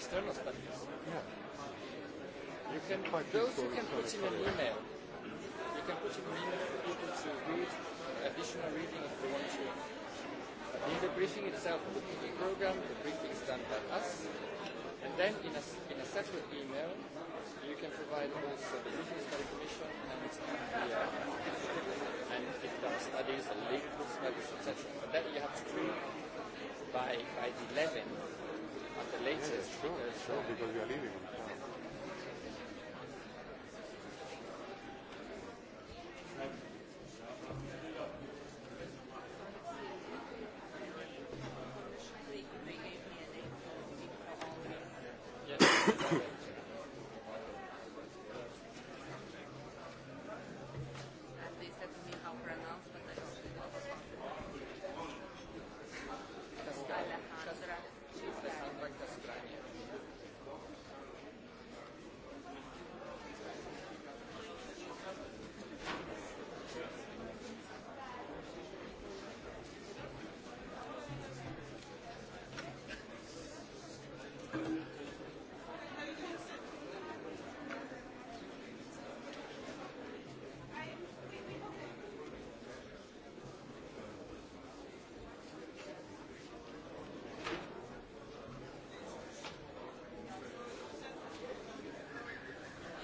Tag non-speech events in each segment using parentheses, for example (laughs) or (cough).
external studies. Yeah. You can Quite those you can put in an email. You can put in an email for people to read additional reading if they want to. In the briefing itself, the PD program, the briefing is done by us, and then in a, in a separate email, you can provide also the briefings study Commission and, the, uh, and if there are studies or link to studies, etc. But that you have to read by, by the 11th the latest. Yeah, sure, sure, because we are leaving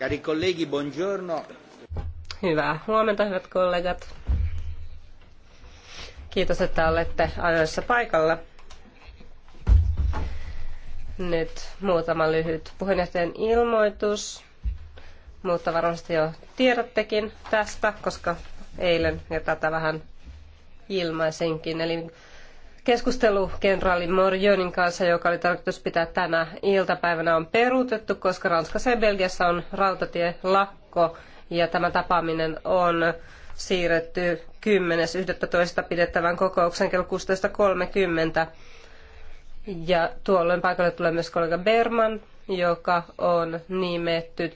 Cari colleghi, buongiorno. Hyvää huomenta, hyvät kollegat. Kiitos, että olette ajoissa paikalla. Nyt muutama lyhyt puheenjohtajan ilmoitus, mutta varmasti jo tiedättekin tästä, koska eilen ja tätä vähän ilmaisinkin. Eli Keskustelu kenraali Morjonin kanssa, joka oli tarkoitus pitää tänä iltapäivänä, on peruutettu, koska Ranskassa ja Belgiassa on rautatielakko ja tämä tapaaminen on siirretty 10.11. pidettävän kokouksen kello 16.30. Ja tuolloin paikalle tulee myös kollega Berman, joka on nimetty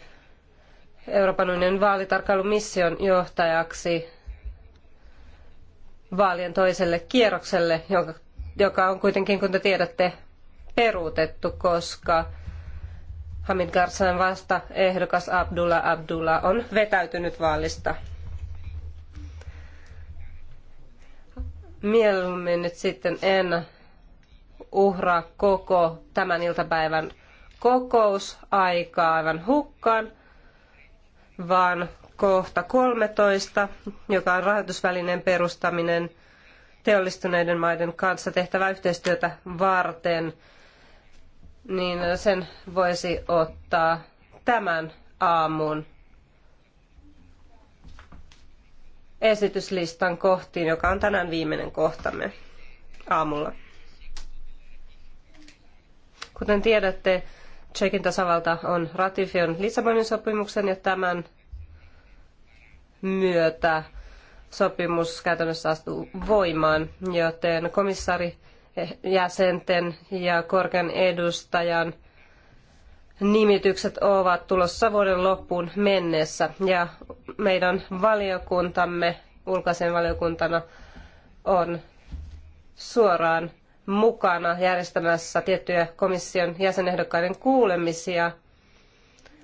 Euroopan unionin vaalitarkkailumission johtajaksi vaalien toiselle kierrokselle, jonka joka on kuitenkin, kun te tiedätte, peruutettu, koska Hamid Garsan vasta ehdokas Abdullah Abdullah on vetäytynyt vaalista. Mieluummin nyt sitten en uhraa koko tämän iltapäivän kokousaikaa aivan hukkaan, vaan kohta 13, joka on rahoitusvälineen perustaminen – teollistuneiden maiden kanssa tehtävää yhteistyötä varten, niin sen voisi ottaa tämän aamun esityslistan kohtiin, joka on tänään viimeinen kohtamme aamulla. Kuten tiedätte, Tsekin tasavalta on ratifioinut Lissabonin sopimuksen ja tämän myötä sopimus käytännössä astuu voimaan, joten komissaari jäsenten ja korkean edustajan nimitykset ovat tulossa vuoden loppuun mennessä ja meidän valiokuntamme, ulkoisen valiokuntana, on suoraan mukana järjestämässä tiettyjä komission jäsenehdokkaiden kuulemisia.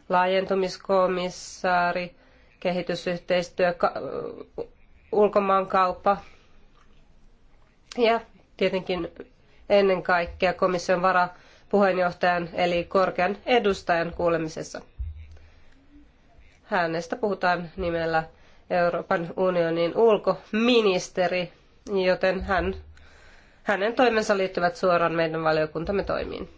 Laajentumiskomissaari, kehitysyhteistyö, ulkomaankauppa ja tietenkin ennen kaikkea komission varapuheenjohtajan eli korkean edustajan kuulemisessa. Hänestä puhutaan nimellä Euroopan unionin ulkoministeri, joten hän, hänen toimensa liittyvät suoraan meidän valiokuntamme toimiin.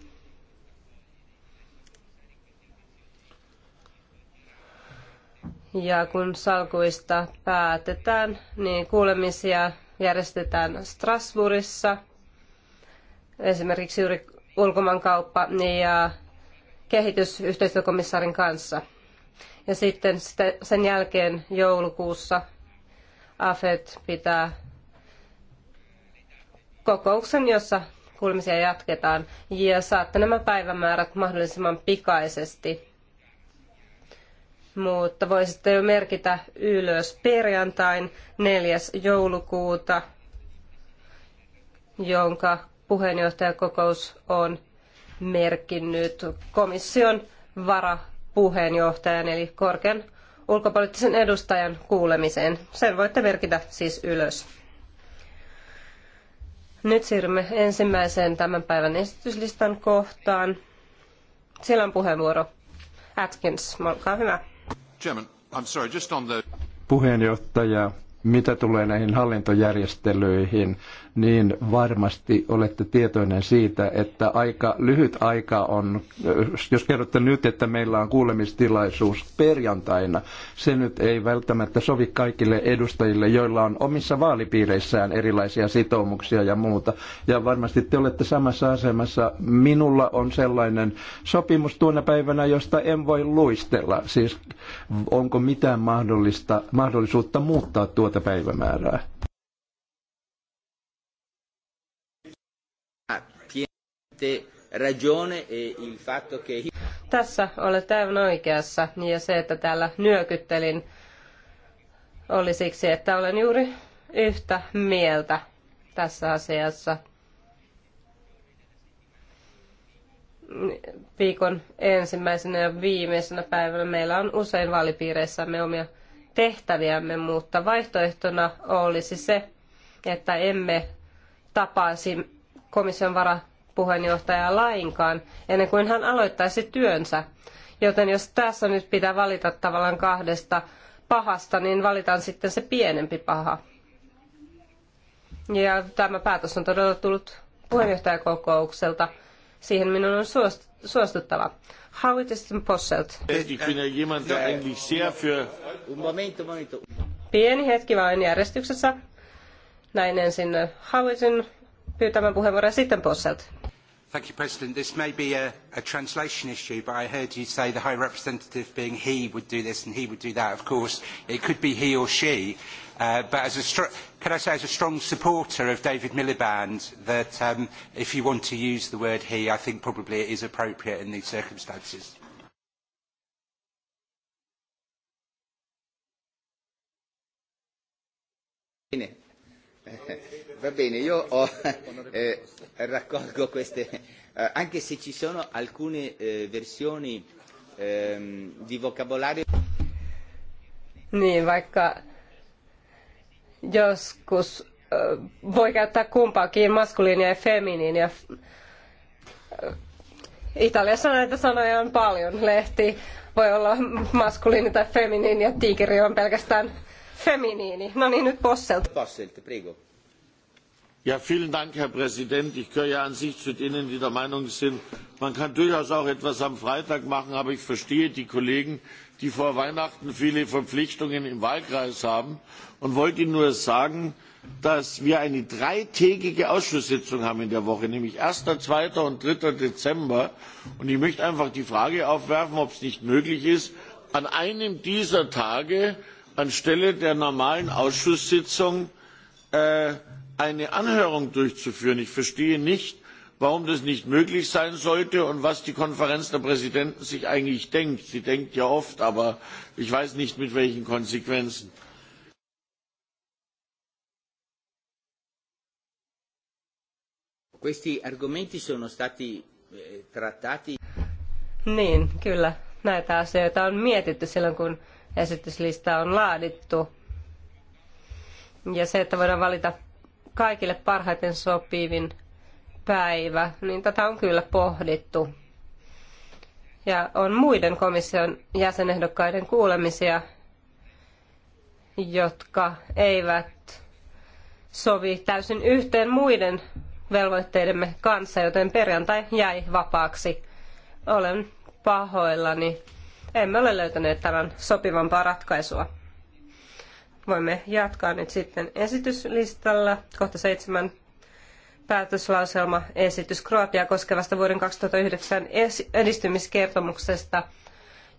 Ja kun salkuista päätetään, niin kuulemisia järjestetään Strasbourgissa, esimerkiksi juuri ulkomaankauppa ja kehitysyhteistyökomissaarin kanssa. Ja sitten sen jälkeen joulukuussa AFET pitää kokouksen, jossa kuulemisia jatketaan. Ja saatte nämä päivämäärät mahdollisimman pikaisesti mutta voisitte jo merkitä ylös perjantain 4. joulukuuta, jonka puheenjohtajakokous on merkinnyt komission varapuheenjohtajan eli korkean ulkopoliittisen edustajan kuulemiseen. Sen voitte merkitä siis ylös. Nyt siirrymme ensimmäiseen tämän päivän esityslistan kohtaan. Siellä on puheenvuoro. Atkins, olkaa hyvä. Chairman, Puheenjohtaja, mitä tulee näihin hallintojärjestelyihin, niin varmasti olette tietoinen siitä, että aika lyhyt aika on, jos kerrotte nyt, että meillä on kuulemistilaisuus perjantaina, se nyt ei välttämättä sovi kaikille edustajille, joilla on omissa vaalipiireissään erilaisia sitoumuksia ja muuta. Ja varmasti te olette samassa asemassa. Minulla on sellainen sopimus tuona päivänä, josta en voi luistella. Siis onko mitään mahdollista, mahdollisuutta muuttaa tuota tuota päivämäärää. E tässä olet aivan oikeassa. Ja se, että täällä nyökyttelin, oli siksi, että olen juuri yhtä mieltä tässä asiassa. Viikon ensimmäisenä ja viimeisenä päivänä meillä on usein vaalipiireissämme omia tehtäviämme, mutta vaihtoehtona olisi se, että emme tapaisi komission varapuheenjohtajaa lainkaan ennen kuin hän aloittaisi työnsä. Joten jos tässä nyt pitää valita tavallaan kahdesta pahasta, niin valitaan sitten se pienempi paha. Ja tämä päätös on todella tullut puheenjohtajakokoukselta. Siihen minun on suostuttava. Howitt äh, ja sitten Posselt. Pieni hetki vain järjestyksessä. Näin ensin Howittin pyytämän puheenvuoron ja sitten Posselt. Thank you, President. This may be a, a translation issue, but I heard you say the High Representative being he would do this and he would do that. Of course, it could be he or she. Uh, but as a can I say, as a strong supporter of David Miliband, that um, if you want to use the word he, I think probably it is appropriate in these circumstances. Bene. (laughs) va bene, io ho, eh, raccolgo queste, eh, anche se ci sono alcune eh, versioni eh, di vocabolario. Niin, vaikka joskus äh, voi käyttää kumpaakin maskuliinia ja feminiiniä. Italiassa näitä sanoja on paljon. Lehti voi olla maskuliini tai feminiini ja tiikeri on pelkästään feminiini. No niin, nyt Posselt. Posselt, prego. Herr Präsident. Ich gehöre ja an sich zu denen, die der Meinung sind, man kann durchaus auch etwas am Freitag machen, aber ich verstehe die Kollegen, die vor Weihnachten viele Verpflichtungen im Wahlkreis haben und wollte Ihnen nur sagen, dass wir eine dreitägige Ausschusssitzung haben in der Woche, nämlich eins zwei und drei Dezember. Und ich möchte einfach die Frage aufwerfen, ob es nicht möglich ist, an einem dieser Tage anstelle der normalen Ausschusssitzung äh, eine Anhörung durchzuführen. Ich verstehe nicht, warum das nicht möglich sein sollte und was die Konferenz der Präsidenten sich eigentlich denkt. Sie denkt ja oft, aber ich weiß nicht, mit welchen Konsequenzen. Questi argomenti sono stati eh, trattati. Niin, kyllä. Näitä asioita on mietitty silloin, kun esityslista on laadittu. Ja se, että voidaan valita kaikille parhaiten sopivin päivä, niin tätä on kyllä pohdittu. Ja on muiden komission jäsenehdokkaiden kuulemisia, jotka eivät sovi täysin yhteen muiden velvoitteidemme kanssa, joten perjantai jäi vapaaksi. Olen pahoillani. Emme ole löytäneet tämän sopivampaa ratkaisua voimme jatkaa nyt sitten esityslistalla. Kohta seitsemän päätöslauselma esitys Kroatia koskevasta vuoden 2009 edistymiskertomuksesta.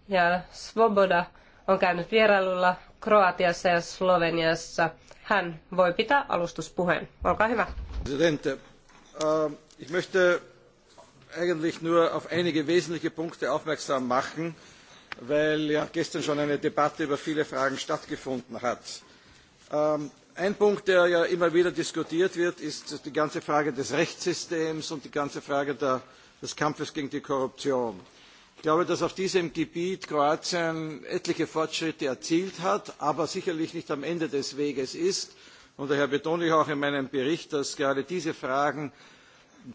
Ja Svoboda on käynyt vierailulla Kroatiassa ja Sloveniassa. Hän voi pitää alustuspuheen. Olkaa hyvä. Presidente, uh, ich möchte eigentlich nur auf einige wesentliche Punkte aufmerksam machen weil ja gestern schon eine Debatte über viele Fragen stattgefunden hat. Ähm, ein Punkt, der ja immer wieder diskutiert wird, ist die ganze Frage des Rechtssystems und die ganze Frage der, des Kampfes gegen die Korruption. Ich glaube, dass auf diesem Gebiet Kroatien etliche Fortschritte erzielt hat, aber sicherlich nicht am Ende des Weges ist. Und daher betone ich auch in meinem Bericht, dass gerade diese Fragen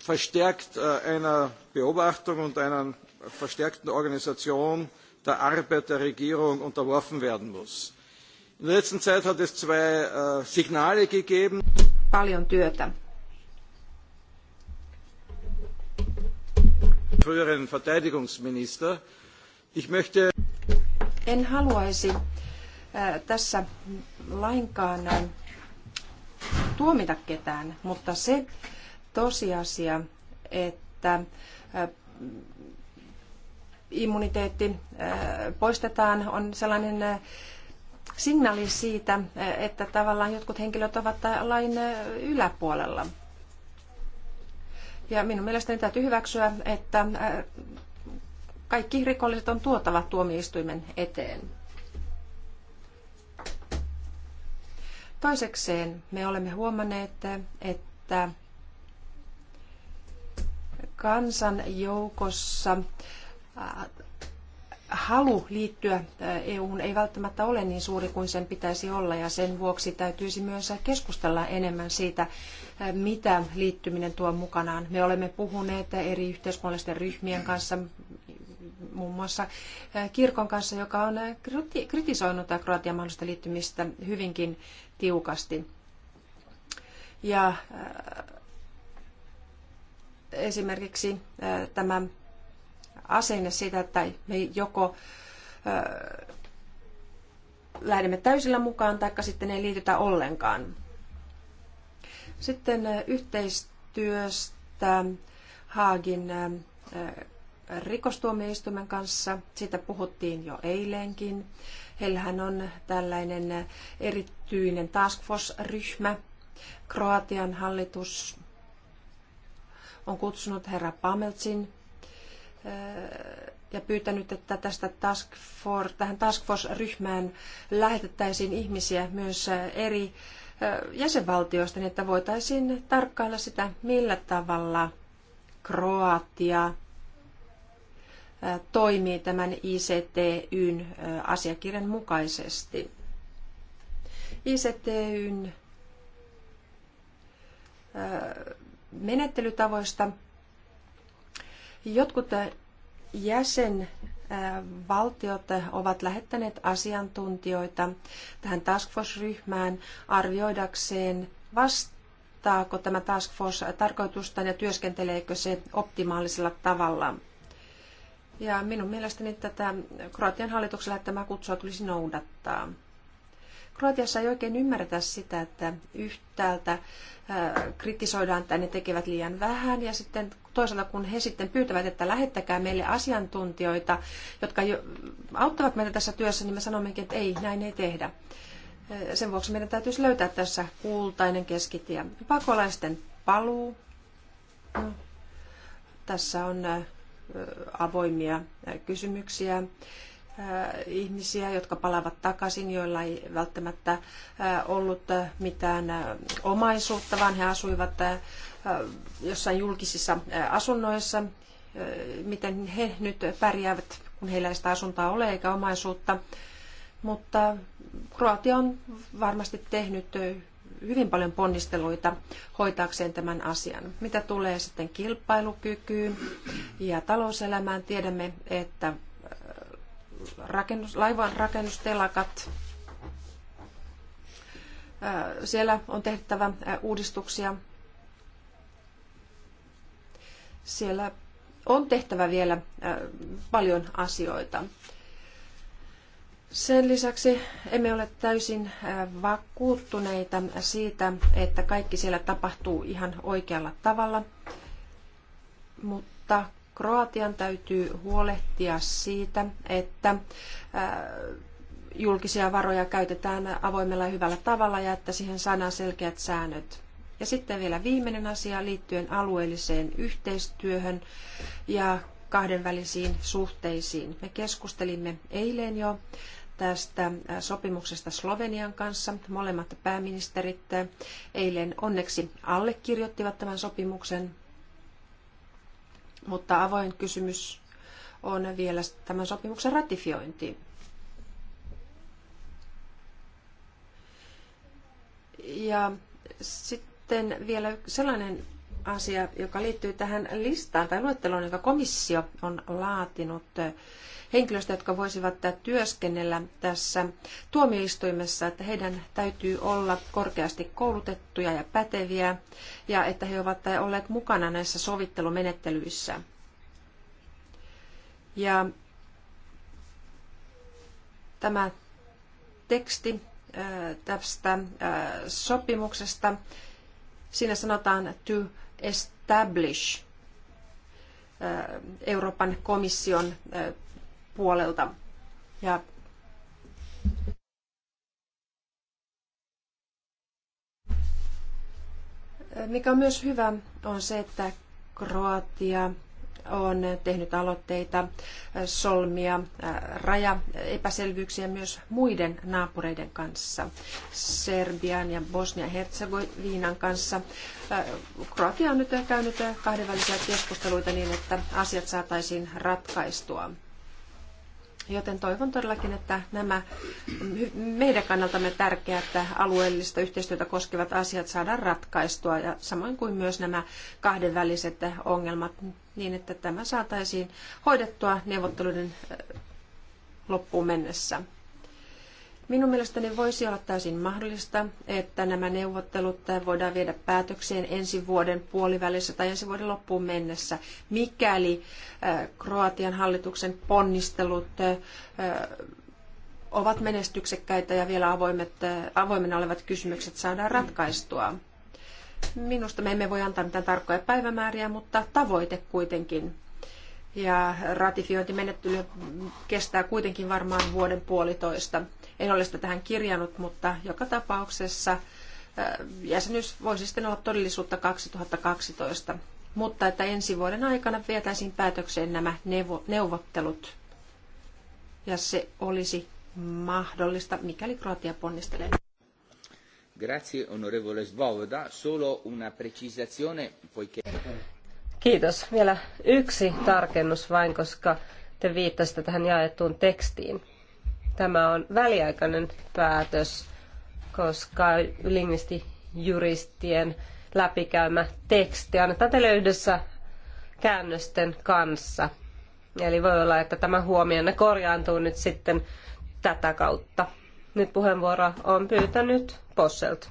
verstärkt äh, einer Beobachtung und einer verstärkten Organisation der Arbeit der Regierung unterworfen werden muss. In der letzten Zeit hat es zwei äh, Signale gegeben. Paljon työtä. Früheren Verteidigungsminister. Ich möchte en haluaisi äh, tässä lainkaan äh, tuomita ketään, mutta se tosiasia, että immuniteetti poistetaan, on sellainen signaali siitä, että tavallaan jotkut henkilöt ovat lain yläpuolella. Ja minun mielestäni täytyy hyväksyä, että kaikki rikolliset on tuotava tuomioistuimen eteen. Toisekseen me olemme huomanneet, että kansan joukossa Äh, halu liittyä äh, EU:hun ei välttämättä ole niin suuri kuin sen pitäisi olla ja sen vuoksi täytyisi myös keskustella enemmän siitä, äh, mitä liittyminen tuo mukanaan. Me olemme puhuneet eri yhteiskunnallisten ryhmien kanssa, muun muassa kirkon kanssa, joka on kritisoinut Kroatian mahdollista liittymistä hyvinkin tiukasti. Ja esimerkiksi tämä asenne siitä, että me joko lähdemme täysillä mukaan tai sitten ei liitytä ollenkaan. Sitten yhteistyöstä Haagin rikostuomioistuimen kanssa. Siitä puhuttiin jo eilenkin. Heillähän on tällainen erityinen task force-ryhmä. Kroatian hallitus on kutsunut herra Pameltsin Öö, ja pyytänyt, että tästä task for, tähän task force-ryhmään lähetettäisiin ihmisiä myös eri jäsenvaltioista, niin että voitaisiin tarkkailla sitä, millä tavalla Kroatia toimii tämän ICTYn asiakirjan mukaisesti. ICTYn menettelytavoista Jotkut äh, jäsenvaltiot äh, äh, ovat lähettäneet asiantuntijoita tähän task force-ryhmään arvioidakseen vastaako tämä task force tarkoitustaan ja työskenteleekö se optimaalisella tavalla. Ja minun mielestäni tätä Kroatian hallituksella tämä kutsua tulisi noudattaa. Kroatiassa ei oikein ymmärretä sitä, että yhtäältä kritisoidaan, että ne tekevät liian vähän, ja sitten toisaalta kun he sitten pyytävät, että lähettäkää meille asiantuntijoita, jotka auttavat meitä tässä työssä, niin me sanommekin, että ei, näin ei tehdä. Sen vuoksi meidän täytyisi löytää tässä kultainen keskitie. Pakolaisten paluu. No, tässä on avoimia kysymyksiä ihmisiä, jotka palaavat takaisin, joilla ei välttämättä ollut mitään omaisuutta, vaan he asuivat jossain julkisissa asunnoissa, miten he nyt pärjäävät, kun heillä ei sitä asuntoa ole eikä omaisuutta. Mutta Kroatia on varmasti tehnyt hyvin paljon ponnisteluita hoitaakseen tämän asian. Mitä tulee sitten kilpailukykyyn ja talouselämään, tiedämme, että rakennus, laivan rakennustelakat, siellä on tehtävä uudistuksia siellä on tehtävä vielä äh, paljon asioita. Sen lisäksi emme ole täysin äh, vakuuttuneita siitä, että kaikki siellä tapahtuu ihan oikealla tavalla, mutta Kroatian täytyy huolehtia siitä, että äh, julkisia varoja käytetään avoimella ja hyvällä tavalla ja että siihen saadaan selkeät säännöt. Ja sitten vielä viimeinen asia liittyen alueelliseen yhteistyöhön ja kahdenvälisiin suhteisiin. Me keskustelimme eilen jo tästä äh, sopimuksesta Slovenian kanssa. Molemmat pääministerit äh, eilen onneksi allekirjoittivat tämän sopimuksen, mutta avoin kysymys on vielä tämän sopimuksen ratifiointi. Ja sitten sitten vielä sellainen asia, joka liittyy tähän listaan tai luetteloon, jonka komissio on laatinut eh, henkilöistä, jotka voisivat työskennellä tässä tuomioistuimessa, että heidän täytyy olla korkeasti koulutettuja ja päteviä ja että he ovat olleet mukana näissä sovittelumenettelyissä. Ja tämä teksti eh, tästä eh, sopimuksesta Siinä sanotaan to establish Euroopan komission puolelta. Ja mikä on myös hyvä, on se, että Kroatia on tehnyt aloitteita solmia rajaepäselvyyksiä myös muiden naapureiden kanssa, Serbian ja Bosnia-Herzegovinan kanssa. Kroatia on nyt käynyt kahdenvälisiä keskusteluita niin, että asiat saataisiin ratkaistua. Joten toivon todellakin, että nämä meidän kannaltamme tärkeät alueellista yhteistyötä koskevat asiat saadaan ratkaistua ja samoin kuin myös nämä kahdenväliset ongelmat niin, että tämä saataisiin hoidettua neuvotteluiden äh, loppuun mennessä. Minun mielestäni voisi olla täysin mahdollista, että nämä neuvottelut voidaan viedä päätökseen ensi vuoden puolivälissä tai ensi vuoden loppuun mennessä, mikäli Kroatian hallituksen ponnistelut ovat menestyksekkäitä ja vielä avoimet, avoimena olevat kysymykset saadaan ratkaistua. Minusta me emme voi antaa mitään tarkkoja päivämääriä, mutta tavoite kuitenkin. Ja ratifiointimenettely kestää kuitenkin varmaan vuoden puolitoista. En ole sitä tähän kirjannut, mutta joka tapauksessa äh, jäsenyys voisi sitten olla todellisuutta 2012, mutta että ensi vuoden aikana vietäisiin päätökseen nämä neuvottelut. Ja se olisi mahdollista, mikäli Kroatia ponnistelee. Grazie, onorevole Svoboda. Solo una precisazione, poiché... Kiitos. Vielä yksi tarkennus vain, koska te viittasitte tähän jaettuun tekstiin. Tämä on väliaikainen päätös, koska lingvistijuristien läpikäymä teksti annetaan teille yhdessä käännösten kanssa. Eli voi olla, että tämä huomionne korjaantuu nyt sitten tätä kautta. Nyt puheenvuoro on pyytänyt Posselt.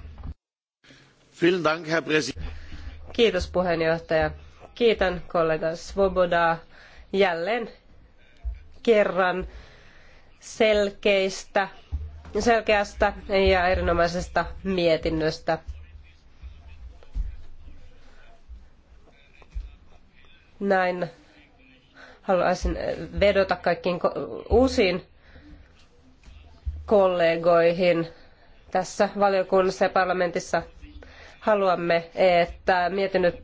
Kiitos puheenjohtaja. Kiitän kollega Svoboda jälleen kerran selkeistä, selkeästä ja erinomaisesta mietinnöstä. Näin haluaisin vedota kaikkiin uusiin kollegoihin tässä valiokunnassa ja parlamentissa haluamme, että mietinnöt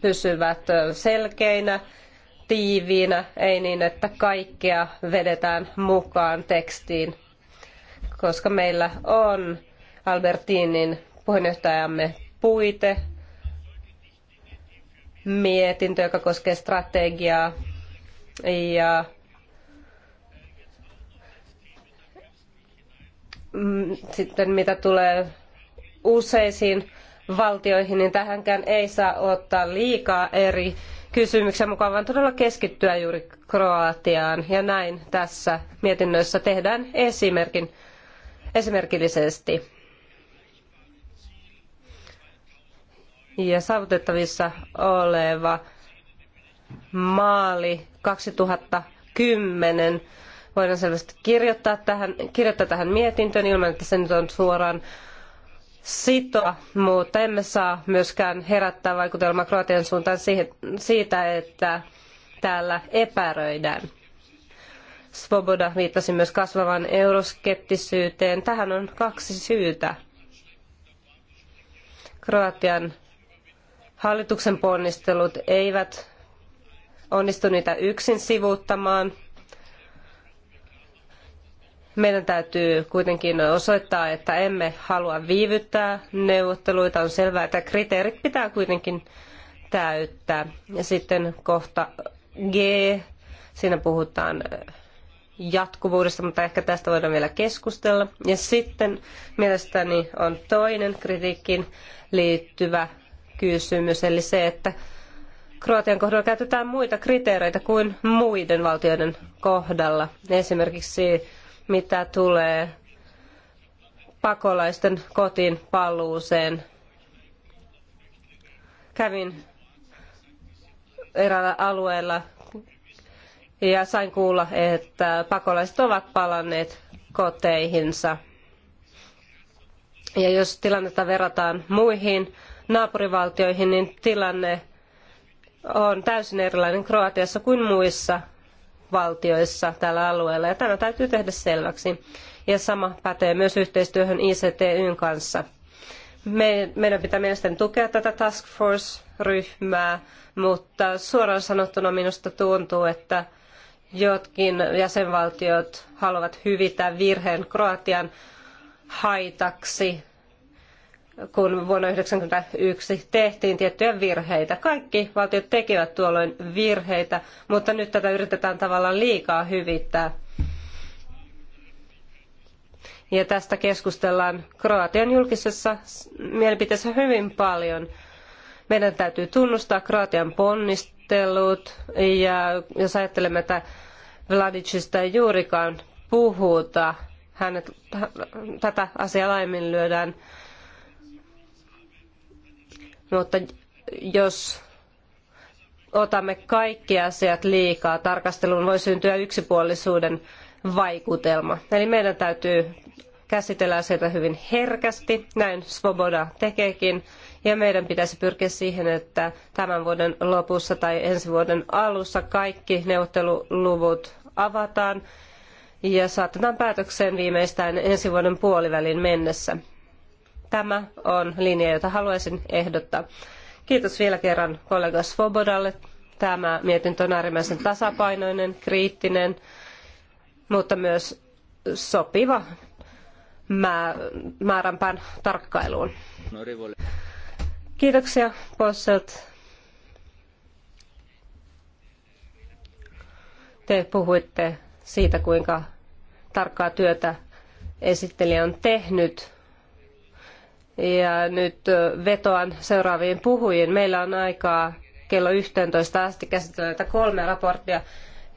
pysyvät selkeinä, tiiviinä, ei niin, että kaikkea vedetään mukaan tekstiin, koska meillä on Albertinin puheenjohtajamme puite, mietintö, joka koskee strategiaa ja mm, sitten mitä tulee useisiin valtioihin, niin tähänkään ei saa ottaa liikaa eri kysymyksen mukaan, vaan todella keskittyä juuri Kroatiaan. Ja näin tässä mietinnössä tehdään esimerkin, esimerkillisesti. Ja saavutettavissa oleva maali 2010 voidaan selvästi kirjoittaa tähän, kirjoittaa tähän mietintöön ilman, että se nyt on suoraan sitoa, mutta emme saa myöskään herättää vaikutelmaa Kroatian suuntaan siitä, että täällä epäröidään. Svoboda viittasi myös kasvavan euroskeptisyyteen. Tähän on kaksi syytä. Kroatian hallituksen ponnistelut eivät onnistu niitä yksin sivuuttamaan – meidän täytyy kuitenkin osoittaa, että emme halua viivyttää neuvotteluita. On selvää, että kriteerit pitää kuitenkin täyttää. Ja sitten kohta G, siinä puhutaan jatkuvuudesta, mutta ehkä tästä voidaan vielä keskustella. Ja sitten mielestäni on toinen kritiikkiin liittyvä kysymys, eli se, että Kroatian kohdalla käytetään muita kriteereitä kuin muiden valtioiden kohdalla. Esimerkiksi mitä tulee pakolaisten kotiin paluuseen. Kävin eräällä alueella ja sain kuulla, että pakolaiset ovat palanneet koteihinsa. Ja jos tilannetta verrataan muihin naapurivaltioihin, niin tilanne on täysin erilainen Kroatiassa kuin muissa valtioissa tällä alueella, ja tämä täytyy tehdä selväksi. Ja sama pätee myös yhteistyöhön ICTYn kanssa. meidän pitää mielestäni tukea tätä task force-ryhmää, mutta suoraan sanottuna minusta tuntuu, että jotkin jäsenvaltiot haluavat hyvittää virheen Kroatian haitaksi kun vuonna 1991 tehtiin tiettyjä virheitä. Kaikki valtiot tekivät tuolloin virheitä, mutta nyt tätä yritetään tavallaan liikaa hyvittää. Ja tästä keskustellaan Kroatian julkisessa mielipiteessä hyvin paljon. Meidän täytyy tunnustaa Kroatian ponnistelut ja jos ajattelemme, että Vladicista ei juurikaan puhuta, hänet, tätä asiaa laiminlyödään. lyödään mutta jos otamme kaikki asiat liikaa tarkasteluun, voi syntyä yksipuolisuuden vaikutelma. Eli meidän täytyy käsitellä asioita hyvin herkästi, näin Svoboda tekeekin, ja meidän pitäisi pyrkiä siihen, että tämän vuoden lopussa tai ensi vuoden alussa kaikki neuvotteluluvut avataan ja saatetaan päätökseen viimeistään ensi vuoden puolivälin mennessä. Tämä on linja, jota haluaisin ehdottaa. Kiitos vielä kerran kollega Svobodalle. Tämä mietintö on äärimmäisen tasapainoinen, kriittinen, mutta myös sopiva määränpään tarkkailuun. Kiitoksia Posselt. Te puhuitte siitä, kuinka tarkkaa työtä esittelijä on tehnyt ja nyt vetoan seuraaviin puhujiin. Meillä on aikaa kello 11 asti käsitellä näitä kolme raporttia.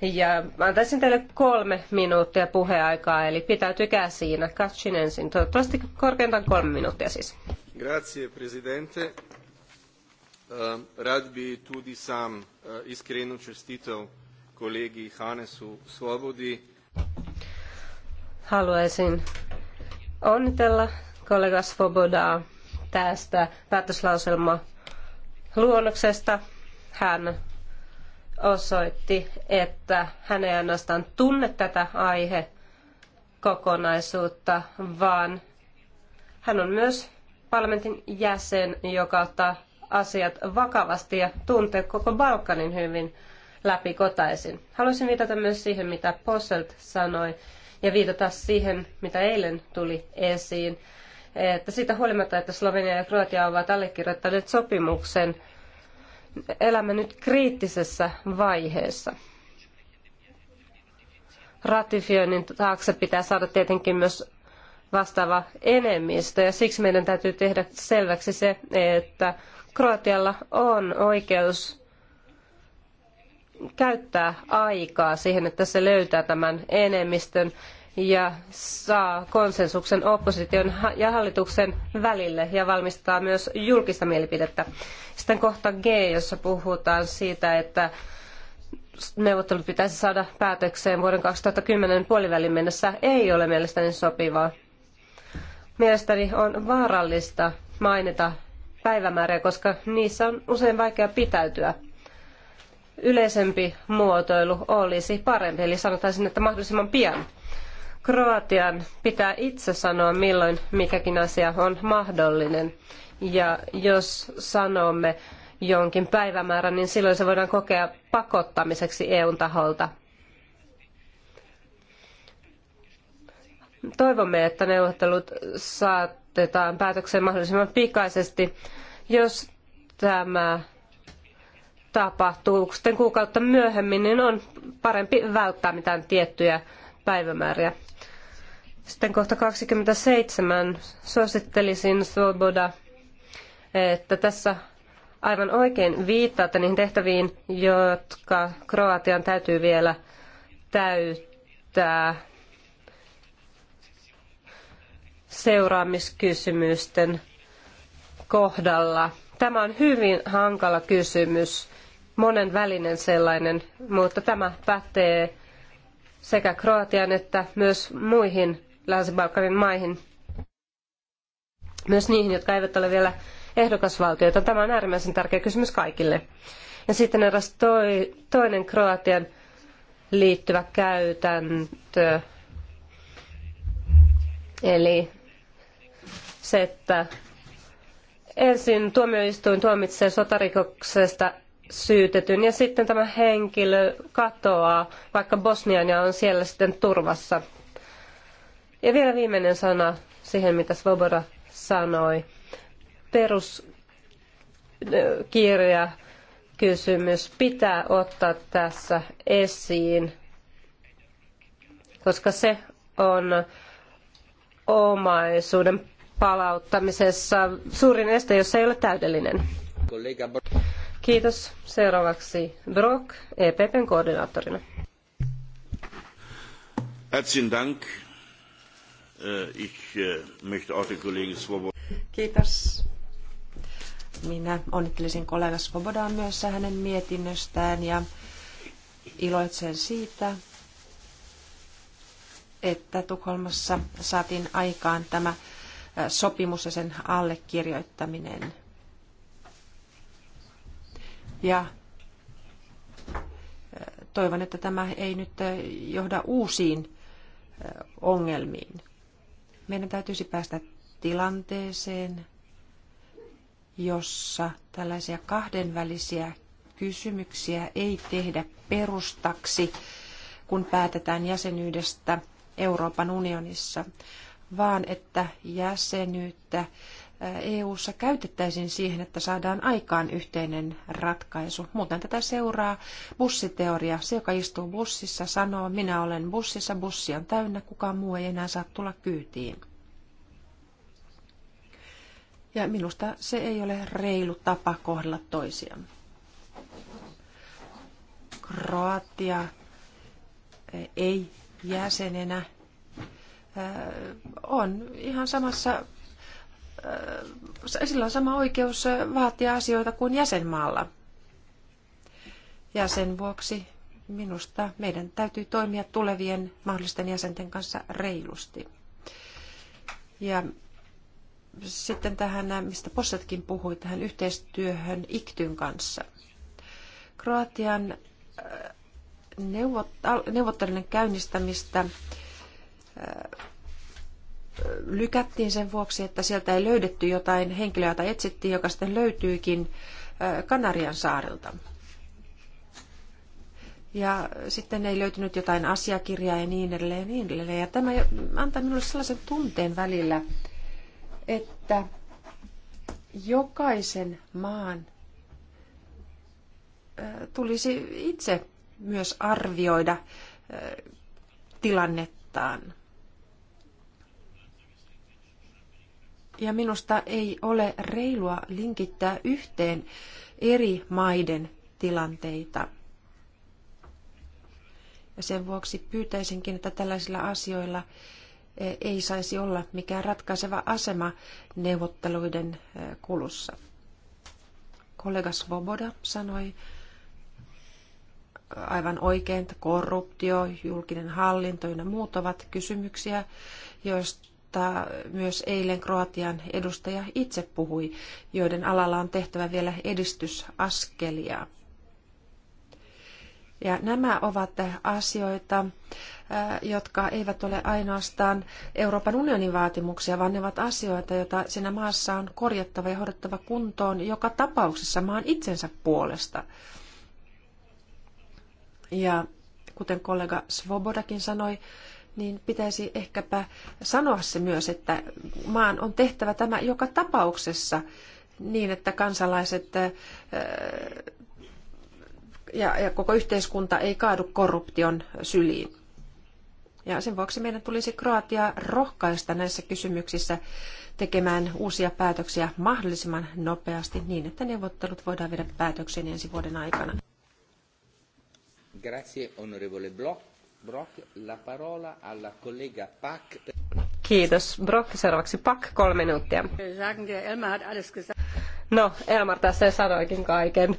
Ja antaisin teille kolme minuuttia puheaikaa, eli pitäytykää siinä. Katsin ensin. Toivottavasti korkeintaan kolme minuuttia siis. Grazie, presidente. Rad bi tudi sam iskreno čestitev kolegi Hanesu Svobodi. Haluaisin onnitella kollega Svobodaa tästä päätöslauselma luonnoksesta. Hän osoitti, että hän ei ainoastaan tunne tätä aihe kokonaisuutta, vaan hän on myös parlamentin jäsen, joka ottaa asiat vakavasti ja tuntee koko Balkanin hyvin läpikotaisin. Haluaisin viitata myös siihen, mitä Posselt sanoi, ja viitata siihen, mitä eilen tuli esiin että siitä huolimatta, että Slovenia ja Kroatia ovat allekirjoittaneet sopimuksen, elämme nyt kriittisessä vaiheessa. Ratifioinnin taakse pitää saada tietenkin myös vastaava enemmistö ja siksi meidän täytyy tehdä selväksi se, että Kroatialla on oikeus käyttää aikaa siihen, että se löytää tämän enemmistön ja saa konsensuksen opposition ja hallituksen välille ja valmistaa myös julkista mielipidettä. Sitten kohta G, jossa puhutaan siitä, että neuvottelut pitäisi saada päätökseen vuoden 2010 puolivälin mennessä, ei ole mielestäni sopivaa. Mielestäni on vaarallista mainita päivämääriä, koska niissä on usein vaikea pitäytyä. Yleisempi muotoilu olisi parempi, eli sanotaan että mahdollisimman pian. Kroatian pitää itse sanoa, milloin mikäkin asia on mahdollinen. Ja jos sanomme jonkin päivämäärän, niin silloin se voidaan kokea pakottamiseksi EUn taholta. Toivomme, että neuvottelut saatetaan päätökseen mahdollisimman pikaisesti. Jos tämä tapahtuu sitten kuukautta myöhemmin, niin on parempi välttää mitään tiettyjä päivämääriä. Sitten kohta 27 suosittelisin Svoboda, että tässä aivan oikein viittaatte niihin tehtäviin, jotka Kroatian täytyy vielä täyttää seuraamiskysymysten kohdalla. Tämä on hyvin hankala kysymys, monen välinen sellainen, mutta tämä pätee sekä Kroatian että myös muihin Länsi-Balkanin maihin, myös niihin, jotka eivät ole vielä ehdokasvaltioita. Tämä on äärimmäisen tärkeä kysymys kaikille. Ja sitten eräs toi, toinen Kroatian liittyvä käytäntö, eli se, että ensin tuomioistuin tuomitsee sotarikoksesta syytetyn ja sitten tämä henkilö katoaa, vaikka Bosnian ja on siellä sitten turvassa. Ja vielä viimeinen sana siihen, mitä Svoboda sanoi. Peruskirja kysymys pitää ottaa tässä esiin, koska se on omaisuuden palauttamisessa suurin este, jos ei ole täydellinen. Kiitos. Seuraavaksi Brock, EPPn koordinaattorina. Herzlichen Dank. Äh, ich äh, möchte auch den Kollegen Svoboda. Kiitos. Minä onnittelisin kollega Svobodaa myös hänen mietinnöstään ja iloitsen siitä, että Tukholmassa saatiin aikaan tämä äh, sopimus ja sen allekirjoittaminen. Ja toivon, että tämä ei nyt johda uusiin ongelmiin. Meidän täytyisi päästä tilanteeseen, jossa tällaisia kahdenvälisiä kysymyksiä ei tehdä perustaksi, kun päätetään jäsenyydestä Euroopan unionissa, vaan että jäsenyyttä EU:ssa käytettäisiin siihen, että saadaan aikaan yhteinen ratkaisu. Muuten tätä seuraa bussiteoria. Se, joka istuu bussissa, sanoo, minä olen bussissa, bussi on täynnä, kukaan muu ei enää saa tulla kyytiin. Ja minusta se ei ole reilu tapa kohdella toisiaan. Kroatia ei jäsenenä on ihan samassa sillä on sama oikeus vaatia asioita kuin jäsenmaalla. Ja sen vuoksi minusta meidän täytyy toimia tulevien mahdollisten jäsenten kanssa reilusti. Ja sitten tähän, mistä Possetkin puhui, tähän yhteistyöhön Iktyn kanssa. Kroatian äh, neuvot, neuvottelujen käynnistämistä äh, lykättiin sen vuoksi, että sieltä ei löydetty jotain henkilöä, jota etsittiin, joka sitten löytyykin Kanarian saarelta. Ja sitten ei löytynyt jotain asiakirjaa ja niin edelleen ja niin edelleen. Ja tämä antaa minulle sellaisen tunteen välillä, että jokaisen maan tulisi itse myös arvioida tilannettaan. Ja minusta ei ole reilua linkittää yhteen eri maiden tilanteita. Ja sen vuoksi pyytäisinkin, että tällaisilla asioilla eh, ei saisi olla mikään ratkaiseva asema neuvotteluiden eh, kulussa. Kollega Svoboda sanoi aivan oikein, että korruptio, julkinen hallinto ja muut ovat kysymyksiä, joista mutta myös eilen Kroatian edustaja itse puhui, joiden alalla on tehtävä vielä edistysaskelia. Ja nämä ovat asioita, äh, jotka eivät ole ainoastaan Euroopan unionin vaatimuksia, vaan ne ovat asioita, joita siinä maassa on korjattava ja hoidettava kuntoon joka tapauksessa maan itsensä puolesta. Ja kuten kollega Svobodakin sanoi, niin pitäisi ehkäpä sanoa se myös, että maan on tehtävä tämä joka tapauksessa niin, että kansalaiset ja, ja koko yhteiskunta ei kaadu korruption syliin. Ja sen vuoksi meidän tulisi Kroatia rohkaista näissä kysymyksissä tekemään uusia päätöksiä mahdollisimman nopeasti niin, että neuvottelut voidaan viedä päätökseen ensi vuoden aikana. Grazie, onorevole Brock, la parola alla collega Pack. Kiitos. Brock, seuraavaksi Pak, kolme minuuttia. No, Elmar tässä sanoikin kaiken.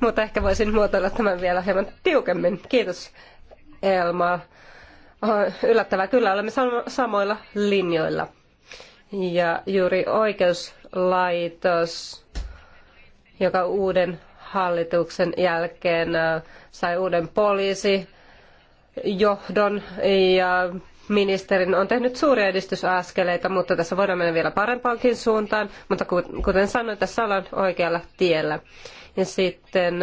Mutta ehkä voisin muotoilla tämän vielä hieman tiukemmin. Kiitos, Elmar. Yllättävää kyllä, olemme samoilla linjoilla. Ja juuri oikeuslaitos, joka uuden hallituksen jälkeen äh, sai uuden poliisi, johdon ja ministerin on tehnyt suuria edistysaskeleita, mutta tässä voidaan mennä vielä parempaankin suuntaan, mutta kuten sanoin, tässä ollaan oikealla tiellä. Ja sitten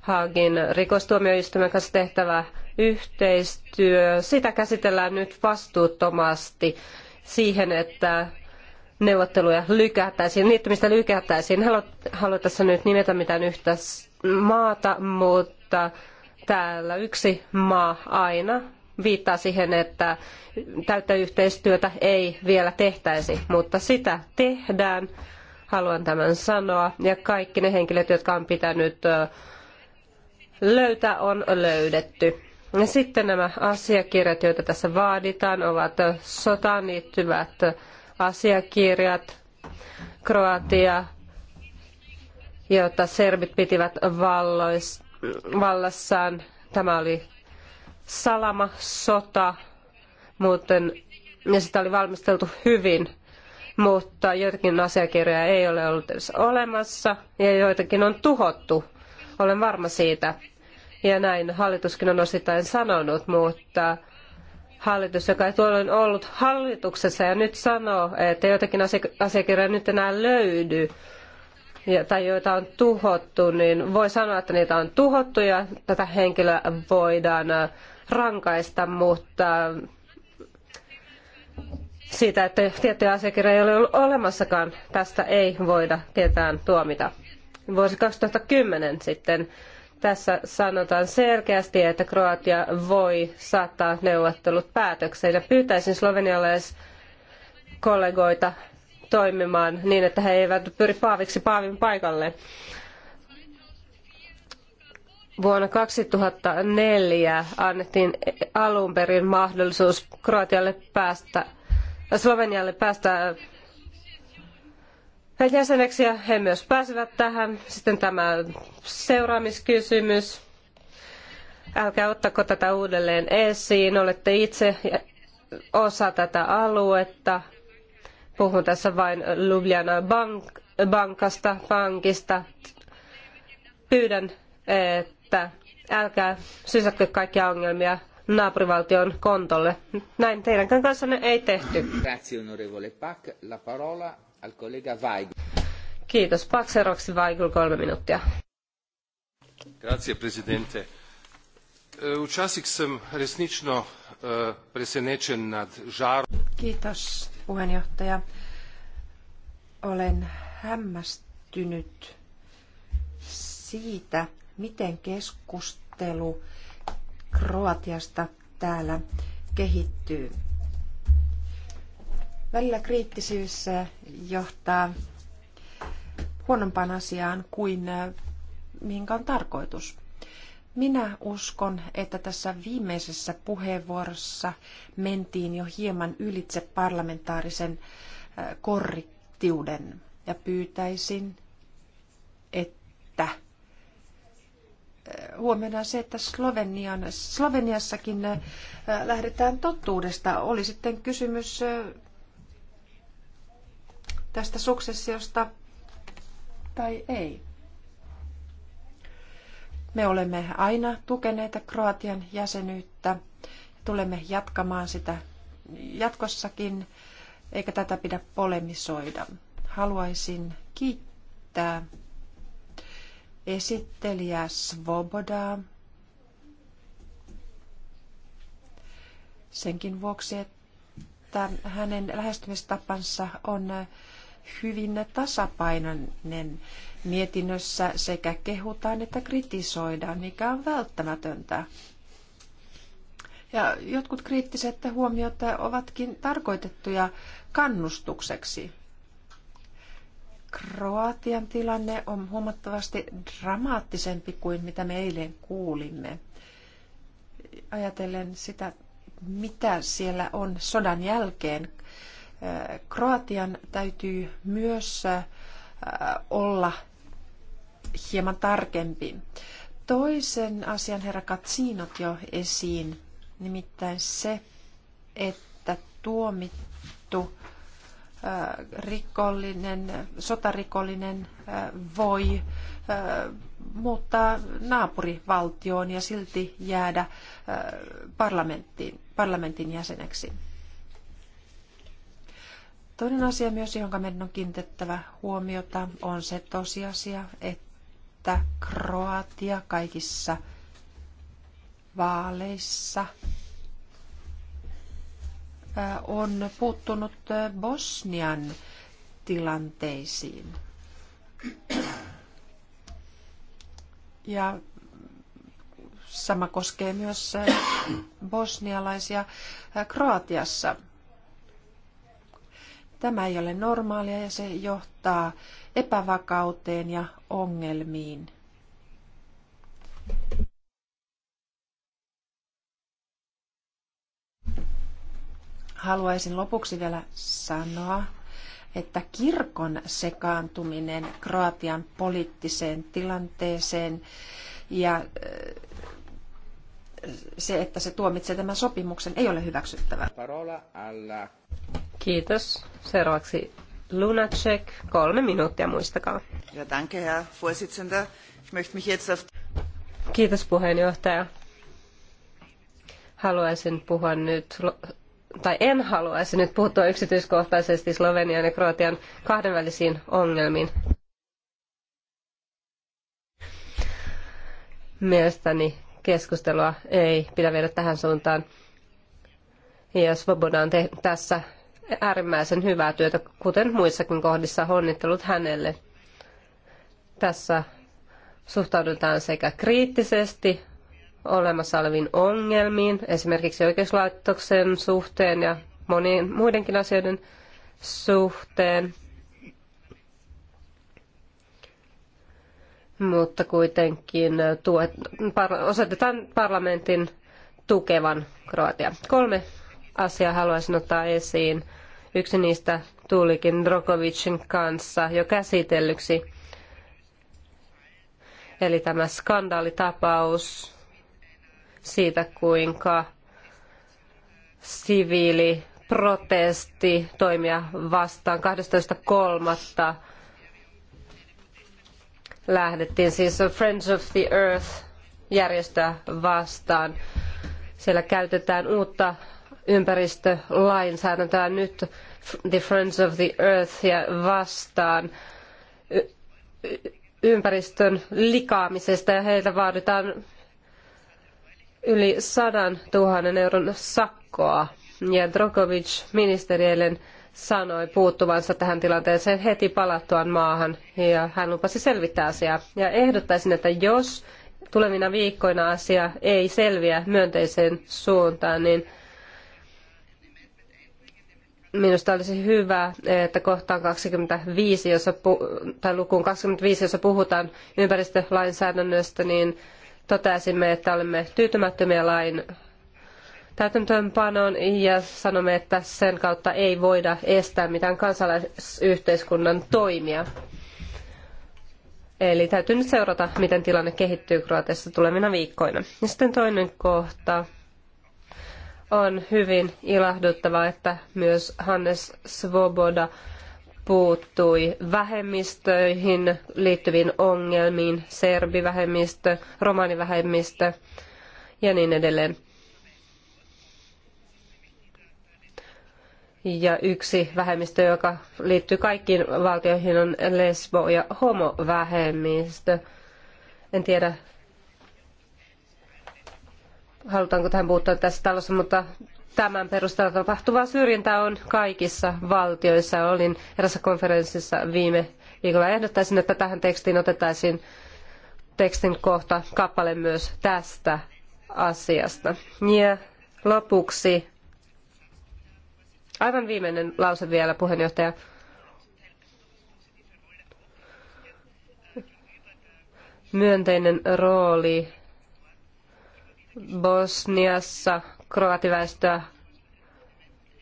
Haagin rikostuomioistuimen kanssa tehtävä yhteistyö, sitä käsitellään nyt vastuuttomasti siihen, että neuvotteluja lykättäisiin, liittymistä lykättäisiin. halua tässä nyt nimetä mitään yhtä maata, mutta täällä yksi maa aina viittaa siihen, että täyttä yhteistyötä ei vielä tehtäisi, mutta sitä tehdään. Haluan tämän sanoa. Ja kaikki ne henkilöt, jotka on pitänyt löytää, on löydetty. Ja sitten nämä asiakirjat, joita tässä vaaditaan, ovat sotaan liittyvät asiakirjat, Kroatia, jota serbit pitivät valloista vallassaan. Tämä oli salama sota, muuten ja sitä oli valmisteltu hyvin, mutta joitakin asiakirjoja ei ole ollut edes olemassa ja joitakin on tuhottu. Olen varma siitä. Ja näin hallituskin on osittain sanonut, mutta hallitus, joka ei tuolloin ollut hallituksessa ja nyt sanoo, että joitakin asiakirjoja nyt enää löydy, tai joita on tuhottu, niin voi sanoa, että niitä on tuhottu ja tätä henkilöä voidaan äh, rankaista, mutta äh, siitä, että tiettyjä asiakirjoja ei ole ollut olemassakaan, tästä ei voida ketään tuomita. Vuosi 2010 sitten tässä sanotaan selkeästi, että Kroatia voi saattaa neuvottelut päätökseen. Ja pyytäisin slovenialaiskollegoita toimimaan niin, että he eivät pyri paaviksi paavin paikalle. Vuonna 2004 annettiin alun perin mahdollisuus Kroatialle päästä, Slovenialle päästä jäseneksi ja he myös pääsivät tähän. Sitten tämä seuraamiskysymys. Älkää ottako tätä uudelleen esiin. Olette itse osa tätä aluetta Puhun tässä vain Ljubljana bank- bankasta, pankista. Pyydän, että älkää sysätkö kaikkia ongelmia naapurivaltion kontolle. Näin teidänkään kanssanne ei tehty. Kiitos. Pak seuraavaksi kolme minuuttia. Grazie presidente. Eh, resnično eh, presenečen nad žarom. Kiitos puheenjohtaja. Olen hämmästynyt siitä, miten keskustelu Kroatiasta täällä kehittyy. Välillä kriittisyys johtaa huonompaan asiaan kuin minkä on tarkoitus. Minä uskon, että tässä viimeisessä puheenvuorossa mentiin jo hieman ylitse parlamentaarisen korrektiuden ja pyytäisin, että huomenna se, että Slovenian, Sloveniassakin lähdetään totuudesta. Oli sitten kysymys tästä suksessiosta tai ei. Me olemme aina tukeneet Kroatian jäsenyyttä. Tulemme jatkamaan sitä jatkossakin, eikä tätä pidä polemisoida. Haluaisin kiittää esittelijä Svobodaa senkin vuoksi, että hänen lähestymistapansa on hyvin tasapainoinen mietinnössä sekä kehutaan että kritisoidaan, mikä on välttämätöntä. Ja jotkut kriittiset huomiot ovatkin tarkoitettuja kannustukseksi. Kroatian tilanne on huomattavasti dramaattisempi kuin mitä me eilen kuulimme. Ajatellen sitä, mitä siellä on sodan jälkeen Kroatian täytyy myös olla hieman tarkempi. Toisen asian herra Katsinot jo esiin, nimittäin se, että tuomittu rikollinen, sotarikollinen voi muuttaa naapurivaltioon ja silti jäädä parlamentin jäseneksi. Toinen asia myös, jonka meidän on kiinnitettävä huomiota, on se tosiasia, että Kroatia kaikissa vaaleissa on puuttunut Bosnian tilanteisiin. Ja sama koskee myös bosnialaisia Kroatiassa – Tämä ei ole normaalia ja se johtaa epävakauteen ja ongelmiin. Haluaisin lopuksi vielä sanoa, että kirkon sekaantuminen Kroatian poliittiseen tilanteeseen ja äh, se, että se tuomitsee tämän sopimuksen, ei ole hyväksyttävää. Kiitos. Seuraavaksi Lunacek, kolme minuuttia muistakaa. Ja danke, Herr Vorsitzender. Ich möchte mich jetzt auf... Kiitos puheenjohtaja. Haluaisin puhua nyt, tai en haluaisi nyt puuttua yksityiskohtaisesti Slovenian ja Kroatian kahdenvälisiin ongelmiin. Mielestäni keskustelua ei pidä viedä tähän suuntaan. Ja Svoboda on tässä äärimmäisen hyvää työtä, kuten muissakin kohdissa onnittelut hänelle. Tässä suhtaudutaan sekä kriittisesti olemassa oleviin ongelmiin, esimerkiksi oikeuslaitoksen suhteen ja monien muidenkin asioiden suhteen. Mutta kuitenkin tuet, par, osoitetaan parlamentin tukevan Kroatia. Kolme asiaa haluaisin ottaa esiin. Yksi niistä tulikin Drogovicin kanssa jo käsitellyksi. Eli tämä skandaalitapaus siitä, kuinka siviili protesti toimia vastaan 12.3. Lähdettiin siis Friends of the Earth järjestöä vastaan. Siellä käytetään uutta ympäristölainsäädäntöä nyt The Friends of the Earthia vastaan ympäristön likaamisesta ja heiltä vaaditaan yli sadan tuhannen euron sakkoa. Ja Drogovic ministeri sanoi puuttuvansa tähän tilanteeseen heti palattuaan maahan ja hän lupasi selvittää asiaa. Ja ehdottaisin, että jos tulevina viikkoina asia ei selviä myönteiseen suuntaan, niin Minusta olisi hyvä, että kohtaan 25, jossa tai lukuun 25, jossa puhutaan ympäristölainsäädännöstä, niin totesimme, että olemme tyytymättömiä lain täytäntöönpanoon ja sanomme, että sen kautta ei voida estää mitään kansalaisyhteiskunnan toimia. Eli täytyy nyt seurata, miten tilanne kehittyy Kroatiassa tulevina viikkoina. Ja sitten toinen kohta, on hyvin ilahduttavaa, että myös Hannes Svoboda puuttui vähemmistöihin liittyviin ongelmiin, serbivähemmistö, romanivähemmistö ja niin edelleen. Ja yksi vähemmistö, joka liittyy kaikkiin valtioihin, on lesbo- ja homovähemmistö. En tiedä, halutaanko tähän puuttua tässä talossa, mutta tämän perusteella tapahtuvaa syrjintää on kaikissa valtioissa. Olin erässä konferenssissa viime viikolla. Ehdottaisin, että tähän tekstiin otettaisiin tekstin kohta kappale myös tästä asiasta. Ja lopuksi aivan viimeinen lause vielä, puheenjohtaja. Myönteinen rooli Bosniassa kroativäestöä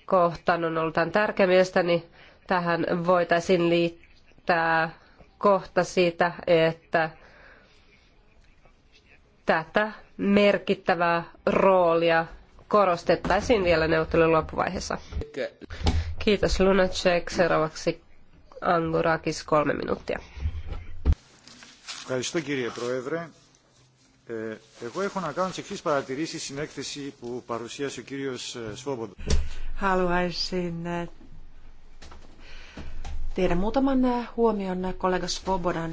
kohtaan on ollut tärkeä mielestäni. Tähän voitaisiin liittää kohta siitä, että tätä merkittävää roolia korostettaisiin vielä neuvottelun loppuvaiheessa. Kiitos Lunacek. Seuraavaksi Angurakis kolme minuuttia. Ευχαριστώ κύριε Πρόεδρε. Εγώ έχω να κάνω τις εξής παρατηρήσεις στην έκθεση που παρουσίασε ο κύριος Haluaisin tehdä muutaman huomion kollega Svobodan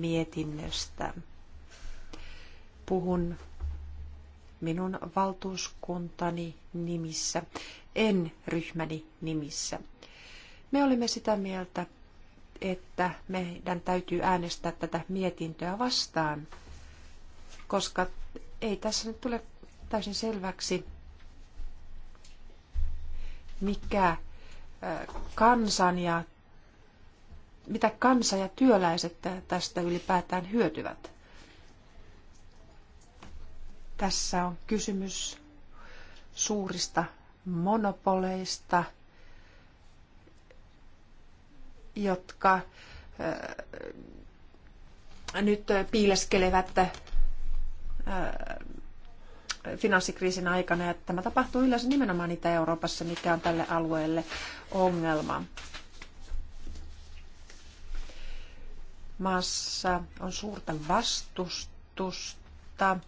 mietinnöstä. Puhun minun valtuuskuntani nimissä, en ryhmäni nimissä. Me olimme sitä mieltä, että meidän täytyy äänestää tätä mietintöä vastaan – koska ei tässä nyt tule täysin selväksi, mikä kansan ja mitä kansa ja työläiset tästä ylipäätään hyötyvät. Tässä on kysymys suurista monopoleista, jotka nyt piileskelevät Äh, finanssikriisin aikana. Ja tämä tapahtuu yleensä nimenomaan Itä-Euroopassa, mikä on tälle alueelle ongelma. Maassa on suurta vastustusta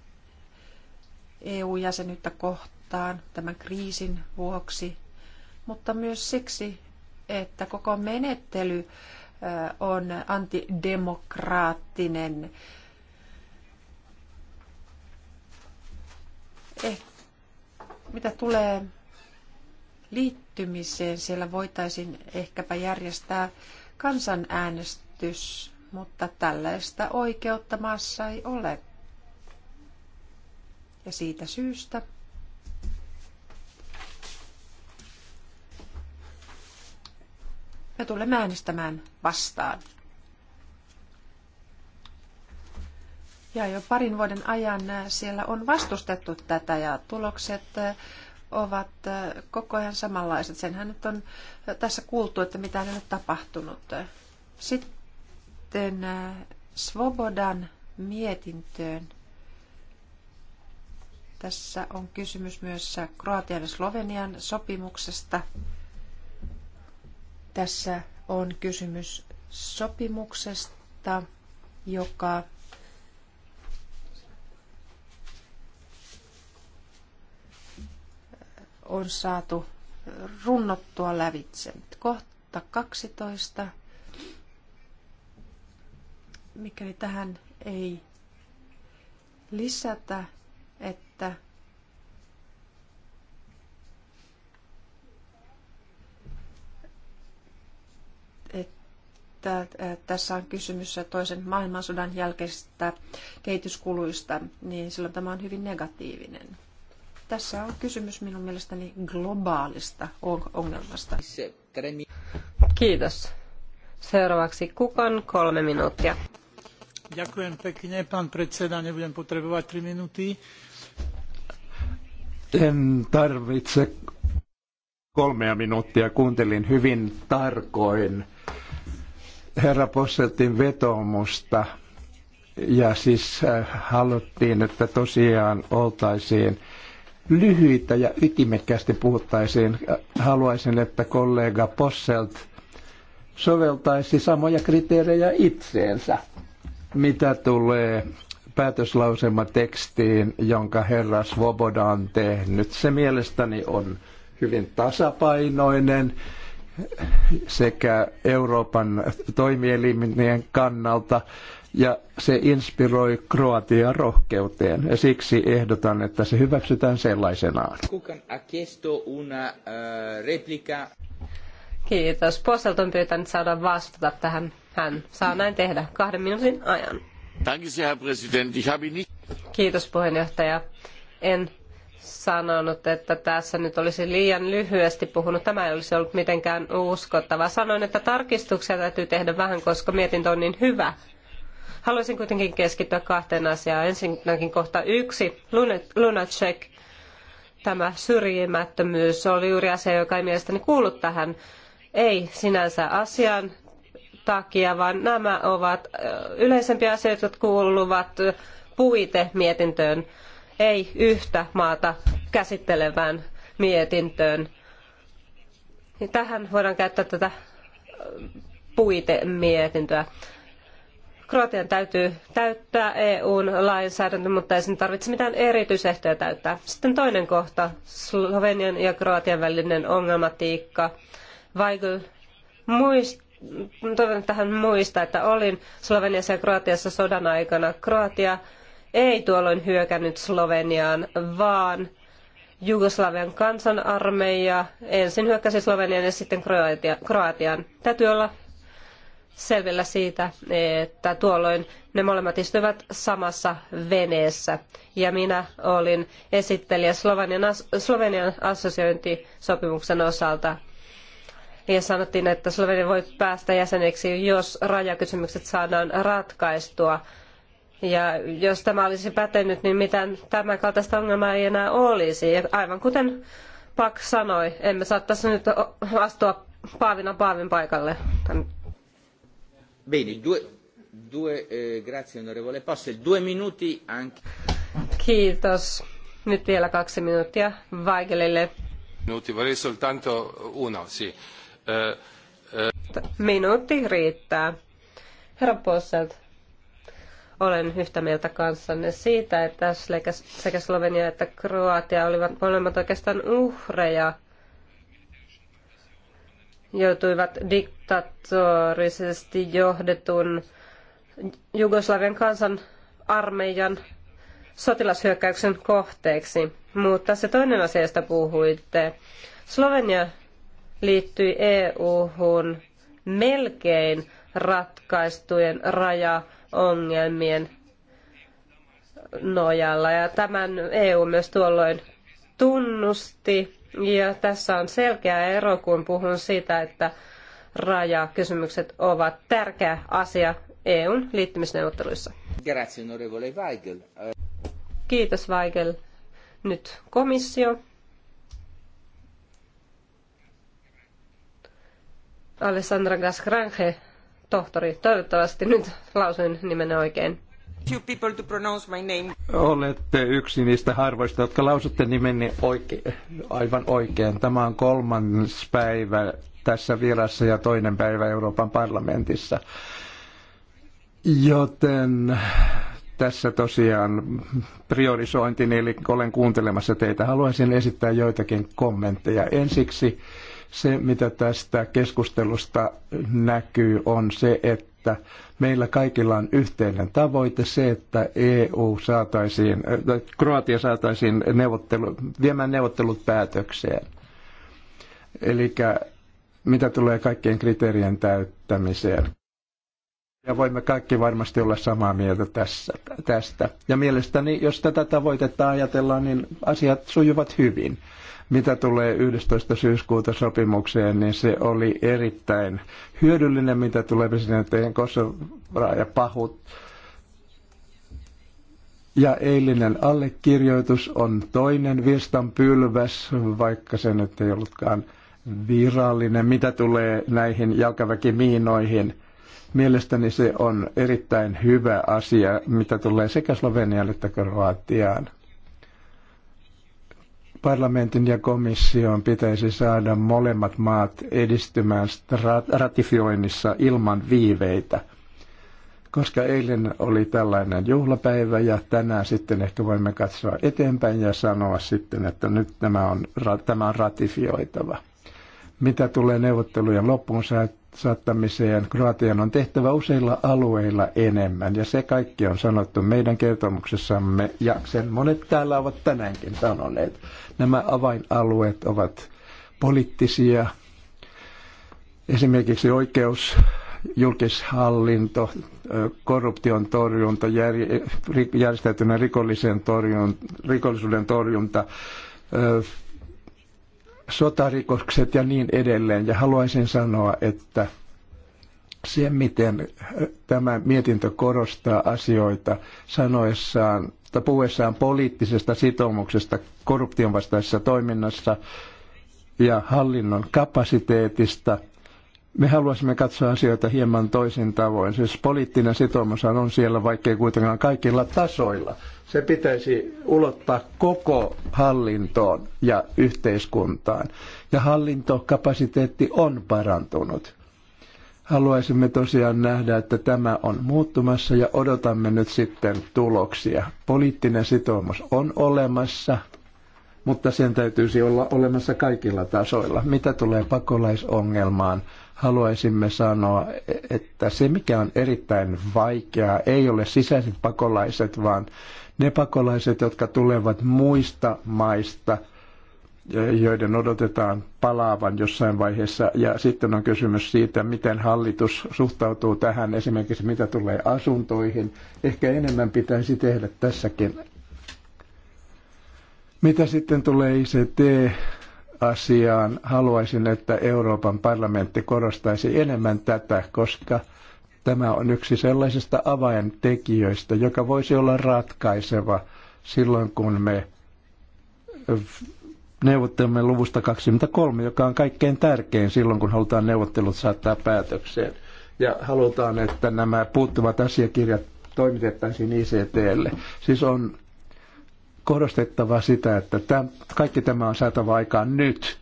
EU-jäsenyyttä kohtaan tämän kriisin vuoksi, mutta myös siksi, että koko menettely äh, on antidemokraattinen eh, mitä tulee liittymiseen, siellä voitaisiin ehkäpä järjestää kansanäänestys, mutta tällaista oikeutta maassa ei ole. Ja siitä syystä me tulemme äänestämään vastaan. Ja jo parin vuoden ajan äh, siellä on vastustettu tätä ja tulokset äh, ovat äh, koko ajan samanlaiset. Senhän nyt on tässä kuultu, että mitä ei ole tapahtunut. Sitten Svobodan mietintöön. Tässä on kysymys myös Kroatian ja Slovenian sopimuksesta. Tässä on kysymys sopimuksesta, joka on saatu runnottua lävitse. Kohta 12. Mikäli tähän ei lisätä, että että tässä on kysymys toisen maailmansodan jälkeisistä kehityskuluista, niin silloin tämä on hyvin negatiivinen. Tässä on kysymys minun mielestäni globaalista ongelmasta. Kiitos. Seuraavaksi Kukan kolme minuuttia. Ďakujem pekne, pán predseda, nebudem potrebovať 3 minúty. En tarvitse kolmea minuuttia, kuuntelin hyvin tarkoin herra Posseltin vetoomusta ja siis äh, haluttiin, että tosiaan oltaisiin lyhyitä ja ytimekkäästi puhuttaisiin. Haluaisin, että kollega Posselt soveltaisi samoja kriteerejä itseensä, mitä tulee tekstiin, jonka herra Svoboda on tehnyt. Se mielestäni on hyvin tasapainoinen sekä Euroopan toimielimien kannalta ja se inspiroi Kroatian rohkeuteen ja siksi ehdotan, että se hyväksytään sellaisenaan. Eh, Kiitos. Posselt on pyytänyt saada vastata tähän. Hän saa näin tehdä kahden minuutin ajan. Kiitos puheenjohtaja. En sanonut, että tässä nyt olisi liian lyhyesti puhunut. Tämä ei olisi ollut mitenkään uskottava. Sanoin, että tarkistuksia täytyy tehdä vähän, koska mietintö on niin hyvä Haluaisin kuitenkin keskittyä kahteen asiaan. Ensinnäkin kohta yksi, Lunacek, tämä syrjimättömyys oli juuri asia, joka ei mielestäni kuulu tähän, ei sinänsä asian takia, vaan nämä ovat yleisempiä asioita, jotka kuuluvat puitemietintöön, ei yhtä maata käsittelevään mietintöön. Niin tähän voidaan käyttää tätä puitemietintöä. Kroatian täytyy täyttää EUn lainsäädäntö, mutta ei sen tarvitse mitään erityisehtoja täyttää. Sitten toinen kohta, Slovenian ja Kroatian välinen ongelmatiikka. Weigl muist, toivon, että hän muistaa, että olin Sloveniassa ja Kroatiassa sodan aikana. Kroatia ei tuolloin hyökännyt Sloveniaan, vaan Jugoslavian kansanarmeija ensin hyökkäsi Slovenian ja sitten Kroatian. Täytyy olla selvillä siitä, että tuolloin ne molemmat istuivat samassa veneessä. Ja minä olin esittelijä Slovenian, Slovenian assosiointisopimuksen osalta. Ja sanottiin, että Slovenia voi päästä jäseneksi, jos rajakysymykset saadaan ratkaistua. Ja jos tämä olisi pätenyt, niin mitään tämän kaltaista ongelmaa ei enää olisi. Ja aivan kuten Pak sanoi, emme saattaisi nyt astua paavina paavin paikalle Bene, due, due, eh, grazie onorevole Posse, due minuti anche. Kiitos. Nyt vielä kaksi minuuttia Vaigelille. Minuutti, vorrei soltanto uno, sì. Eh, eh. Minuutti riittää. Herra Posselt, olen yhtä mieltä kanssanne siitä, että sekä Slovenia että Kroatia olivat molemmat oikeastaan uhreja joutuivat diktatorisesti johdetun Jugoslavian kansan armeijan sotilashyökkäyksen kohteeksi. Mutta se toinen asia, josta puhuitte. Slovenia liittyi EU-hun melkein ratkaistujen rajaongelmien nojalla. Ja tämän EU myös tuolloin tunnusti. Ja tässä on selkeä ero, kun puhun siitä, että rajakysymykset ovat tärkeä asia EUn liittymisneuvotteluissa. Weigel. Kiitos Weigel. Nyt komissio. Alessandra Gasgrange, tohtori. Toivottavasti nyt lausuin nimen oikein. Olette yksi niistä harvoista, jotka lausutte nimeni oike, aivan oikein. Tämä on kolmas päivä tässä virassa ja toinen päivä Euroopan parlamentissa. Joten tässä tosiaan priorisointi, eli olen kuuntelemassa teitä. Haluaisin esittää joitakin kommentteja. Ensiksi se, mitä tästä keskustelusta näkyy, on se, että meillä kaikilla on yhteinen tavoite se, että EU saataisiin, Kroatia saataisiin neuvottelu, viemään neuvottelut päätökseen. Eli mitä tulee kaikkien kriteerien täyttämiseen. Ja voimme kaikki varmasti olla samaa mieltä tässä, tästä. Ja mielestäni, jos tätä tavoitetta ajatellaan, niin asiat sujuvat hyvin. Mitä tulee 11. syyskuuta sopimukseen, niin se oli erittäin hyödyllinen, mitä tulee presidenttien Kosovraa ja Pahut. Ja eilinen allekirjoitus on toinen pylväs, vaikka se nyt ei ollutkaan virallinen. Mitä tulee näihin jalkaväkimiinoihin, mielestäni se on erittäin hyvä asia, mitä tulee sekä Slovenialle että Kroatiaan. Parlamentin ja komission pitäisi saada molemmat maat edistymään ratifioinnissa ilman viiveitä. Koska eilen oli tällainen juhlapäivä ja tänään sitten ehkä voimme katsoa eteenpäin ja sanoa sitten, että nyt tämä on, tämä on ratifioitava. Mitä tulee neuvottelujen loppuun saattamiseen, Kroatian on tehtävä useilla alueilla enemmän, ja se kaikki on sanottu meidän kertomuksessamme, ja sen monet täällä ovat tänäänkin sanoneet. Nämä avainalueet ovat poliittisia, esimerkiksi oikeus, julkishallinto, korruption torjunta, järjestäytyneen rikollisen torjun, rikollisuuden torjunta, sotarikokset ja niin edelleen. Ja haluaisin sanoa, että se, miten tämä mietintö korostaa asioita sanoessaan tai puhuessaan poliittisesta sitoumuksesta korruption vastaisessa toiminnassa ja hallinnon kapasiteetista. Me haluaisimme katsoa asioita hieman toisin tavoin. Siis poliittinen sitoumus on siellä, vaikkei kuitenkaan kaikilla tasoilla. Se pitäisi ulottaa koko hallintoon ja yhteiskuntaan. Ja hallintokapasiteetti on parantunut Haluaisimme tosiaan nähdä, että tämä on muuttumassa ja odotamme nyt sitten tuloksia. Poliittinen sitoumus on olemassa, mutta sen täytyisi olla olemassa kaikilla tasoilla. Mitä tulee pakolaisongelmaan, haluaisimme sanoa, että se mikä on erittäin vaikeaa ei ole sisäiset pakolaiset, vaan ne pakolaiset, jotka tulevat muista maista – joiden odotetaan palaavan jossain vaiheessa. Ja sitten on kysymys siitä, miten hallitus suhtautuu tähän, esimerkiksi mitä tulee asuntoihin. Ehkä enemmän pitäisi tehdä tässäkin. Mitä sitten tulee ICT? asiaan haluaisin, että Euroopan parlamentti korostaisi enemmän tätä, koska tämä on yksi sellaisista avaintekijöistä, joka voisi olla ratkaiseva silloin, kun me neuvottelemme luvusta 23, joka on kaikkein tärkein silloin, kun halutaan neuvottelut saattaa päätökseen. Ja halutaan, että nämä puuttuvat asiakirjat toimitettaisiin ICTlle. Siis on korostettava sitä, että tämä, kaikki tämä on saatava aikaan nyt.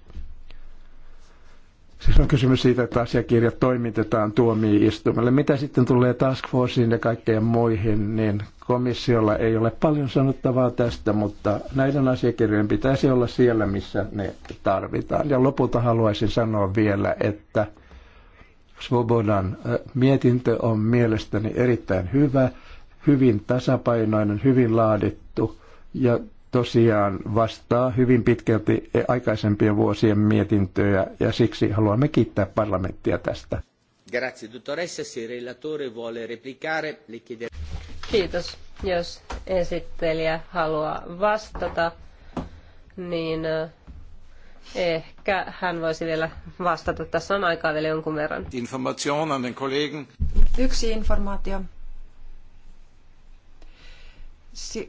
Siis on kysymys siitä, että asiakirjat toimitetaan tuomioistuimelle. Mitä sitten tulee Task Forceen ja kaikkeen muihin, niin komissiolla ei ole paljon sanottavaa tästä, mutta näiden asiakirjojen pitäisi olla siellä, missä ne tarvitaan. Ja lopulta haluaisin sanoa vielä, että Svobodan mietintö on mielestäni erittäin hyvä, hyvin tasapainoinen, hyvin laadittu ja tosiaan vastaa hyvin pitkälti aikaisempien vuosien mietintöjä ja siksi haluamme kiittää parlamenttia tästä. Grazie, dottoressa. Se relatore vuole replicare, le Kiitos. Jos esittelijä haluaa vastata, niin eh, ehkä hän voisi vielä vastata. Tässä on aikaa vielä jonkun verran. Information an den Kollegen. Yksi informaatio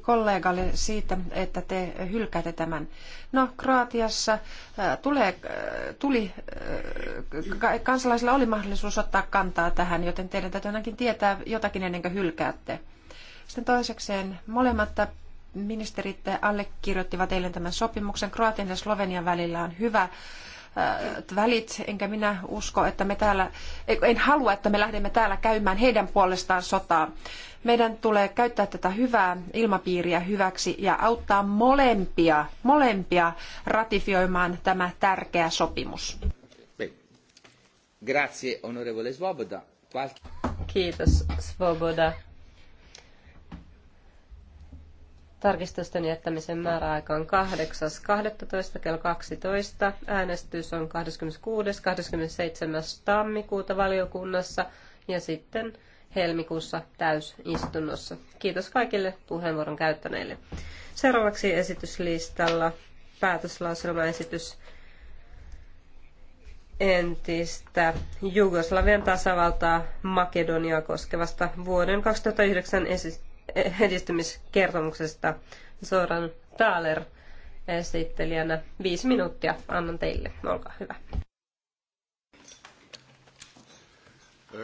kollegalle siitä, että te hylkäätte tämän. No, Kroatiassa tulee, tuli, kansalaisilla oli mahdollisuus ottaa kantaa tähän, joten teidän täytyy ainakin tietää jotakin ennen kuin hylkäätte. Sitten toisekseen molemmat ministerit allekirjoittivat eilen tämän sopimuksen. Kroatian ja Slovenian välillä on hyvä Äh, välit, enkä minä usko, että me täällä, en halua, että me lähdemme täällä käymään heidän puolestaan sotaa. Meidän tulee käyttää tätä hyvää ilmapiiriä hyväksi ja auttaa molempia, molempia ratifioimaan tämä tärkeä sopimus. Grazie, onorevole Svoboda. Kiitos, Svoboda. Tarkistusten jättämisen määräaika on 8.12. kello 12. Äänestys on 26. 27. tammikuuta valiokunnassa ja sitten helmikuussa täysistunnossa. Kiitos kaikille puheenvuoron käyttäneille. Seuraavaksi esityslistalla päätöslauselmaesitys entistä Jugoslavian tasavaltaa Makedoniaa koskevasta vuoden 2009 esityksestä edistymiskertomuksesta. Soran Taaler esittelijänä. Viisi minuuttia annan teille. Olkaa hyvä.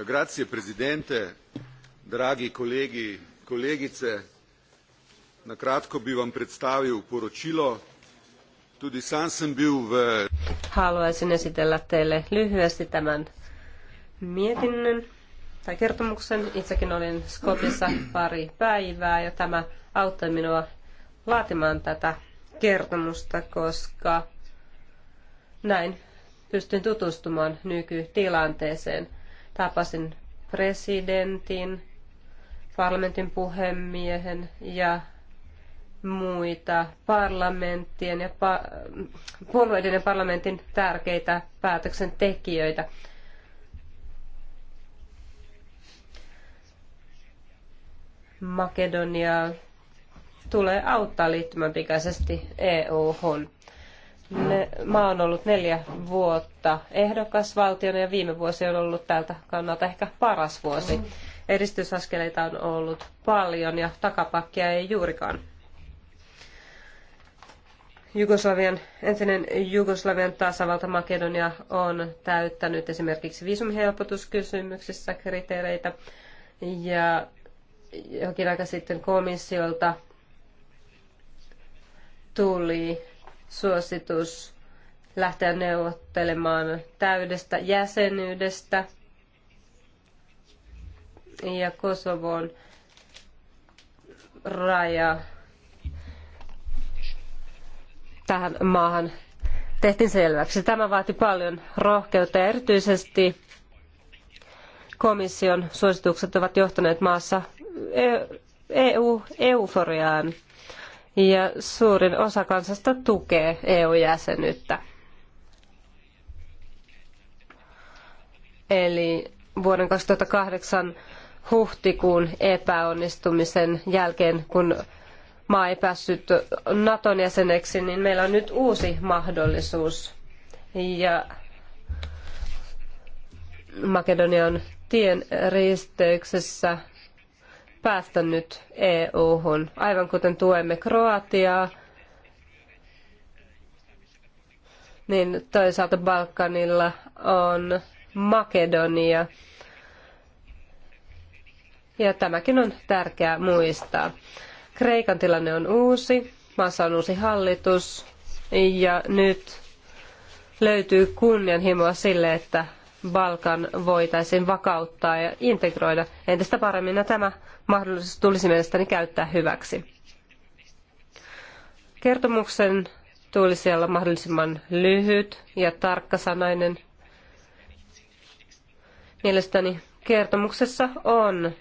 Grazie presidente, dragi kolegi, kolegice. Na kratko bi vam predstavil poročilo. Tudi sam sem bil v... Haluaisin esitellä teille lyhyesti tämän mietinnön tai kertomuksen. Itsekin olin Skopissa pari päivää ja tämä auttoi minua laatimaan tätä kertomusta, koska näin pystyn tutustumaan nykytilanteeseen. Tapasin presidentin, parlamentin puhemiehen ja muita parlamenttien ja puolueiden ja parlamentin tärkeitä päätöksentekijöitä. Makedoniaa tulee auttaa liittymään pikaisesti EU-hun. Maa on ollut neljä vuotta ehdokasvaltiona ja viime vuosi on ollut tältä kannalta ehkä paras vuosi. Edistysaskeleita on ollut paljon ja takapakkia ei juurikaan. Jugoslavian, entinen Jugoslavian tasavalta Makedonia on täyttänyt esimerkiksi viisumihelpotuskysymyksissä kriteereitä ja jokin aika sitten komissiolta tuli suositus lähteä neuvottelemaan täydestä jäsenyydestä ja Kosovon raja tähän maahan tehtiin selväksi. Tämä vaati paljon rohkeutta ja erityisesti komission suositukset ovat johtaneet maassa E- e- EU-euforiaan ja suurin osa kansasta tukee EU-jäsenyyttä. Eli vuoden 2008 huhtikuun epäonnistumisen jälkeen, kun maa ei päässyt Naton jäseneksi, niin meillä on nyt uusi mahdollisuus. Ja Makedonia on tien risteyksessä päästä nyt EU-hun, aivan kuten tuemme Kroatiaa, niin toisaalta Balkanilla on Makedonia. Ja tämäkin on tärkeää muistaa. Kreikan tilanne on uusi, maassa on uusi hallitus ja nyt löytyy kunnianhimoa sille, että Balkan voitaisiin vakauttaa ja integroida entistä paremmin. Ja tämä mahdollisuus tulisi mielestäni käyttää hyväksi. Kertomuksen tulisi olla mahdollisimman lyhyt ja tarkkasanainen. Mielestäni kertomuksessa on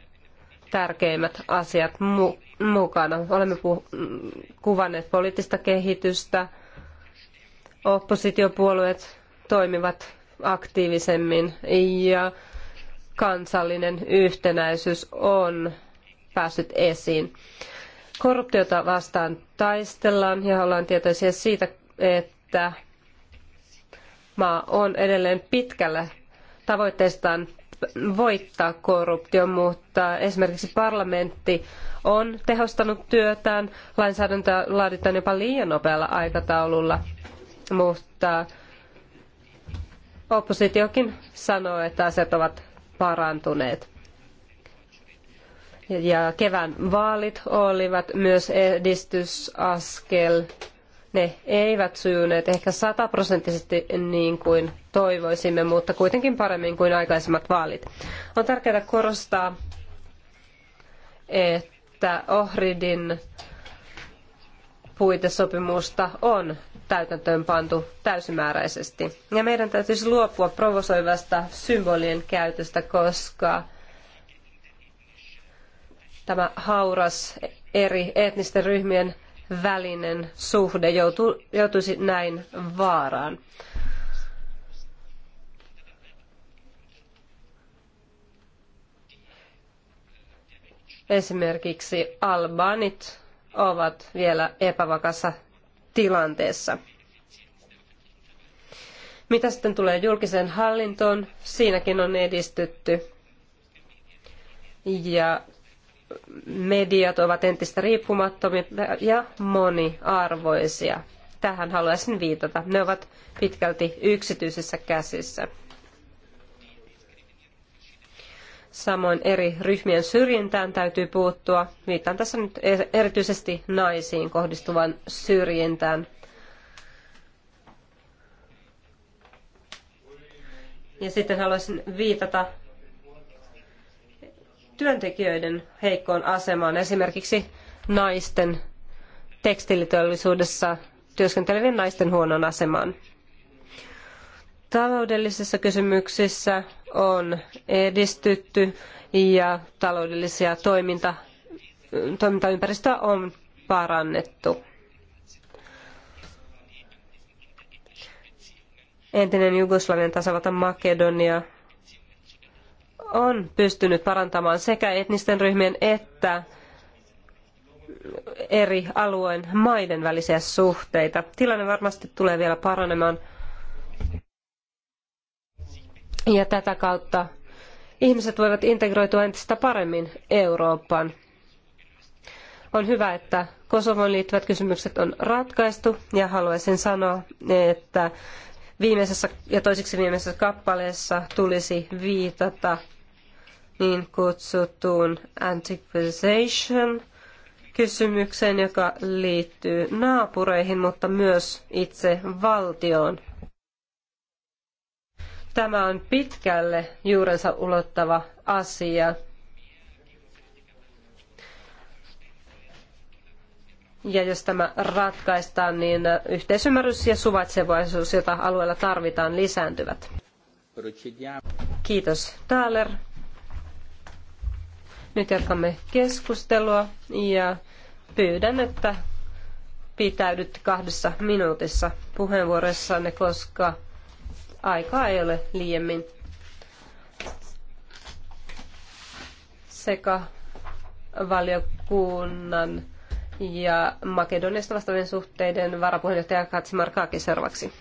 tärkeimmät asiat mu- mukana. Olemme pu- kuvanneet poliittista kehitystä. Oppositiopuolueet toimivat aktiivisemmin ja kansallinen yhtenäisyys on päässyt esiin. Korruptiota vastaan taistellaan ja ollaan tietoisia siitä, että maa on edelleen pitkällä tavoitteestaan voittaa korruptio, mutta esimerkiksi parlamentti on tehostanut työtään, lainsäädäntöä laaditaan jopa liian nopealla aikataululla, mutta oppositiokin sanoo, että asiat ovat parantuneet. Ja kevään vaalit olivat myös edistysaskel. Ne eivät sujuneet ehkä sataprosenttisesti niin kuin toivoisimme, mutta kuitenkin paremmin kuin aikaisemmat vaalit. On tärkeää korostaa, että Ohridin puitesopimusta on täytäntöön pantu täysimääräisesti. Ja meidän täytyisi luopua provosoivasta symbolien käytöstä, koska tämä hauras eri etnisten ryhmien välinen suhde joutuisi näin vaaraan. Esimerkiksi albaanit ovat vielä epävakassa tilanteessa. Mitä sitten tulee julkiseen hallintoon, siinäkin on edistytty. Ja mediat ovat entistä riippumattomia ja moniarvoisia. Tähän haluaisin viitata. Ne ovat pitkälti yksityisissä käsissä. Samoin eri ryhmien syrjintään täytyy puuttua. Viitan tässä nyt e- erityisesti naisiin kohdistuvan syrjintään. Ja sitten haluaisin viitata työntekijöiden heikkoon asemaan, esimerkiksi naisten tekstiiliteollisuudessa työskentelevien naisten huonoon asemaan. Taloudellisissa kysymyksissä on edistytty ja taloudellisia toiminta, toimintaympäristöä on parannettu. Entinen Jugoslavian tasavalta Makedonia on pystynyt parantamaan sekä etnisten ryhmien että eri alueen maiden välisiä suhteita. Tilanne varmasti tulee vielä paranemaan. Ja tätä kautta ihmiset voivat integroitua entistä paremmin Eurooppaan. On hyvä, että Kosovoon liittyvät kysymykset on ratkaistu ja haluaisin sanoa, että viimeisessä ja toiseksi viimeisessä kappaleessa tulisi viitata niin kutsuttuun antiquization kysymykseen, joka liittyy naapureihin, mutta myös itse valtioon. Tämä on pitkälle juurensa ulottava asia. Ja jos tämä ratkaistaan, niin yhteisymmärrys ja suvaitsevaisuus, jota alueella tarvitaan, lisääntyvät. Kiitos, Thaler. Nyt jatkamme keskustelua ja pyydän, että pitäydytte kahdessa minuutissa puheenvuoroissanne, koska aikaa ei ole liiemmin. Sekä valiokunnan ja Makedoniasta vastaavien suhteiden varapuheenjohtaja Katsi Markaaki seuraavaksi.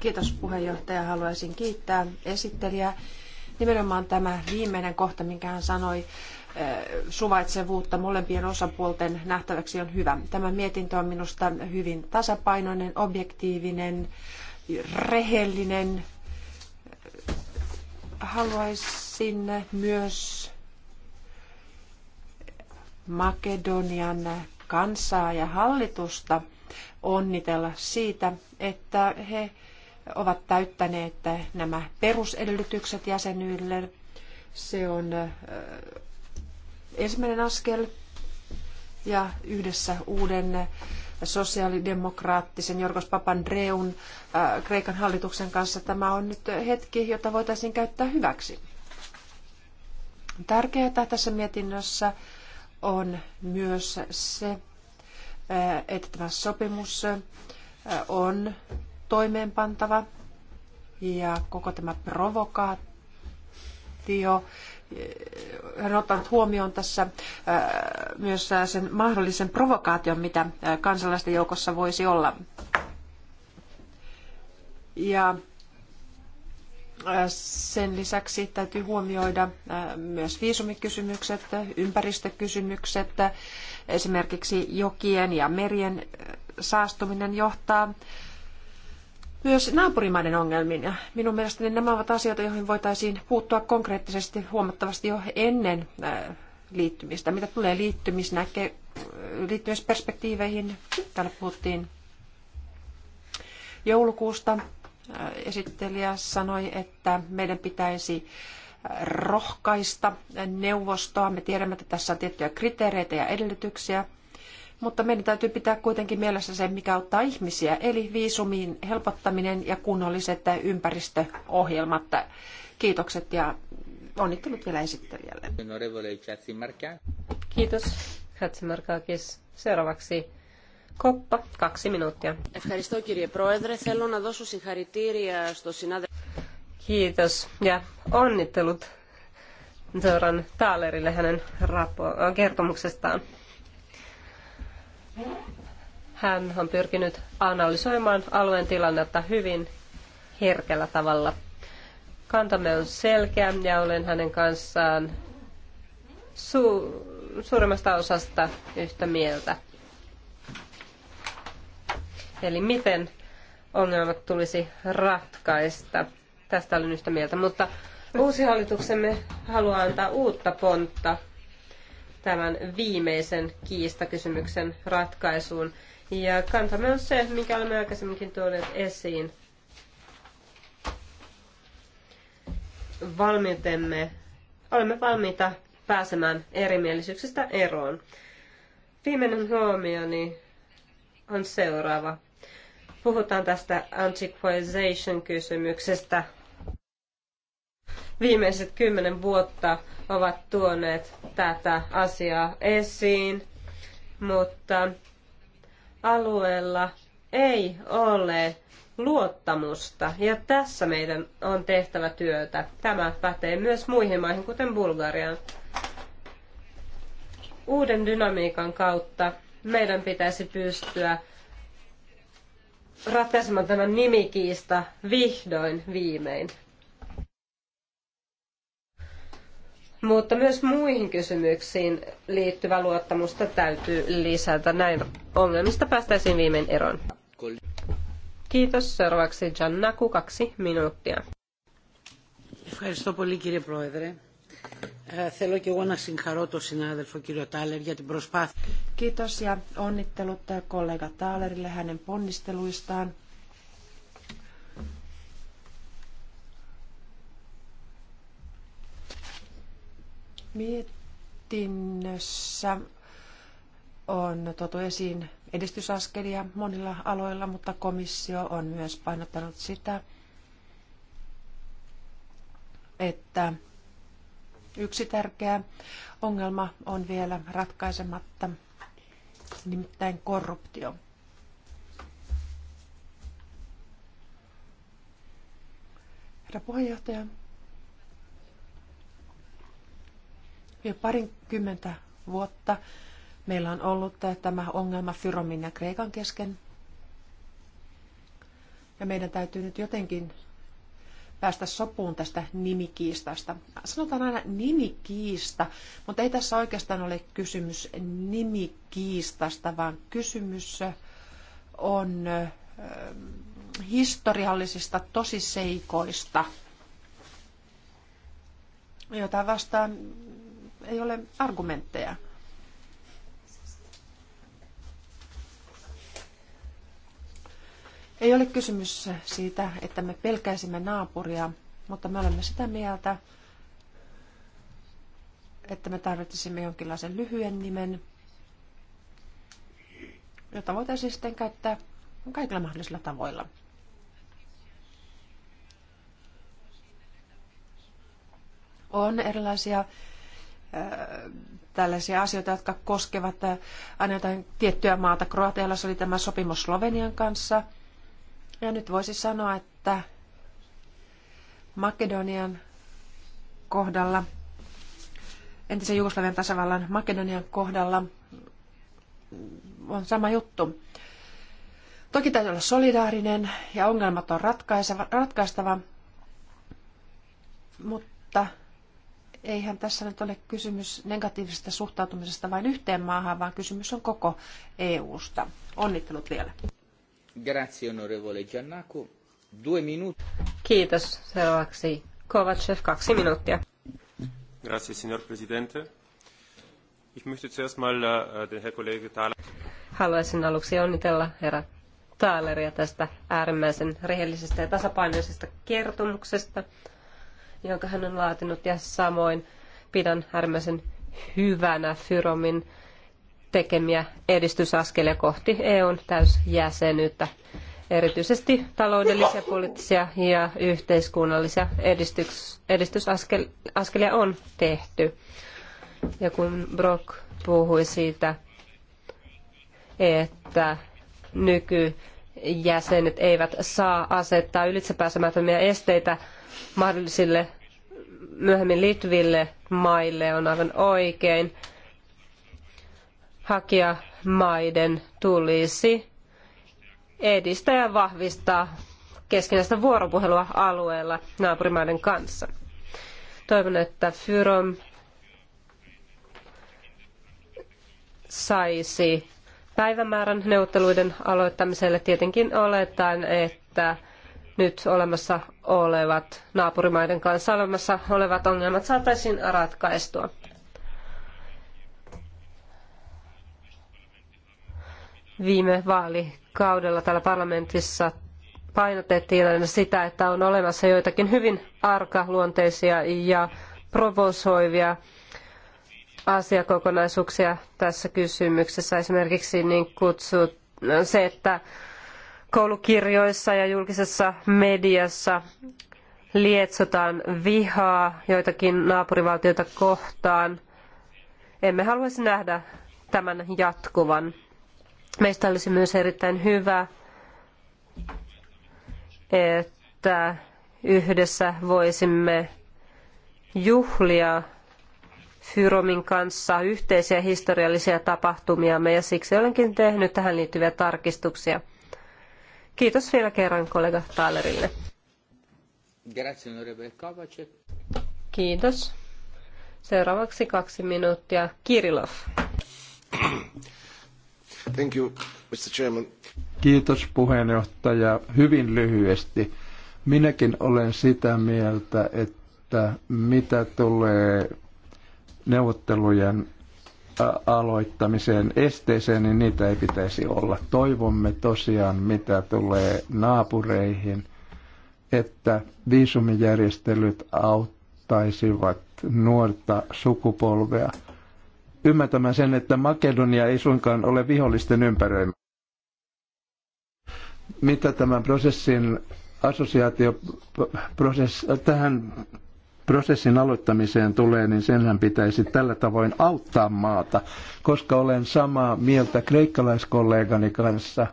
Kiitos puheenjohtaja. Haluaisin kiittää esittelijää Nimenomaan tämä viimeinen kohta, minkä hän sanoi, eh, suvaitsevuutta molempien osapuolten nähtäväksi on hyvä. Tämä mietintö on minusta hyvin tasapainoinen, objektiivinen, rehellinen. Haluaisin myös Makedonian kansaa ja hallitusta onnitella siitä, että he ovat täyttäneet nämä perusedellytykset jäsenyydelle. Se on ensimmäinen askel ja yhdessä uuden sosiaalidemokraattisen Jorgos Papandreun Kreikan hallituksen kanssa tämä on nyt hetki, jota voitaisiin käyttää hyväksi. Tärkeää tässä mietinnössä on myös se, että tämä sopimus on toimeenpantava ja koko tämä provokaatio. Hän on ottanut huomioon tässä äh, myös sen mahdollisen provokaation, mitä äh, kansalaisten joukossa voisi olla. Ja äh, sen lisäksi täytyy huomioida myös viisumikysymykset, ympäristökysymykset. Esimerkiksi jokien ja merien saastuminen johtaa myös naapurimaiden ongelmiin. Ja minun mielestäni nämä ovat asioita, joihin voitaisiin puuttua konkreettisesti huomattavasti jo ennen äh, liittymistä. Mitä tulee liittymisnäke, liittymisperspektiiveihin, täällä puhuttiin joulukuusta. Äh, esittelijä sanoi, että meidän pitäisi äh, rohkaista neuvostoa. Me tiedämme, että tässä on tiettyjä kriteereitä ja edellytyksiä, mutta meidän täytyy pitää kuitenkin mielessä se, mikä auttaa ihmisiä, eli viisumiin, helpottaminen ja kunnolliset ympäristöohjelmat. Kiitokset ja onnittelut vielä esittelijälle. Kiitos. Hatsimarkakis. Seuraavaksi Koppa, kaksi minuuttia. Kiitos ja onnittelut Zoran Taalerille hänen kertomuksestaan. Hän on pyrkinyt analysoimaan alueen tilannetta hyvin herkällä tavalla. Kantamme on selkeä ja olen hänen kanssaan su- suurimmasta osasta yhtä mieltä. Eli miten ongelmat tulisi ratkaista. Tästä olen yhtä mieltä, mutta uusi hallituksemme haluaa antaa uutta pontta tämän viimeisen kiistakysymyksen ratkaisuun. Ja kantamme on se, mikä olemme aikaisemminkin tuoneet esiin. Valmiutemme, olemme valmiita pääsemään erimielisyyksistä eroon. Viimeinen huomioni on seuraava. Puhutaan tästä antiquization kysymyksestä viimeiset kymmenen vuotta ovat tuoneet tätä asiaa esiin, mutta alueella ei ole luottamusta ja tässä meidän on tehtävä työtä. Tämä pätee myös muihin maihin, kuten Bulgariaan. Uuden dynamiikan kautta meidän pitäisi pystyä ratkaisemaan tämän nimikiista vihdoin viimein. mutta myös muihin kysymyksiin liittyvä luottamusta täytyy lisätä. Näin ongelmista päästäisiin viimein eroon. Kiitos. Seuraavaksi Giannaku, kaksi minuuttia. Ευχαριστώ πολύ κύριε Πρόεδρε. Θέλω και εγώ να συγχαρώ τον συνάδελφο κύριο Τάλερ για την προσπάθεια. Kiitos ja onnittelut kollega Taalerille hänen ponnisteluistaan Mietinnössä on tuotu esiin edistysaskelia monilla aloilla, mutta komissio on myös painottanut sitä, että yksi tärkeä ongelma on vielä ratkaisematta, nimittäin korruptio. Herra puheenjohtaja, Jo parinkymmentä vuotta meillä on ollut tämä ongelma Fyromin ja Kreikan kesken. Ja meidän täytyy nyt jotenkin päästä sopuun tästä nimikiistasta. Sanotaan aina nimikiista, mutta ei tässä oikeastaan ole kysymys nimikiistasta, vaan kysymys on historiallisista tosiseikoista, joita vastaan ei ole argumentteja. Ei ole kysymys siitä, että me pelkäisimme naapuria, mutta me olemme sitä mieltä, että me tarvitsisimme jonkinlaisen lyhyen nimen, jota voitaisiin sitten käyttää kaikilla mahdollisilla tavoilla. On erilaisia tällaisia asioita, jotka koskevat äh, aina jotain tiettyä maata. Kroatialla se oli tämä sopimus Slovenian kanssa. Ja nyt voisi sanoa, että Makedonian kohdalla, entisen Jugoslavian tasavallan Makedonian kohdalla on sama juttu. Toki täytyy olla solidaarinen ja ongelmat on ratkaistava, mutta eihän tässä nyt ole kysymys negatiivisesta suhtautumisesta vain yhteen maahan, vaan kysymys on koko EU-sta. Onnittelut vielä. Grazie, onorevole Giannaku. Due minuti. Kiitos. Seuraavaksi Kovacev, kaksi minuuttia. Grazie, signor Presidente. Ich möchte zuerst mal äh, den Herr Kollege Thaler... Haluaisin aluksi onnitella herra Taaleria tästä äärimmäisen rehellisestä ja tasapainoisesta kertomuksesta – jonka hän on laatinut, ja samoin pidän äärimmäisen hyvänä Fyromin tekemiä edistysaskelia kohti EUn täysjäsenyyttä, erityisesti taloudellisia, poliittisia ja yhteiskunnallisia edistys, edistysaskelia on tehty. Ja kun Brock puhui siitä, että nykyjäsenet eivät saa asettaa ylitsepääsemättömiä esteitä mahdollisille myöhemmin liittyville maille on aivan oikein. Hakijamaiden tulisi edistää ja vahvistaa keskinäistä vuoropuhelua alueella naapurimaiden kanssa. Toivon, että Fyrom saisi päivämäärän neuvotteluiden aloittamiselle. Tietenkin oletan, että nyt olemassa olevat naapurimaiden kanssa olemassa olevat ongelmat saataisiin ratkaistua. Viime vaalikaudella täällä parlamentissa painotettiin aina sitä, että on olemassa joitakin hyvin arkaluonteisia ja provosoivia asiakokonaisuuksia tässä kysymyksessä. Esimerkiksi niin kutsut, se, että koulukirjoissa ja julkisessa mediassa lietsotaan vihaa joitakin naapurivaltioita kohtaan. Emme haluaisi nähdä tämän jatkuvan. Meistä olisi myös erittäin hyvä, että yhdessä voisimme juhlia Fyromin kanssa yhteisiä historiallisia tapahtumiamme ja siksi olenkin tehnyt tähän liittyviä tarkistuksia. Kiitos vielä kerran kollega Taalerille. Kiitos. Seuraavaksi kaksi minuuttia. Kirilov. Thank you, Mr. Chairman. Kiitos puheenjohtaja. Hyvin lyhyesti. Minäkin olen sitä mieltä, että mitä tulee neuvottelujen aloittamiseen esteeseen, niin niitä ei pitäisi olla. Toivomme tosiaan, mitä tulee naapureihin, että viisumijärjestelyt auttaisivat nuorta sukupolvea ymmärtämään sen, että Makedonia ei suinkaan ole vihollisten ympäröimä. Mitä tämän prosessin assosiaatioprosess, tähän prosessin aloittamiseen tulee, niin senhän pitäisi tällä tavoin auttaa maata, koska olen samaa mieltä kreikkalaiskollegani kanssa.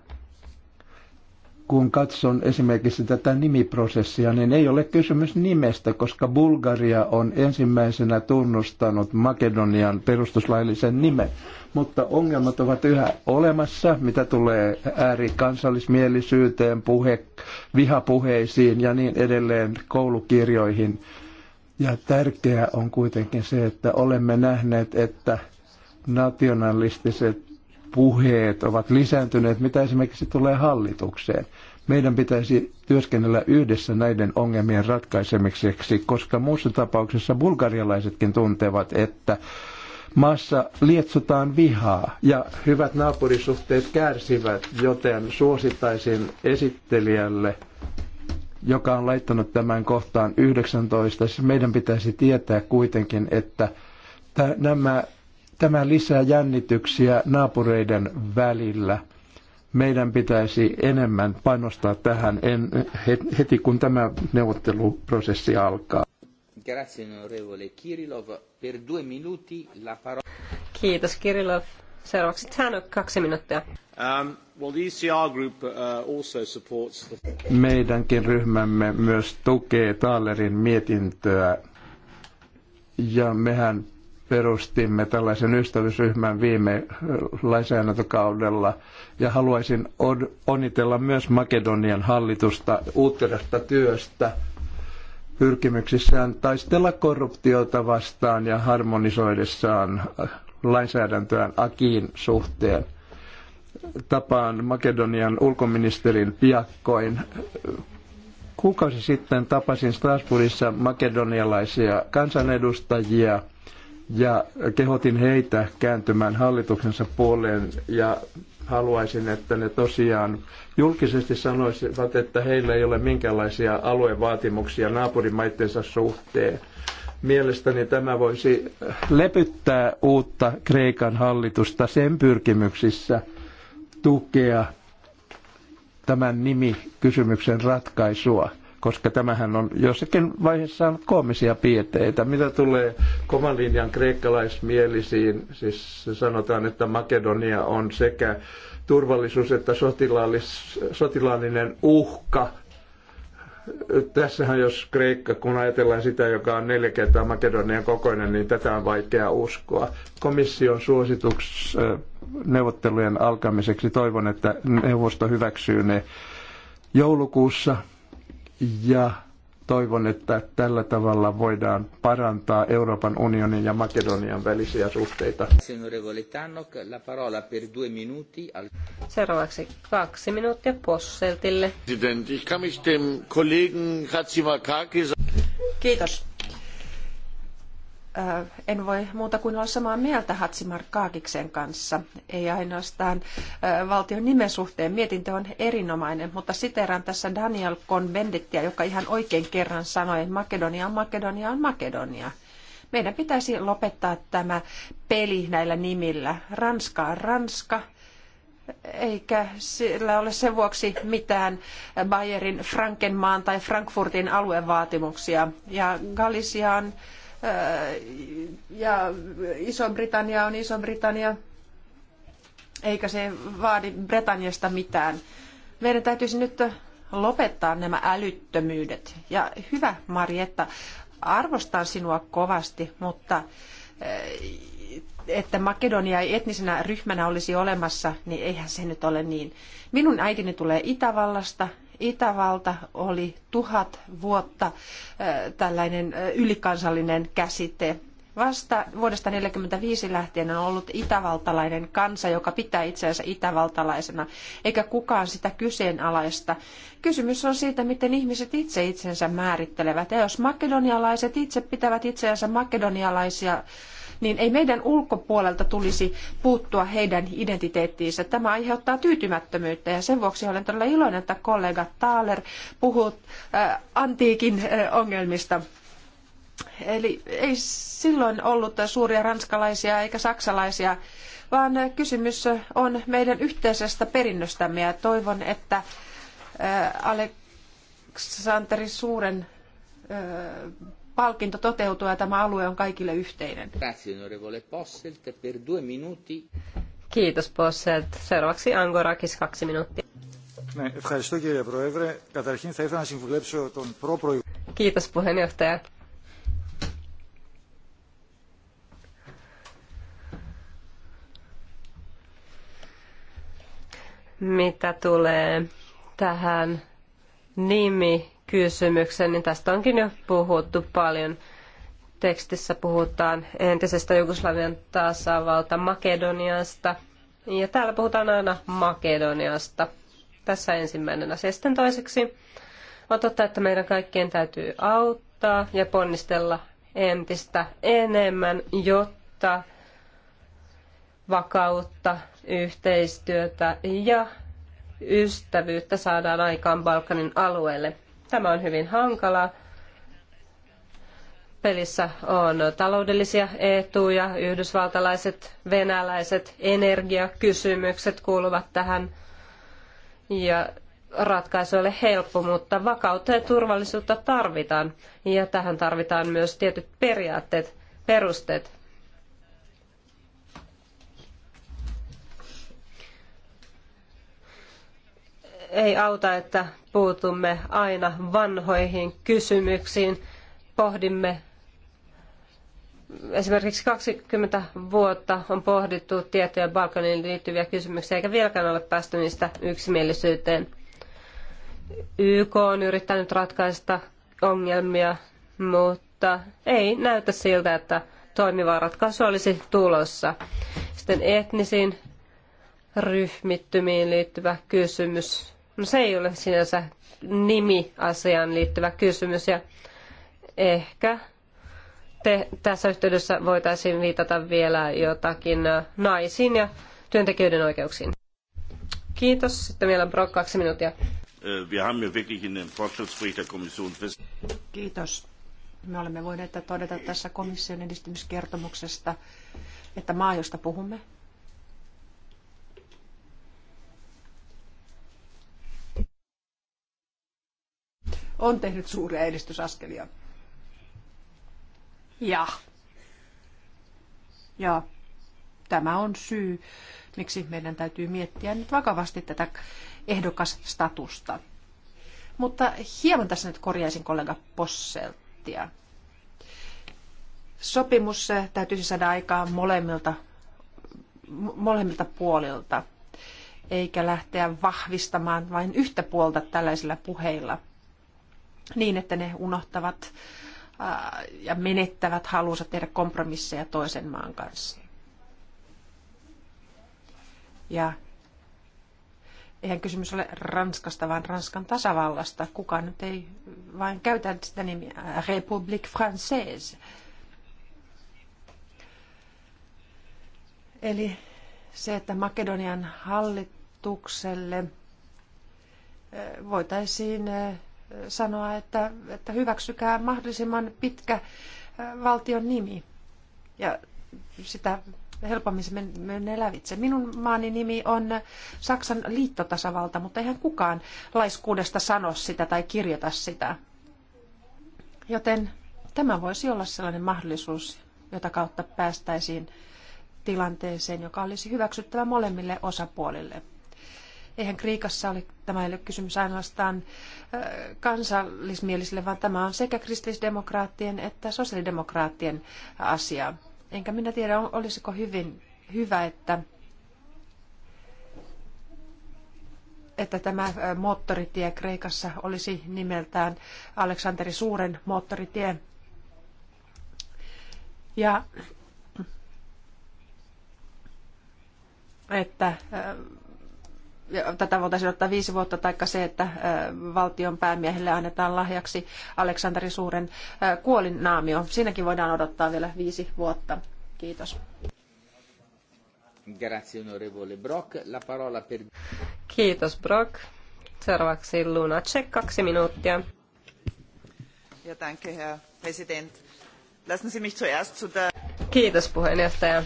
Kun katson esimerkiksi tätä nimiprosessia, niin ei ole kysymys nimestä, koska Bulgaria on ensimmäisenä tunnustanut Makedonian perustuslaillisen nimen. Mutta ongelmat ovat yhä olemassa, mitä tulee äärikansallismielisyyteen, puhe, vihapuheisiin ja niin edelleen koulukirjoihin – ja tärkeää on kuitenkin se, että olemme nähneet, että nationalistiset puheet ovat lisääntyneet, mitä esimerkiksi tulee hallitukseen. Meidän pitäisi työskennellä yhdessä näiden ongelmien ratkaisemiseksi, koska muussa tapauksessa bulgarialaisetkin tuntevat, että maassa lietsotaan vihaa ja hyvät naapurisuhteet kärsivät, joten suosittaisin esittelijälle joka on laittanut tämän kohtaan 19. Siis meidän pitäisi tietää kuitenkin, että nämä, tämä lisää jännityksiä naapureiden välillä. Meidän pitäisi enemmän panostaa tähän en, heti, kun tämä neuvotteluprosessi alkaa. Kiitos Kirilov. Seuraavaksi Tanuk, kaksi minuuttia. Um. E uh, Meidänkin ryhmämme myös tukee Taalerin mietintöä ja mehän perustimme tällaisen ystävyysryhmän viime äh, lainsäädäntökaudella ja haluaisin onnitella myös Makedonian hallitusta uutterasta työstä pyrkimyksissään taistella korruptiota vastaan ja harmonisoidessaan äh, lainsäädäntöään Akiin suhteen tapaan Makedonian ulkoministerin piakkoin. Kuukausi sitten tapasin Strasbourgissa makedonialaisia kansanedustajia ja kehotin heitä kääntymään hallituksensa puoleen ja haluaisin, että ne tosiaan julkisesti sanoisivat, että heillä ei ole minkäänlaisia aluevaatimuksia naapurimaittensa suhteen. Mielestäni tämä voisi lepyttää uutta Kreikan hallitusta sen pyrkimyksissä – tukea tämän nimikysymyksen ratkaisua, koska tämähän on jossakin vaiheessa on koomisia piirteitä. Mitä tulee kovan linjan kreikkalaismielisiin, siis sanotaan, että Makedonia on sekä turvallisuus että sotilaallinen uhka – tässähän jos Kreikka, kun ajatellaan sitä, joka on neljä kertaa Makedonian kokoinen, niin tätä on vaikea uskoa. Komission suosituks neuvottelujen alkamiseksi toivon, että neuvosto hyväksyy ne joulukuussa ja toivon, että tällä tavalla voidaan parantaa Euroopan unionin ja Makedonian välisiä suhteita. Seuraavaksi kaksi minuuttia Posseltille. Kiitos en voi muuta kuin olla samaa mieltä Hatsimar Kaakiksen kanssa. Ei ainoastaan valtion nimen suhteen. Mietintö on erinomainen, mutta siteeraan tässä Daniel Cohn-Bendittiä, joka ihan oikein kerran sanoi, että Makedonia on Makedonia on Makedonia. Meidän pitäisi lopettaa tämä peli näillä nimillä. Ranska on Ranska, eikä sillä ole sen vuoksi mitään Bayerin, Frankenmaan tai Frankfurtin aluevaatimuksia. Ja Galicia on ja Iso-Britannia on Iso-Britannia, eikä se vaadi Britanniasta mitään. Meidän täytyisi nyt lopettaa nämä älyttömyydet. Ja hyvä Marietta, arvostan sinua kovasti, mutta että Makedonia ei etnisenä ryhmänä olisi olemassa, niin eihän se nyt ole niin. Minun äitini tulee Itävallasta Itävalta oli tuhat vuotta äh, tällainen äh, ylikansallinen käsite. Vasta vuodesta 1945 lähtien on ollut itävaltalainen kansa, joka pitää itseänsä itävaltalaisena, eikä kukaan sitä kyseenalaista. Kysymys on siitä, miten ihmiset itse itsensä määrittelevät. Ja jos makedonialaiset itse pitävät itseänsä makedonialaisia, niin ei meidän ulkopuolelta tulisi puuttua heidän identiteettiinsä. Tämä aiheuttaa tyytymättömyyttä ja sen vuoksi olen todella iloinen, että kollega Thaler puhuu äh, antiikin äh, ongelmista. Eli ei silloin ollut suuria ranskalaisia eikä saksalaisia, vaan kysymys on meidän yhteisestä perinnöstämme ja toivon, että äh, Aleksanteri Suuren palkinto toteutuu ja tämä alue on kaikille yhteinen. Kiitos Posselt. Seuraavaksi Angorakis kaksi minuuttia. Kiitos puheenjohtaja. Mitä tulee tähän nimi kysymyksen, niin tästä onkin jo puhuttu paljon. Tekstissä puhutaan entisestä Jugoslavian tasavalta Makedoniasta. Ja täällä puhutaan aina Makedoniasta. Tässä ensimmäinen asia. Sitten toiseksi on totta, että meidän kaikkien täytyy auttaa ja ponnistella entistä enemmän, jotta vakautta, yhteistyötä ja ystävyyttä saadaan aikaan Balkanin alueelle. Tämä on hyvin hankala. Pelissä on taloudellisia etuja, yhdysvaltalaiset, venäläiset, energiakysymykset kuuluvat tähän. Ja ratkaisu ei ole helppo, mutta vakautta ja turvallisuutta tarvitaan. Ja tähän tarvitaan myös tietyt periaatteet, perusteet. ei auta, että puutumme aina vanhoihin kysymyksiin. Pohdimme esimerkiksi 20 vuotta on pohdittu tiettyjä Balkaniin liittyviä kysymyksiä, eikä vieläkään ole päästy niistä yksimielisyyteen. YK on yrittänyt ratkaista ongelmia, mutta ei näytä siltä, että toimiva ratkaisu olisi tulossa. Sitten etnisiin ryhmittymiin liittyvä kysymys No se ei ole sinänsä nimiasiaan liittyvä kysymys ja ehkä te, tässä yhteydessä voitaisiin viitata vielä jotakin naisiin ja työntekijöiden oikeuksiin. Kiitos. Sitten vielä Brock kaksi minuuttia. Äh, Kiitos. Me olemme voineet todeta tässä komission edistymiskertomuksesta, että maa, josta puhumme, on tehnyt suuria edistysaskelia. Ja, ja tämä on syy, miksi meidän täytyy miettiä nyt vakavasti tätä ehdokasstatusta. Mutta hieman tässä nyt korjaisin kollega Posseltia. Sopimus täytyisi saada aikaan molemmilta, molemmilta puolilta, eikä lähteä vahvistamaan vain yhtä puolta tällaisilla puheilla – niin, että ne unohtavat ja menettävät halunsa tehdä kompromisseja toisen maan kanssa. Ja eihän kysymys ole Ranskasta, vaan Ranskan tasavallasta. Kukaan nyt ei vain käytä sitä nimiä République Française. Eli se, että Makedonian hallitukselle voitaisiin sanoa, että, että hyväksykää mahdollisimman pitkä valtion nimi. Ja sitä helpommin se menee lävitse. Minun maani nimi on Saksan liittotasavalta, mutta eihän kukaan laiskuudesta sano sitä tai kirjoita sitä. Joten tämä voisi olla sellainen mahdollisuus, jota kautta päästäisiin tilanteeseen, joka olisi hyväksyttävä molemmille osapuolille. Eihän Kriikassa ole, tämä ei ole kysymys ainoastaan kansallismielisille, vaan tämä on sekä kristillisdemokraattien että sosiaalidemokraattien asia. Enkä minä tiedä, olisiko hyvin hyvä, että, että tämä moottoritie Kreikassa olisi nimeltään Aleksanteri Suuren moottoritie. Ja että tätä voitaisiin ottaa viisi vuotta, taikka se, että valtion päämiehelle annetaan lahjaksi Aleksanteri suuren kuolinnaamio. Siinäkin voidaan odottaa vielä viisi vuotta. Kiitos. Grazie onorevole Brock. La parola per... Kiitos Brock. Seuraavaksi Lunacek, kaksi minuuttia. Ja danke, Herr President. Lassen Sie mich zuerst zu der... Kiitos puheenjohtaja.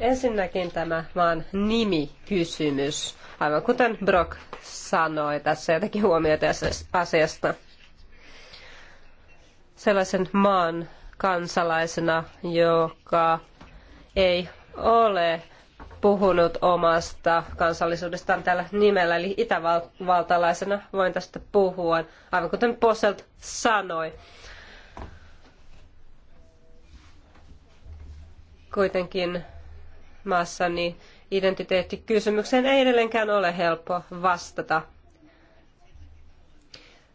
Ensinnäkin tämä maan nimikysymys. Aivan kuten Brock sanoi tässä jotakin huomiota asiasta. Sellaisen maan kansalaisena, joka ei ole puhunut omasta kansallisuudestaan tällä nimellä, eli itävaltalaisena voin tästä puhua, aivan kuten Posselt sanoi. Kuitenkin maassa niin identiteettikysymykseen ei edelleenkään ole helppo vastata.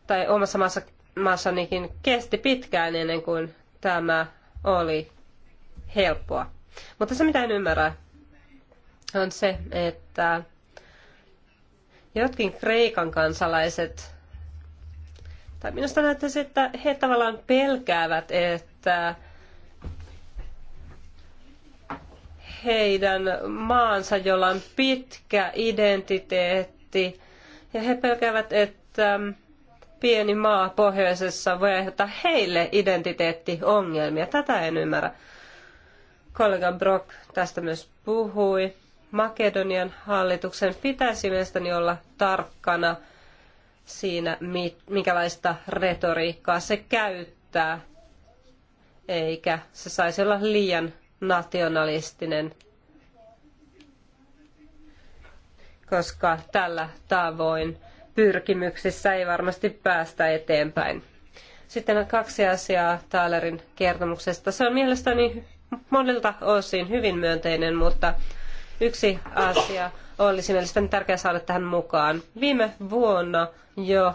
Tai omassa maassa, maassanikin kesti pitkään ennen kuin tämä oli helppoa. Mutta se mitä en ymmärrä on se, että jotkin Kreikan kansalaiset, tai minusta näyttäisi, että he tavallaan pelkäävät, että heidän maansa, jolla on pitkä identiteetti. Ja he pelkäävät, että pieni maa pohjoisessa voi aiheuttaa heille identiteettiongelmia. Tätä en ymmärrä. Kollega Brock tästä myös puhui. Makedonian hallituksen pitäisi mielestäni olla tarkkana siinä, minkälaista retoriikkaa se käyttää, eikä se saisi olla liian nationalistinen, koska tällä tavoin pyrkimyksissä ei varmasti päästä eteenpäin. Sitten kaksi asiaa Taalerin kertomuksesta. Se on mielestäni monilta osin hyvin myönteinen, mutta yksi asia olisi mielestäni tärkeää saada tähän mukaan. Viime vuonna jo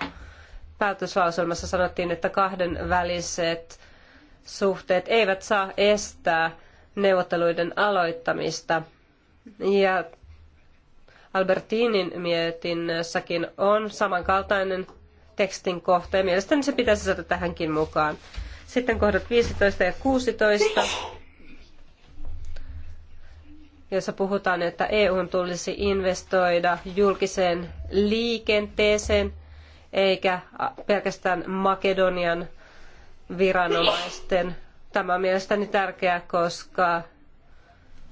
päätöslauselmassa sanottiin, että kahden väliset suhteet eivät saa estää neuvotteluiden aloittamista. Ja Albertinin mietinnössäkin on samankaltainen tekstin kohta ja mielestäni se pitäisi saada tähänkin mukaan. Sitten kohdat 15 ja 16, jossa puhutaan, että EUn tulisi investoida julkiseen liikenteeseen eikä pelkästään Makedonian viranomaisten Tämä on mielestäni tärkeää, koska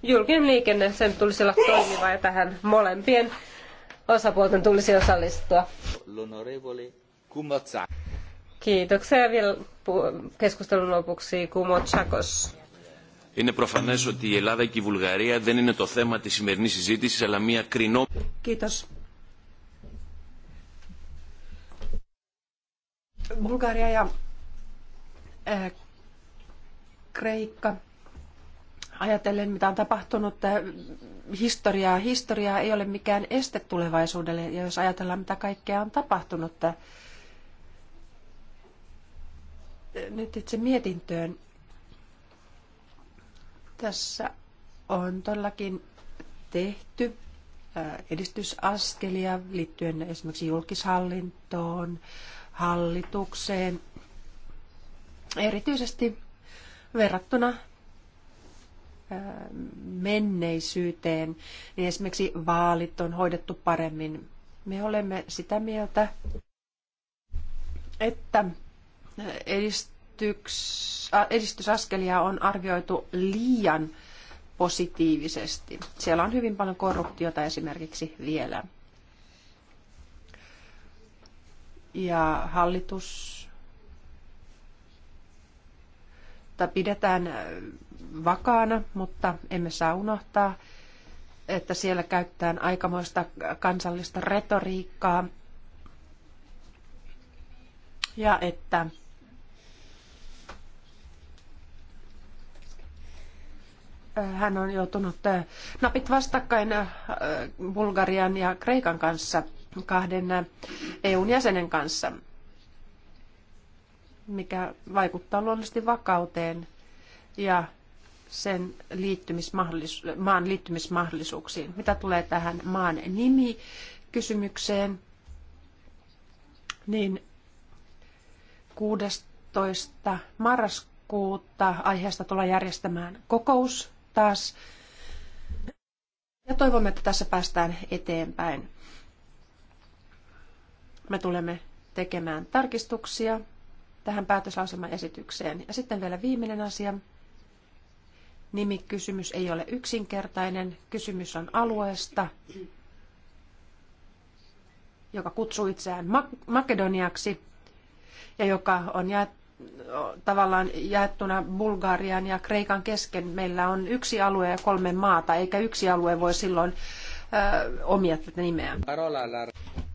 julkinen liikenne, sen tulisi olla toimiva ja tähän molempien osapuolten tulisi osallistua. Kiitoksia vielä keskustelun lopuksi Kumo Tsakos. Είναι προφανές ότι η Ελλάδα και η Βουλγαρία δεν είναι το θέμα της σημερινής συζήτησης, αλλά μια κρινό... Κοίτος. Βουλγαρία ja Kreikka. Ajatellen, mitä on tapahtunut, historiaa, historiaa ei ole mikään este tulevaisuudelle. Ja jos ajatellaan, mitä kaikkea on tapahtunut, nyt itse mietintöön. Tässä on todellakin tehty äh, edistysaskelia liittyen esimerkiksi julkishallintoon, hallitukseen, erityisesti verrattuna menneisyyteen, niin esimerkiksi vaalit on hoidettu paremmin. Me olemme sitä mieltä, että edistyks, edistysaskelia on arvioitu liian positiivisesti. Siellä on hyvin paljon korruptiota esimerkiksi vielä. Ja hallitus mutta pidetään äh, vakaana, mutta emme saa unohtaa, että siellä käytetään aikamoista kansallista retoriikkaa ja että hän on joutunut äh, napit vastakkain äh, Bulgarian ja Kreikan kanssa, kahden EUn jäsenen kanssa mikä vaikuttaa luonnollisesti vakauteen ja sen liittymismahdollis- maan liittymismahdollisuuksiin. Mitä tulee tähän maan nimi kysymykseen, niin 16. marraskuuta aiheesta tullaan järjestämään kokous taas. Ja toivomme, että tässä päästään eteenpäin. Me tulemme tekemään tarkistuksia tähän päätöslauselman esitykseen. Ja sitten vielä viimeinen asia. Nimikysymys ei ole yksinkertainen. Kysymys on alueesta, joka kutsuu itseään Makedoniaksi ja joka on jaet, tavallaan jaettuna Bulgarian ja Kreikan kesken. Meillä on yksi alue ja kolme maata, eikä yksi alue voi silloin ö, omia tätä nimeä.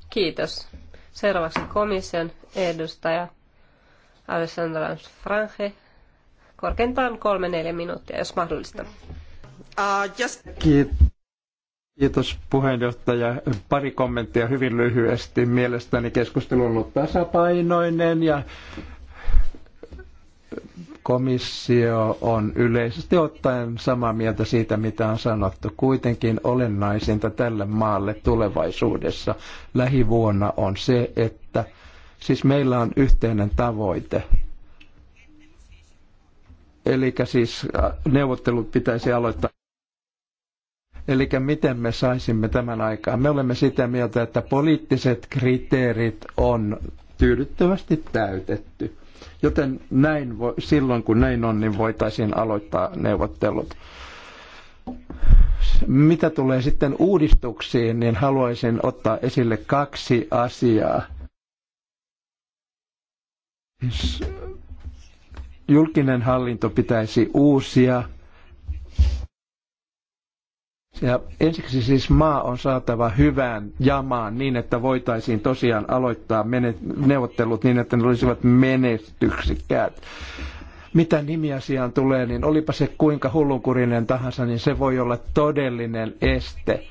Kiitos. Seuraavaksi komission edustaja Alessandra Frange, korkeintaan kolme neljä minuuttia, jos mahdollista. Uh, just... Kiitos puheenjohtaja. Pari kommenttia hyvin lyhyesti. Mielestäni keskustelu on ollut tasapainoinen ja komissio on yleisesti ottaen samaa mieltä siitä, mitä on sanottu. Kuitenkin olennaisinta tälle maalle tulevaisuudessa lähivuonna on se, että – Siis meillä on yhteinen tavoite. Eli siis äh, neuvottelut pitäisi aloittaa. Eli miten me saisimme tämän aikaan? Me olemme sitä mieltä, että poliittiset kriteerit on tyydyttävästi täytetty. Joten näin vo, silloin kun näin on, niin voitaisiin aloittaa neuvottelut. Mitä tulee sitten uudistuksiin, niin haluaisin ottaa esille kaksi asiaa. Siis, julkinen hallinto pitäisi uusia. Ja ensiksi siis maa on saatava hyvään jamaan niin, että voitaisiin tosiaan aloittaa neuvottelut niin, että ne olisivat menestyksikkäät. Mitä nimiasiaan tulee, niin olipa se kuinka hullunkurinen tahansa, niin se voi olla todellinen este.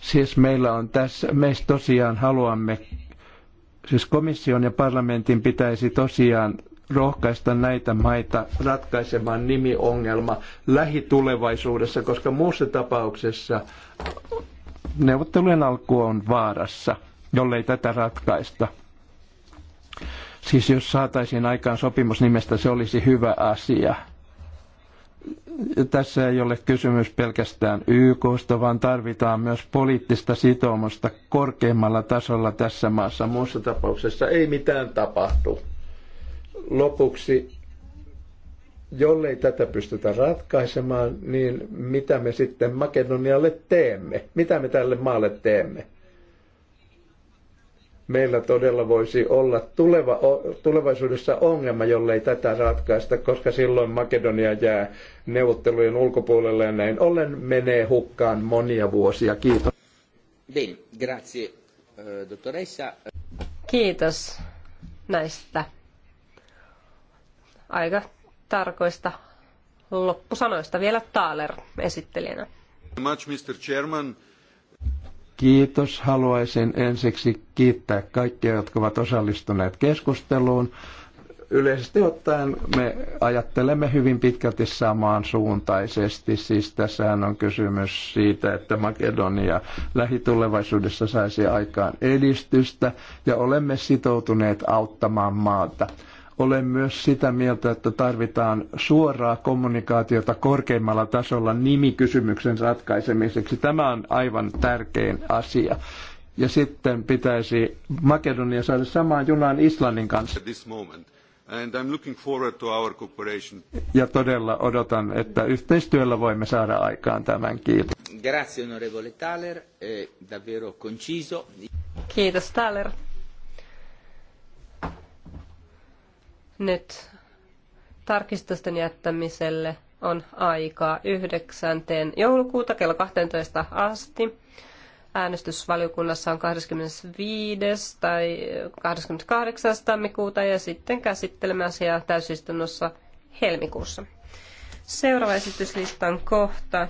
Siis meillä on tässä, meistä tosiaan haluamme siis komission ja parlamentin pitäisi tosiaan rohkaista näitä maita ratkaisemaan nimiongelma lähitulevaisuudessa, koska muussa tapauksessa neuvottelujen alku on vaarassa, jollei tätä ratkaista. Siis jos saataisiin aikaan sopimus nimestä, se olisi hyvä asia tässä ei ole kysymys pelkästään YKsta, vaan tarvitaan myös poliittista sitoumusta korkeimmalla tasolla tässä maassa. Muussa tapauksessa ei mitään tapahdu. Lopuksi, jollei tätä pystytä ratkaisemaan, niin mitä me sitten Makedonialle teemme? Mitä me tälle maalle teemme? meillä todella voisi olla tuleva, tulevaisuudessa ongelma, jollei tätä ratkaista, koska silloin Makedonia jää neuvottelujen ulkopuolelle ja näin ollen menee hukkaan monia vuosia. Kiitos. Bene, grazie, eh, dottoressa. Kiitos näistä aika tarkoista loppusanoista vielä Taaler esittelijänä. Much, Mr. Chairman. Kiitos. Haluaisin ensiksi kiittää kaikkia, jotka ovat osallistuneet keskusteluun. Yleisesti ottaen me ajattelemme hyvin pitkälti samaan suuntaisesti. Siis tässähän on kysymys siitä, että Makedonia lähitulevaisuudessa saisi aikaan edistystä ja olemme sitoutuneet auttamaan maata olen myös sitä mieltä, että tarvitaan suoraa kommunikaatiota korkeimmalla tasolla nimikysymyksen ratkaisemiseksi. Tämä on aivan tärkein asia. Ja sitten pitäisi Makedonia saada samaan junaan Islannin kanssa. Ja todella odotan, että yhteistyöllä voimme saada aikaan tämän. Kiitos. Grazie, onorevole Thaler. davvero conciso. Kiitos, Thaler. Nyt tarkistusten jättämiselle on aikaa 9. joulukuuta kello 12 asti. äänestysvaliokunnassa on 25. tai 28. tammikuuta ja sitten käsittelemme asiaa täysistunnossa helmikuussa. Seuraava esityslistan kohta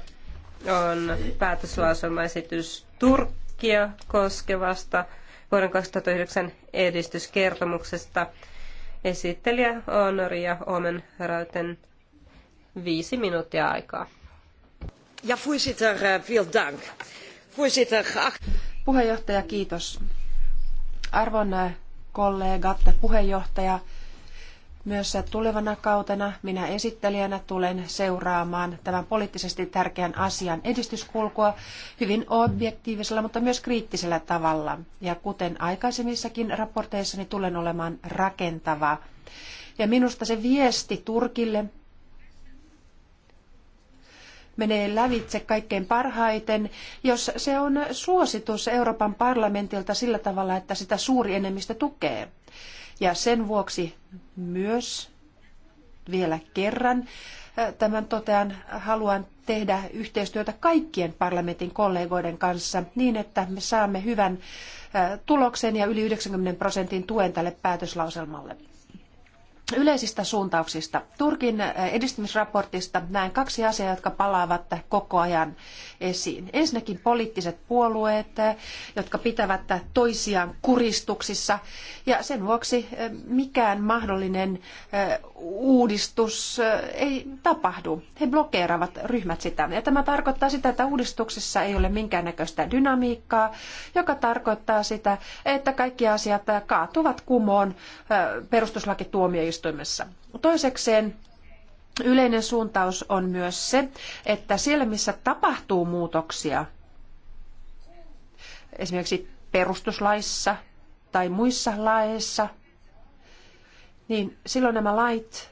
on päätöslausumaesitys Turkkia koskevasta vuoden 2009 edistyskertomuksesta – Esittelijä on Ria Omen Räyten viisi minuuttia aikaa. Ja voorzitter, eh, veel dank. Voorzitter, ach... Puheenjohtaja, kiitos. Arvon eh, kollegat, puheenjohtaja, myös tulevana kautena minä esittelijänä tulen seuraamaan tämän poliittisesti tärkeän asian edistyskulkua hyvin objektiivisella, mutta myös kriittisellä tavalla. Ja kuten aikaisemmissakin raporteissani tulen olemaan rakentava. Ja minusta se viesti Turkille menee lävitse kaikkein parhaiten, jos se on suositus Euroopan parlamentilta sillä tavalla, että sitä suuri enemmistö tukee. Ja sen vuoksi myös vielä kerran tämän totean, haluan tehdä yhteistyötä kaikkien parlamentin kollegoiden kanssa niin, että me saamme hyvän tuloksen ja yli 90 prosentin tuen tälle päätöslauselmalle yleisistä suuntauksista. Turkin edistymisraportista näen kaksi asiaa, jotka palaavat koko ajan esiin. Ensinnäkin poliittiset puolueet, jotka pitävät toisiaan kuristuksissa. Ja sen vuoksi mikään mahdollinen uudistus ei tapahdu. He blokeeraavat ryhmät sitä. Ja tämä tarkoittaa sitä, että uudistuksissa ei ole minkäännäköistä dynamiikkaa, joka tarkoittaa sitä, että kaikki asiat kaatuvat kumoon perustuslakituomioistuimessa järjestelmässä. Toisekseen yleinen suuntaus on myös se, että siellä missä tapahtuu muutoksia, esimerkiksi perustuslaissa tai muissa laeissa, niin silloin nämä lait,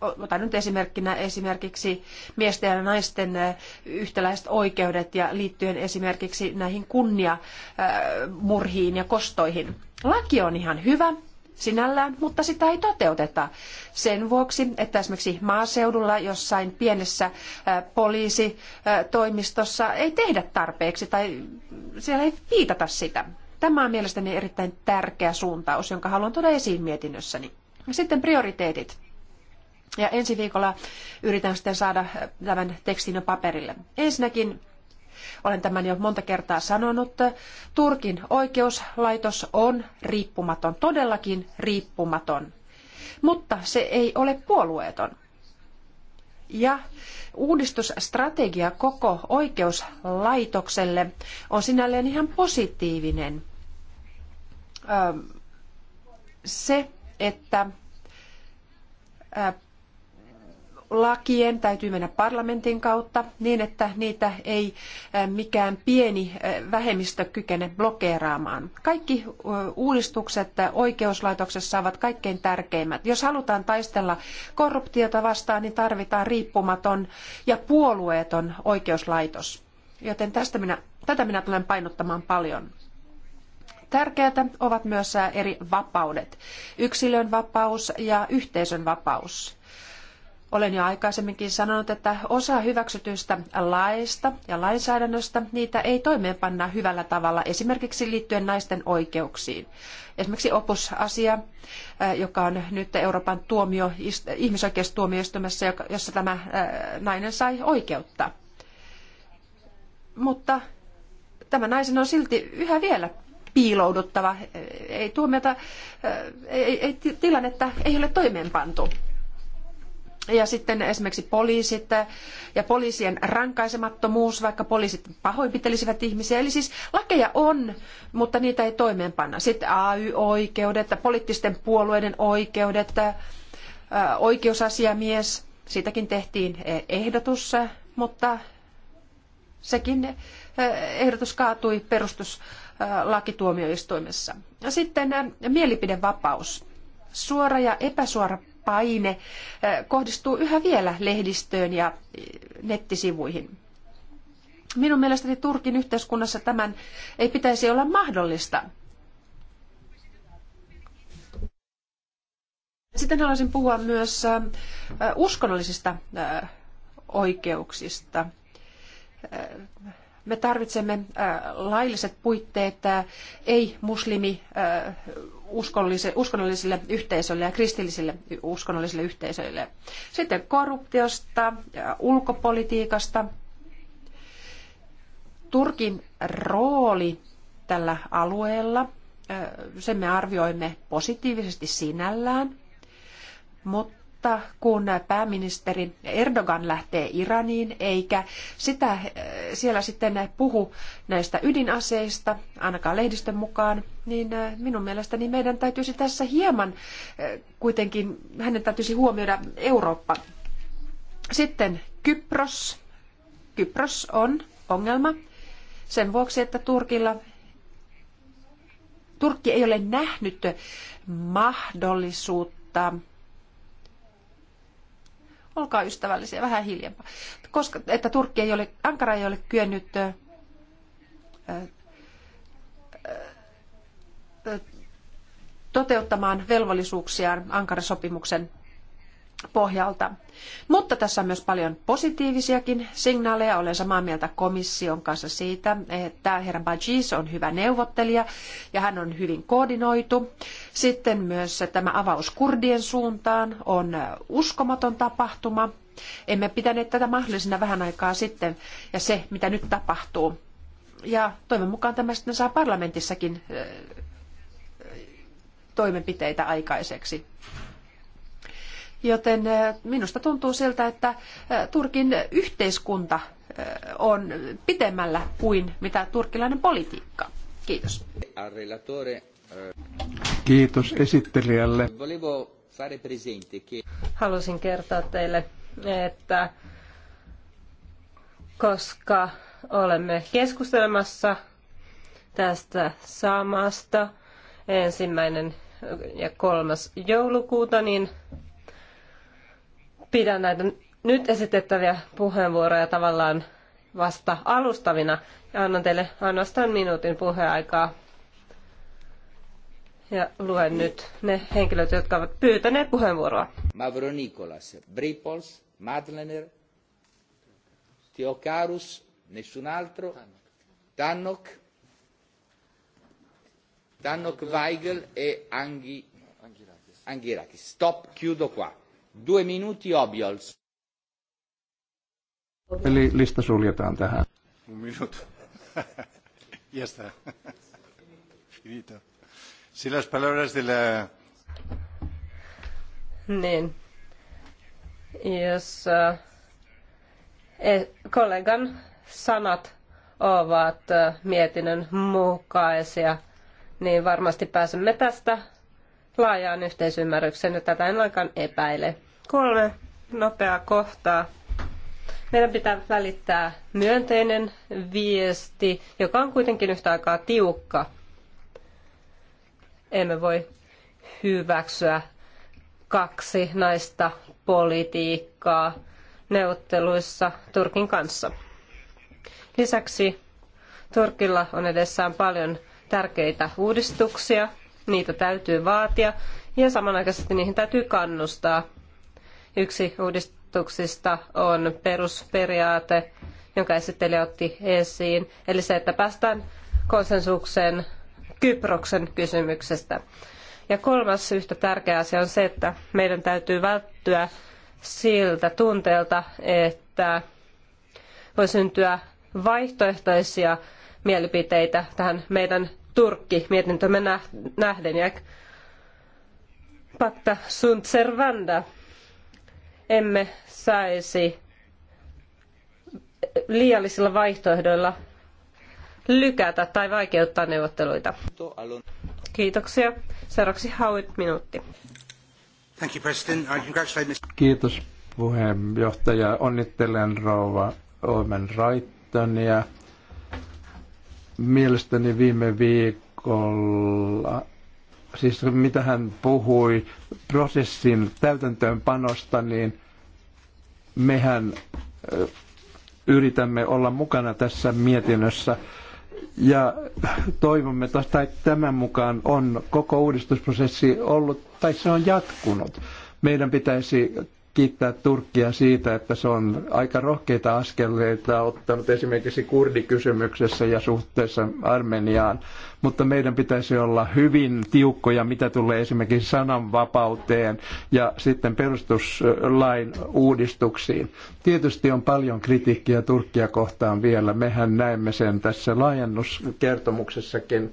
otan nyt esimerkkinä esimerkiksi miesten ja naisten äh, yhtäläiset oikeudet ja liittyen esimerkiksi näihin kunniamurhiin ja kostoihin. Laki on ihan hyvä sinällään, mutta sitä ei toteuteta sen vuoksi, että esimerkiksi maaseudulla jossain pienessä poliisitoimistossa ei tehdä tarpeeksi tai siellä ei viitata sitä. Tämä on mielestäni erittäin tärkeä suuntaus, jonka haluan tuoda esiin mietinnössäni. Sitten prioriteetit. Ja ensi viikolla yritän sitten saada tämän tekstin jo paperille. Ensinnäkin olen tämän jo monta kertaa sanonut. Turkin oikeuslaitos on riippumaton, todellakin riippumaton. Mutta se ei ole puolueeton. Ja uudistusstrategia koko oikeuslaitokselle on sinälleen ihan positiivinen. Öö, se, että lakien täytyy mennä parlamentin kautta niin, että niitä ei mikään pieni vähemmistö kykene blokeeraamaan. Kaikki uudistukset oikeuslaitoksessa ovat kaikkein tärkeimmät. Jos halutaan taistella korruptiota vastaan, niin tarvitaan riippumaton ja puolueeton oikeuslaitos. Joten tästä minä, tätä minä tulen painottamaan paljon. Tärkeätä ovat myös eri vapaudet. Yksilön vapaus ja yhteisön vapaus olen jo aikaisemminkin sanonut, että osa hyväksytyistä laista ja lainsäädännöstä, niitä ei toimeenpanna hyvällä tavalla, esimerkiksi liittyen naisten oikeuksiin. Esimerkiksi opusasia, äh, joka on nyt Euroopan tuomio, ihmisoikeustuomioistuimessa, jossa tämä äh, nainen sai oikeutta. Mutta tämä naisen on silti yhä vielä piilouduttava. Ei tuomiota, äh, ei, ei tilannetta ei ole toimeenpantu. Ja sitten esimerkiksi poliisit ja poliisien rankaisemattomuus, vaikka poliisit pahoinpitelisivät ihmisiä. Eli siis lakeja on, mutta niitä ei toimeenpanna. Sitten AY-oikeudet, poliittisten puolueiden oikeudet, oikeusasiamies, siitäkin tehtiin ehdotus, mutta sekin ehdotus kaatui perustuslakituomioistuimessa. Sitten mielipidevapaus. Suora ja epäsuora paine eh, kohdistuu yhä vielä lehdistöön ja eh, nettisivuihin. Minun mielestäni Turkin yhteiskunnassa tämän ei pitäisi olla mahdollista. Sitten haluaisin puhua myös eh, uskonnollisista oikeuksista. Me tarvitsemme lailliset puitteet ei-muslimi uskonnollisille yhteisöille ja kristillisille uskonnollisille yhteisöille. Sitten korruptiosta, ulkopolitiikasta. Turkin rooli tällä alueella, sen me arvioimme positiivisesti sinällään, mutta kohta, kun pääministeri Erdogan lähtee Iraniin, eikä sitä eh, siellä sitten puhu näistä ydinaseista, ainakaan lehdistön mukaan, niin eh, minun mielestäni meidän täytyisi tässä hieman eh, kuitenkin, hänen täytyisi huomioida Eurooppa. Sitten Kypros. Kypros on ongelma sen vuoksi, että Turkilla Turkki ei ole nähnyt mahdollisuutta olkaa ystävällisiä, vähän hiljempaa. Koska, että Turkki ei ole, Ankara ei ole kyennyt toteuttamaan velvollisuuksiaan Ankara-sopimuksen pohjalta. Mutta tässä on myös paljon positiivisiakin signaaleja. Olen samaa mieltä komission kanssa siitä, että herra Bajis on hyvä neuvottelija ja hän on hyvin koordinoitu. Sitten myös tämä avaus kurdien suuntaan on uskomaton tapahtuma. Emme pitäneet tätä mahdollisena vähän aikaa sitten ja se, mitä nyt tapahtuu. Ja toivon mukaan tämä sitten saa parlamentissakin toimenpiteitä aikaiseksi. Joten eh, minusta tuntuu siltä, että eh, Turkin yhteiskunta eh, on pitemmällä kuin mitä turkkilainen politiikka. Kiitos. Kiitos esittelijälle. Halusin kertoa teille, että koska olemme keskustelemassa tästä samasta ensimmäinen ja kolmas joulukuuta, niin pidän näitä nyt esitettäviä puheenvuoroja tavallaan vasta alustavina ja annan teille ainoastaan minuutin puheaikaa. Ja luen nyt ne henkilöt, jotka ovat pyytäneet puheenvuoroa. Mavro Nikolas, Bripols, Madlener, Teokarus, nessun altro, Tannok, Tannok Weigel e Angi Angirakis. Stop, chiudo qua Due minuutti Eli lista suljetaan tähän. Un minuto. (laughs) ya está. Finito. Si las palabras de la... Niin. Jos äh, kollegan sanat ovat eh, mietinnön mukaisia, niin varmasti pääsemme tästä laajaan yhteisymmärrykseen, ja tätä en lainkaan epäile. Kolme nopeaa kohtaa. Meidän pitää välittää myönteinen viesti, joka on kuitenkin yhtä aikaa tiukka. Emme voi hyväksyä kaksi naista politiikkaa neuvotteluissa Turkin kanssa. Lisäksi Turkilla on edessään paljon tärkeitä uudistuksia, niitä täytyy vaatia ja samanaikaisesti niihin täytyy kannustaa. Yksi uudistuksista on perusperiaate, jonka esittelijä otti esiin, eli se, että päästään konsensukseen Kyproksen kysymyksestä. Ja kolmas yhtä tärkeä asia on se, että meidän täytyy välttyä siltä tunteelta, että voi syntyä vaihtoehtoisia mielipiteitä tähän meidän Turkki-mietintömme nähden. Ja pacta sunt servanda emme saisi liiallisilla vaihtoehdoilla lykätä tai vaikeuttaa neuvotteluita. Kiitoksia. Seuraavaksi Hauit minuutti. Kiitos puheenjohtaja. Onnittelen rouva Omen Raittonia. Mielestäni viime viikolla siis mitä hän puhui prosessin täytäntöönpanosta, niin mehän yritämme olla mukana tässä mietinnössä ja toivomme, tai tämän mukaan on koko uudistusprosessi ollut, tai se on jatkunut. Meidän pitäisi kiittää Turkkia siitä, että se on aika rohkeita askeleita ottanut esimerkiksi kurdikysymyksessä ja suhteessa Armeniaan. Mutta meidän pitäisi olla hyvin tiukkoja, mitä tulee esimerkiksi sananvapauteen ja sitten perustuslain uudistuksiin. Tietysti on paljon kritiikkiä Turkkia kohtaan vielä. Mehän näemme sen tässä laajennuskertomuksessakin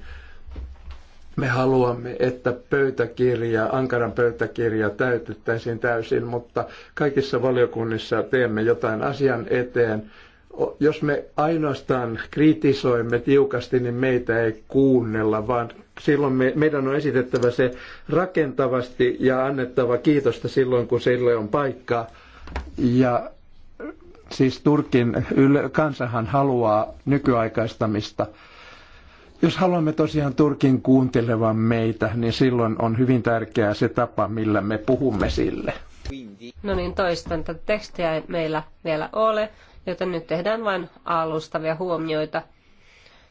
me haluamme, että pöytäkirja, Ankaran pöytäkirja täytettäisiin täysin, mutta kaikissa valiokunnissa teemme jotain asian eteen. Jos me ainoastaan kritisoimme tiukasti, niin meitä ei kuunnella, vaan silloin me, meidän on esitettävä se rakentavasti ja annettava kiitosta silloin, kun sille on paikkaa. Ja siis Turkin kansahan haluaa nykyaikaistamista – jos haluamme tosiaan Turkin kuuntelevan meitä, niin silloin on hyvin tärkeää se tapa, millä me puhumme sille. No niin, toistan että tekstiä ei meillä vielä ole, joten nyt tehdään vain alustavia huomioita.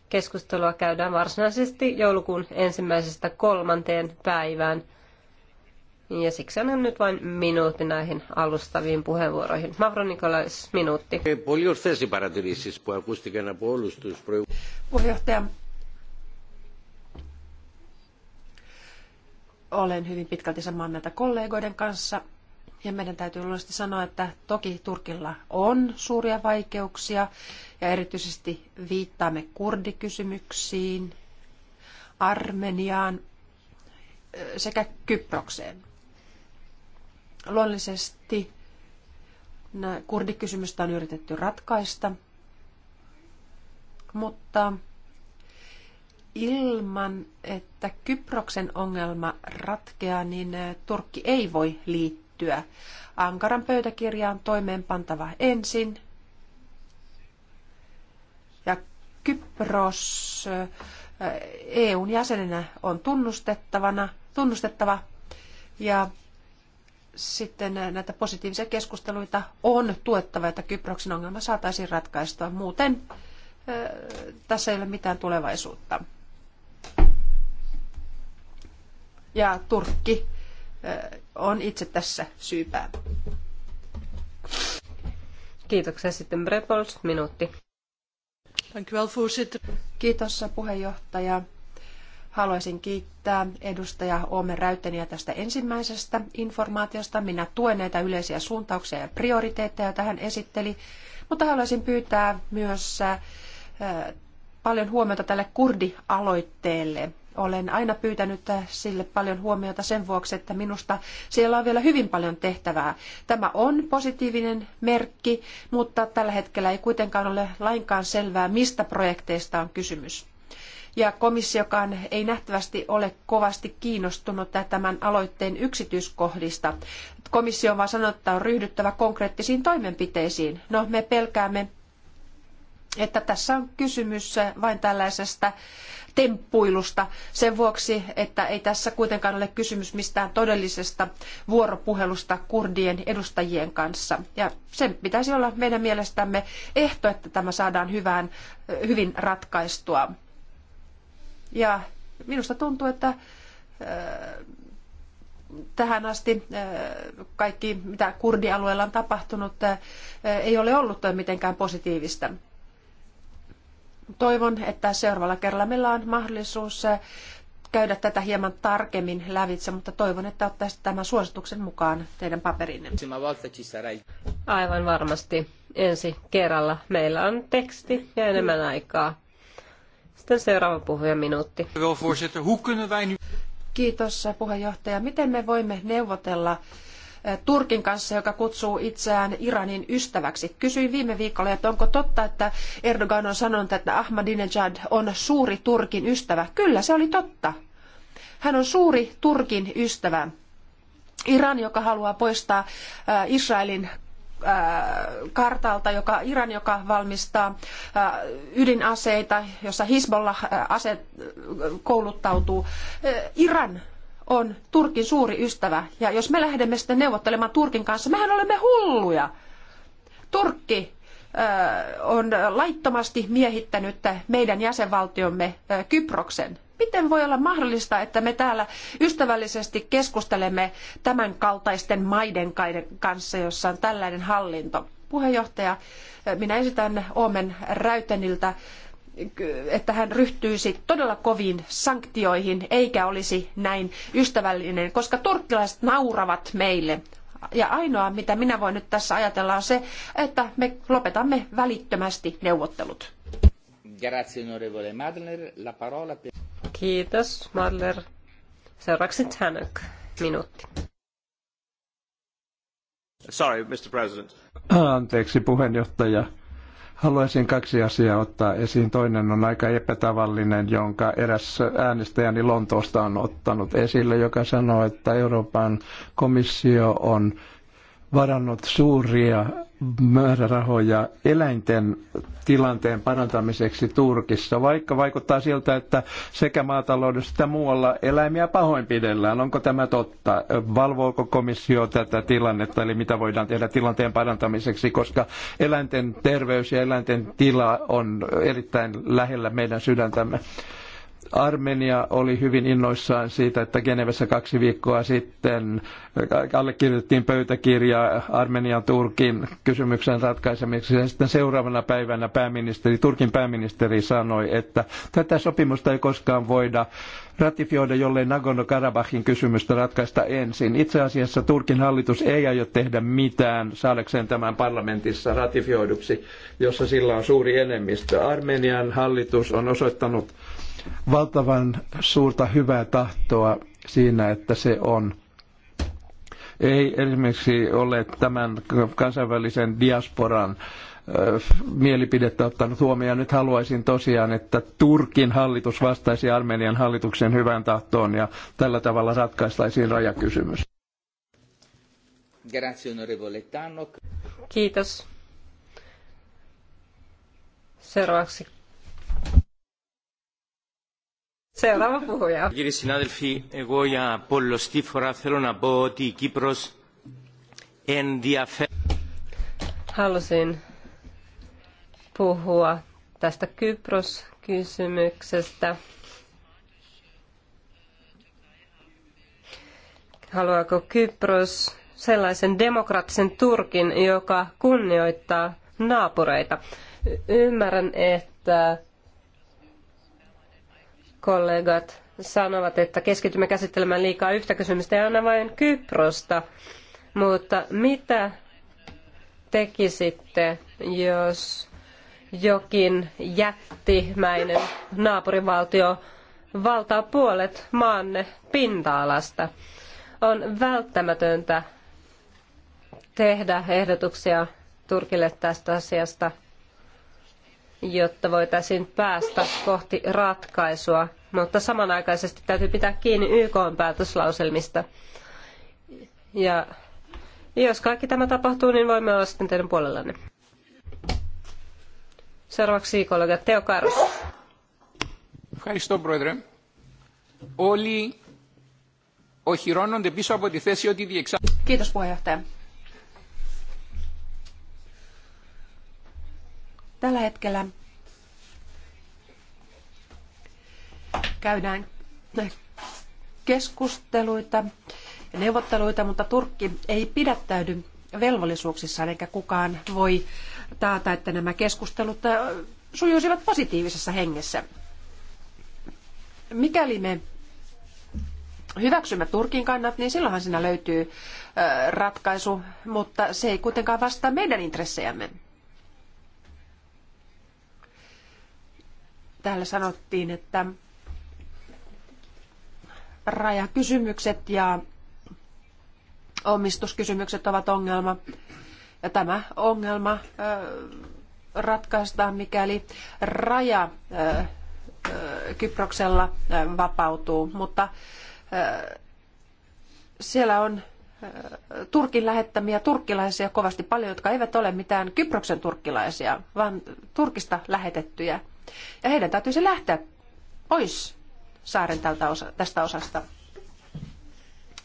Keskustelua käydään varsinaisesti joulukuun ensimmäisestä kolmanteen päivään. Ja siksi annan nyt vain minuutti näihin alustaviin puheenvuoroihin. Mavro Nikolais, minuutti. Puheenjohtaja, olen hyvin pitkälti samaa mieltä kollegoiden kanssa. Ja meidän täytyy luonnollisesti sanoa, että toki Turkilla on suuria vaikeuksia ja erityisesti viittaamme kurdikysymyksiin, Armeniaan sekä Kyprokseen. Luonnollisesti kurdikysymystä on yritetty ratkaista, mutta ilman, että Kyproksen ongelma ratkeaa, niin eh, Turkki ei voi liittyä. Ankaran pöytäkirja on toimeenpantava ensin. Ja Kypros eh, EUn jäsenenä on tunnustettavana, tunnustettava. Ja sitten eh, näitä positiivisia keskusteluita on tuettava, että Kyproksen ongelma saataisiin ratkaistua. Muuten tässä ei ole mitään tulevaisuutta. ja Turkki on itse tässä syypää. Kiitoksia sitten Brepols, minuutti. Kiitos puheenjohtaja. Haluaisin kiittää edustaja Oomen Räyteniä tästä ensimmäisestä informaatiosta. Minä tuen näitä yleisiä suuntauksia ja prioriteetteja, joita hän esitteli, mutta haluaisin pyytää myös paljon huomiota tälle kurdialoitteelle olen aina pyytänyt sille paljon huomiota sen vuoksi, että minusta siellä on vielä hyvin paljon tehtävää. Tämä on positiivinen merkki, mutta tällä hetkellä ei kuitenkaan ole lainkaan selvää, mistä projekteista on kysymys. Ja komissiokaan ei nähtävästi ole kovasti kiinnostunut tämän aloitteen yksityiskohdista. Komissio on vaan sanonut, että on ryhdyttävä konkreettisiin toimenpiteisiin. No, me pelkäämme, että tässä on kysymys vain tällaisesta temppuilusta sen vuoksi, että ei tässä kuitenkaan ole kysymys mistään todellisesta vuoropuhelusta kurdien edustajien kanssa. Ja sen pitäisi olla meidän mielestämme ehto, että tämä saadaan hyvään, hyvin ratkaistua. Ja minusta tuntuu, että äh, tähän asti äh, kaikki, mitä kurdialueella on tapahtunut, äh, ei ole ollut mitenkään positiivista toivon, että seuraavalla kerralla meillä on mahdollisuus eh, käydä tätä hieman tarkemmin lävitse, mutta toivon, että ottaisitte tämän suosituksen mukaan teidän paperinne. Aivan varmasti. Ensi kerralla meillä on teksti ja enemmän aikaa. Sitten seuraava puhuja minuutti. Kiitos eh, puheenjohtaja. Miten me voimme neuvotella Turkin kanssa, joka kutsuu itseään Iranin ystäväksi. Kysyin viime viikolla, että onko totta, että Erdogan on sanonut, että Ahmadinejad on suuri Turkin ystävä. Kyllä, se oli totta. Hän on suuri Turkin ystävä. Iran, joka haluaa poistaa Israelin kartalta, joka, Iran, joka valmistaa ydinaseita, jossa Hisbollah ase kouluttautuu. Iran on Turkin suuri ystävä. Ja jos me lähdemme sitten neuvottelemaan Turkin kanssa, mehän olemme hulluja. Turkki äh, on laittomasti miehittänyt meidän jäsenvaltiomme äh, Kyproksen. Miten voi olla mahdollista, että me täällä ystävällisesti keskustelemme tämän kaltaisten maiden kanssa, jossa on tällainen hallinto? Puheenjohtaja, äh, minä esitän Omen Räyteniltä että hän ryhtyisi todella koviin sanktioihin eikä olisi näin ystävällinen, koska turkkilaiset nauravat meille. Ja ainoa, mitä minä voin nyt tässä ajatella, on se, että me lopetamme välittömästi neuvottelut. Kiitos, Madler. Seuraavaksi Tanak, minuutti. Sorry, Mr. President. Anteeksi, puheenjohtaja Haluaisin kaksi asiaa ottaa esiin. Toinen on aika epätavallinen, jonka eräs äänestäjäni Lontoosta on ottanut esille, joka sanoo, että Euroopan komissio on varannut suuria määrärahoja eläinten tilanteen parantamiseksi Turkissa, vaikka vaikuttaa siltä, että sekä maataloudessa että muualla eläimiä pahoinpidellään. Onko tämä totta? Valvooko komissio tätä tilannetta, eli mitä voidaan tehdä tilanteen parantamiseksi, koska eläinten terveys ja eläinten tila on erittäin lähellä meidän sydäntämme? Armenia oli hyvin innoissaan siitä, että Genevessä kaksi viikkoa sitten allekirjoitettiin pöytäkirja Armenian Turkin kysymyksen ratkaisemiseksi. Ja sitten seuraavana päivänä pääministeri, Turkin pääministeri sanoi, että tätä sopimusta ei koskaan voida ratifioida, jollei Nagorno-Karabahin kysymystä ratkaista ensin. Itse asiassa Turkin hallitus ei aio tehdä mitään saadakseen tämän parlamentissa ratifioiduksi, jossa sillä on suuri enemmistö. Armenian hallitus on osoittanut valtavan suurta hyvää tahtoa siinä, että se on ei esimerkiksi ole tämän kansainvälisen diasporan äh, mielipidettä ottanut huomioon. Nyt haluaisin tosiaan, että Turkin hallitus vastaisi Armenian hallituksen hyvän tahtoon ja tällä tavalla ratkaistaisiin rajakysymys. Kiitos. Seuraavaksi Seuraava puhuja. Κύριοι συνάδελφοι, εγώ για πολλωστή φορά θέλω να πω ότι η Κύπρος ενδιαφέρει. Halusin puhua tästä Kypros-kysymyksestä. Haluaako Kypros sellaisen demokraattisen Turkin, joka kunnioittaa naapureita? Ymmärrän, että kollegat sanovat, että keskitymme käsittelemään liikaa yhtä kysymystä ja aina vain Kyprosta. Mutta mitä tekisitte, jos jokin jättimäinen naapurivaltio valtaa puolet maanne pinta-alasta? On välttämätöntä tehdä ehdotuksia Turkille tästä asiasta – jotta voitaisiin päästä kohti ratkaisua, mutta samanaikaisesti täytyy pitää kiinni YK päätöslauselmista. Ja jos kaikki tämä tapahtuu, niin voimme olla sitten teidän puolellanne. Seuraavaksi kollega Teo Karus. Ευχαριστώ, Πρόεδρε. Όλοι οχυρώνονται πίσω από τη θέση ότι διεξάγουν. Κοίτας, puheenjohtaja. Tällä hetkellä käydään keskusteluita ja neuvotteluita, mutta Turkki ei pidättäydy velvollisuuksissaan, eikä kukaan voi taata, että nämä keskustelut äh, sujuisivat positiivisessa hengessä. Mikäli me hyväksymme Turkin kannat, niin silloinhan siinä löytyy äh, ratkaisu, mutta se ei kuitenkaan vastaa meidän intressejämme. Täällä sanottiin, että rajakysymykset ja omistuskysymykset ovat ongelma. Ja tämä ongelma ratkaistaan, mikäli raja Kyproksella vapautuu, mutta siellä on Turkin lähettämiä turkkilaisia kovasti paljon, jotka eivät ole mitään Kyproksen turkkilaisia, vaan Turkista lähetettyjä. Ja heidän täytyisi lähteä pois saaren tältä osa, tästä osasta.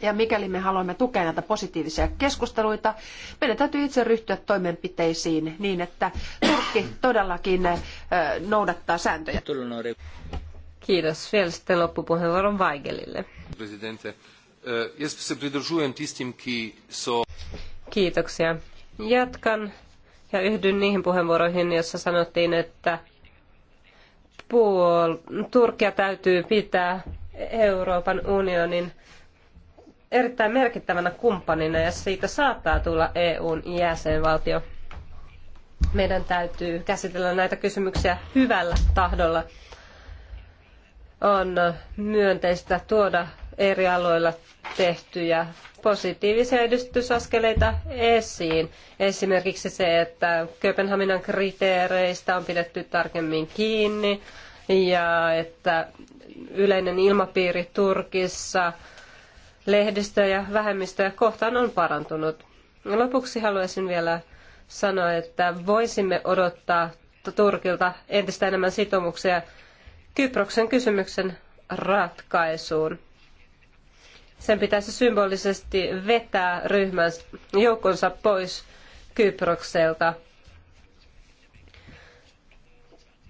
Ja mikäli me haluamme tukea näitä positiivisia keskusteluita, meidän täytyy itse ryhtyä toimenpiteisiin niin, että Turkki todellakin noudattaa sääntöjä. Kiitos. Vielä sitten loppupuheenvuoron Weigelille. Presidente, jos se so... Kiitoksia. Jatkan ja yhdyn niihin puheenvuoroihin, joissa sanottiin, että puol- Turkia täytyy pitää Euroopan unionin erittäin merkittävänä kumppanina ja siitä saattaa tulla EUn jäsenvaltio. Meidän täytyy käsitellä näitä kysymyksiä hyvällä tahdolla. On myönteistä tuoda eri aloilla tehtyjä positiivisia edistysaskeleita esiin. Esimerkiksi se, että Kööpenhaminan kriteereistä on pidetty tarkemmin kiinni ja että yleinen ilmapiiri Turkissa lehdistöä ja vähemmistöjä kohtaan on parantunut. Lopuksi haluaisin vielä sanoa, että voisimme odottaa Turkilta entistä enemmän sitoumuksia Kyproksen kysymyksen ratkaisuun sen pitäisi symbolisesti vetää ryhmän joukkonsa pois Kyprokselta.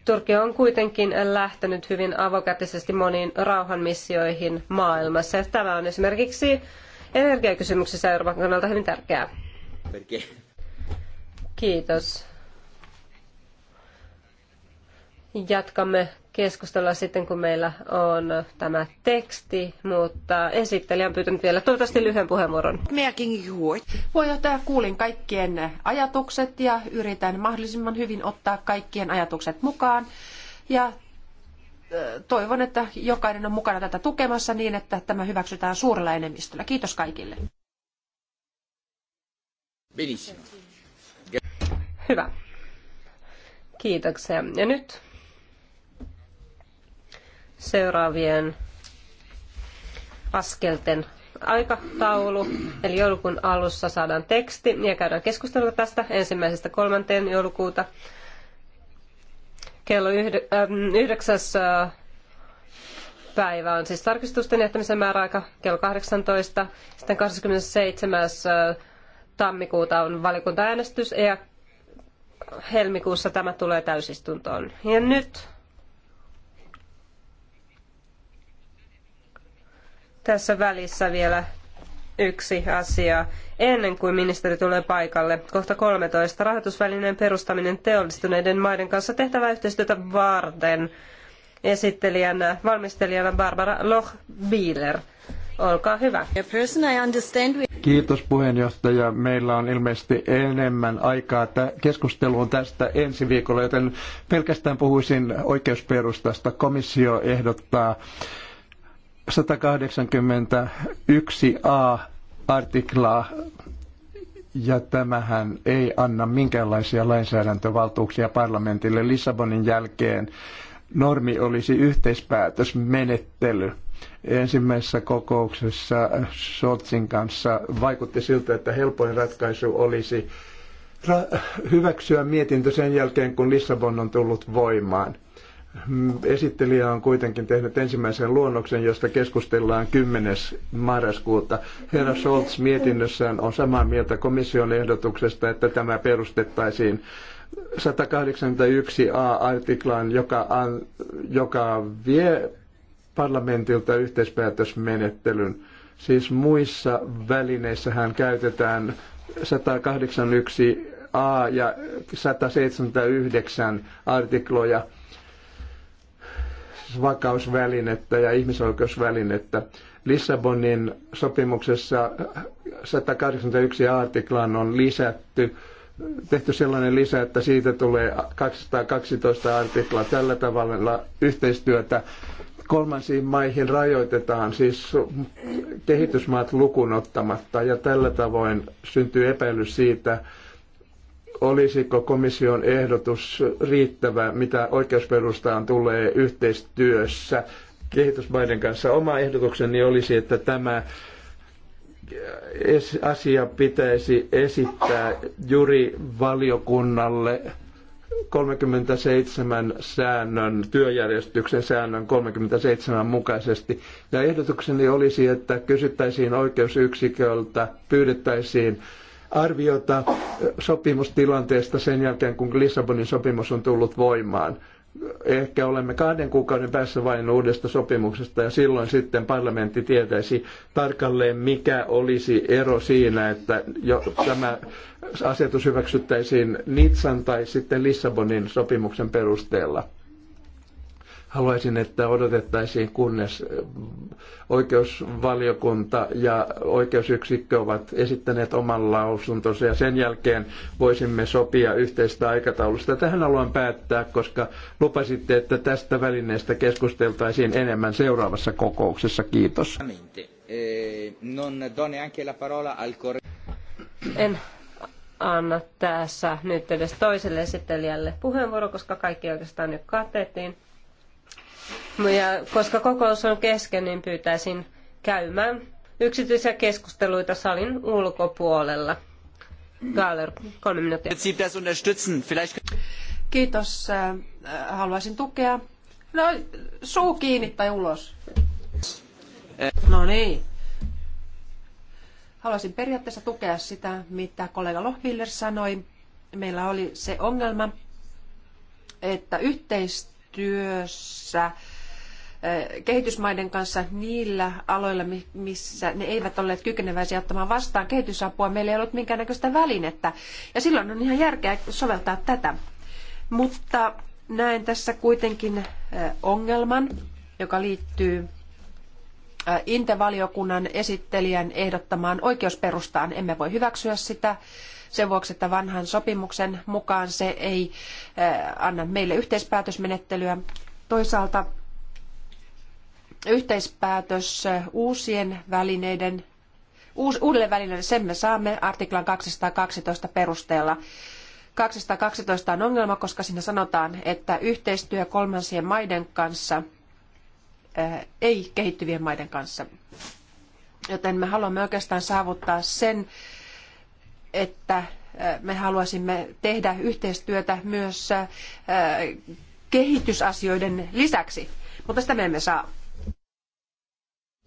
Turkki on kuitenkin lähtenyt hyvin avokätisesti moniin rauhanmissioihin maailmassa. Ja tämä on esimerkiksi energiakysymyksessä Euroopan kannalta hyvin tärkeää. Kiitos. Jatkamme keskustella sitten, kun meillä on tämä teksti, mutta esittelijä on pyytänyt vielä toivottavasti lyhyen puheenvuoron. Puheenjohtaja, kuulin kaikkien ajatukset ja yritän mahdollisimman hyvin ottaa kaikkien ajatukset mukaan. Ja toivon, että jokainen on mukana tätä tukemassa niin, että tämä hyväksytään suurella enemmistöllä. Kiitos kaikille. Hyvä. Kiitoksia. Ja nyt seuraavien askelten aikataulu. Eli joulukuun alussa saadaan teksti ja käydään keskustelua tästä ensimmäisestä kolmanteen joulukuuta kello äh, yhdeksäs äh, päivä on siis tarkistusten jättämisen määräaika kello 18. Sitten 27. Äh, tammikuuta on valiokuntaäänestys ja helmikuussa tämä tulee täysistuntoon. Ja nyt tässä välissä vielä yksi asia ennen kuin ministeri tulee paikalle. Kohta 13. Rahoitusvälineen perustaminen teollistuneiden maiden kanssa tehtävä yhteistyötä varten. Esittelijänä, valmistelijana Barbara Loch-Bieler. Olkaa hyvä. Kiitos puheenjohtaja. Meillä on ilmeisesti enemmän aikaa keskusteluun tästä ensi viikolla, joten pelkästään puhuisin oikeusperustasta. Komissio ehdottaa 181a artiklaa ja tämähän ei anna minkäänlaisia lainsäädäntövaltuuksia parlamentille Lissabonin jälkeen. Normi olisi yhteispäätösmenettely. Ensimmäisessä kokouksessa Scholzin kanssa vaikutti siltä, että helpoin ratkaisu olisi hyväksyä mietintö sen jälkeen, kun Lissabon on tullut voimaan. Esittelijä on kuitenkin tehnyt ensimmäisen luonnoksen, josta keskustellaan 10. marraskuuta. Herra Scholz mietinnössään on samaa mieltä komission ehdotuksesta, että tämä perustettaisiin 181a-artiklaan, joka, an, joka vie parlamentilta yhteispäätösmenettelyn. Siis muissa välineissä hän käytetään 181a ja 179 artikloja vakausvälinettä ja ihmisoikeusvälinettä. Lissabonin sopimuksessa 181 artiklaan on lisätty tehty sellainen lisä, että siitä tulee 212 artikla. Tällä tavalla yhteistyötä kolmansiin maihin rajoitetaan, siis kehitysmaat lukunottamatta, ja tällä tavoin syntyy epäilys siitä, olisiko komission ehdotus riittävä, mitä oikeusperustaan tulee yhteistyössä kehitysmaiden kanssa. Oma ehdotukseni olisi, että tämä asia pitäisi esittää juri valiokunnalle 37 säännön, työjärjestyksen säännön 37 mukaisesti. Ja ehdotukseni olisi, että kysyttäisiin oikeusyksiköltä, pyydettäisiin arviota sopimustilanteesta sen jälkeen, kun Lissabonin sopimus on tullut voimaan. Ehkä olemme kahden kuukauden päässä vain uudesta sopimuksesta ja silloin sitten parlamentti tietäisi tarkalleen, mikä olisi ero siinä, että jo tämä asetus hyväksyttäisiin Nitsan tai sitten Lissabonin sopimuksen perusteella. Haluaisin, että odotettaisiin, kunnes oikeusvaliokunta ja oikeusyksikkö ovat esittäneet oman lausuntonsa ja sen jälkeen voisimme sopia yhteistä aikataulusta. Tähän haluan päättää, koska lupasitte, että tästä välineestä keskusteltaisiin enemmän seuraavassa kokouksessa. Kiitos. Eh, en anna tässä nyt edes toiselle esittelijälle puheenvuoro, koska kaikki oikeastaan nyt katettiin. No ja koska kokous on kesken, niin pyytäisin käymään yksityisiä keskusteluita salin ulkopuolella. Gaaler, kolme minuuttia. Kiitos. Äh, haluaisin tukea. No, suu kiinni tai ulos. Äh. No niin. Haluaisin periaatteessa tukea sitä, mitä kollega Lohbiller sanoi. Meillä oli se ongelma, että yhteistyö työssä eh, kehitysmaiden kanssa niillä aloilla, missä ne eivät olleet kykeneväisiä ottamaan vastaan kehitysapua. Meillä ei ollut minkäännäköistä välinettä ja silloin on ihan järkeä soveltaa tätä. Mutta näen tässä kuitenkin eh, ongelman, joka liittyy eh, Intevaliokunnan esittelijän ehdottamaan oikeusperustaan. Emme voi hyväksyä sitä sen vuoksi, että vanhan sopimuksen mukaan se ei eh, anna meille yhteispäätösmenettelyä. Toisaalta yhteispäätös eh, uusien välineiden, uus, uudelle välineelle, sen me saamme artiklan 212 perusteella. 212 on ongelma, koska siinä sanotaan, että yhteistyö kolmansien maiden kanssa, eh, ei kehittyvien maiden kanssa. Joten me haluamme oikeastaan saavuttaa sen, että äh, me haluaisimme tehdä yhteistyötä myös äh, kehitysasioiden lisäksi, mutta sitä me emme saa.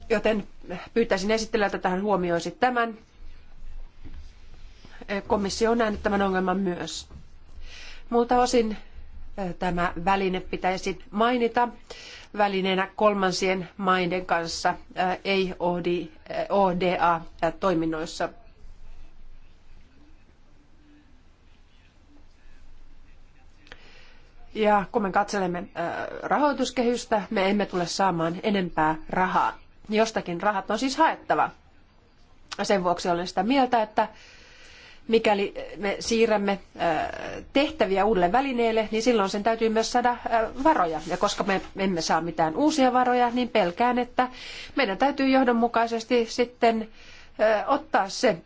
Joten pyytäisin esittelijältä, että hän huomioisi tämän. Komissio on nähnyt tämän ongelman myös. Muilta osin äh, tämä väline pitäisi mainita välineenä kolmansien maiden kanssa, ei ODA-toiminnoissa. Ja kun me katselemme äh, rahoituskehystä, me emme tule saamaan enempää rahaa. Jostakin rahat on siis haettava. Sen vuoksi olen sitä mieltä, että mikäli me siirrämme äh, tehtäviä uudelle välineelle, niin silloin sen täytyy myös saada äh, varoja. Ja koska me emme saa mitään uusia varoja, niin pelkään, että meidän täytyy johdonmukaisesti sitten ottaa se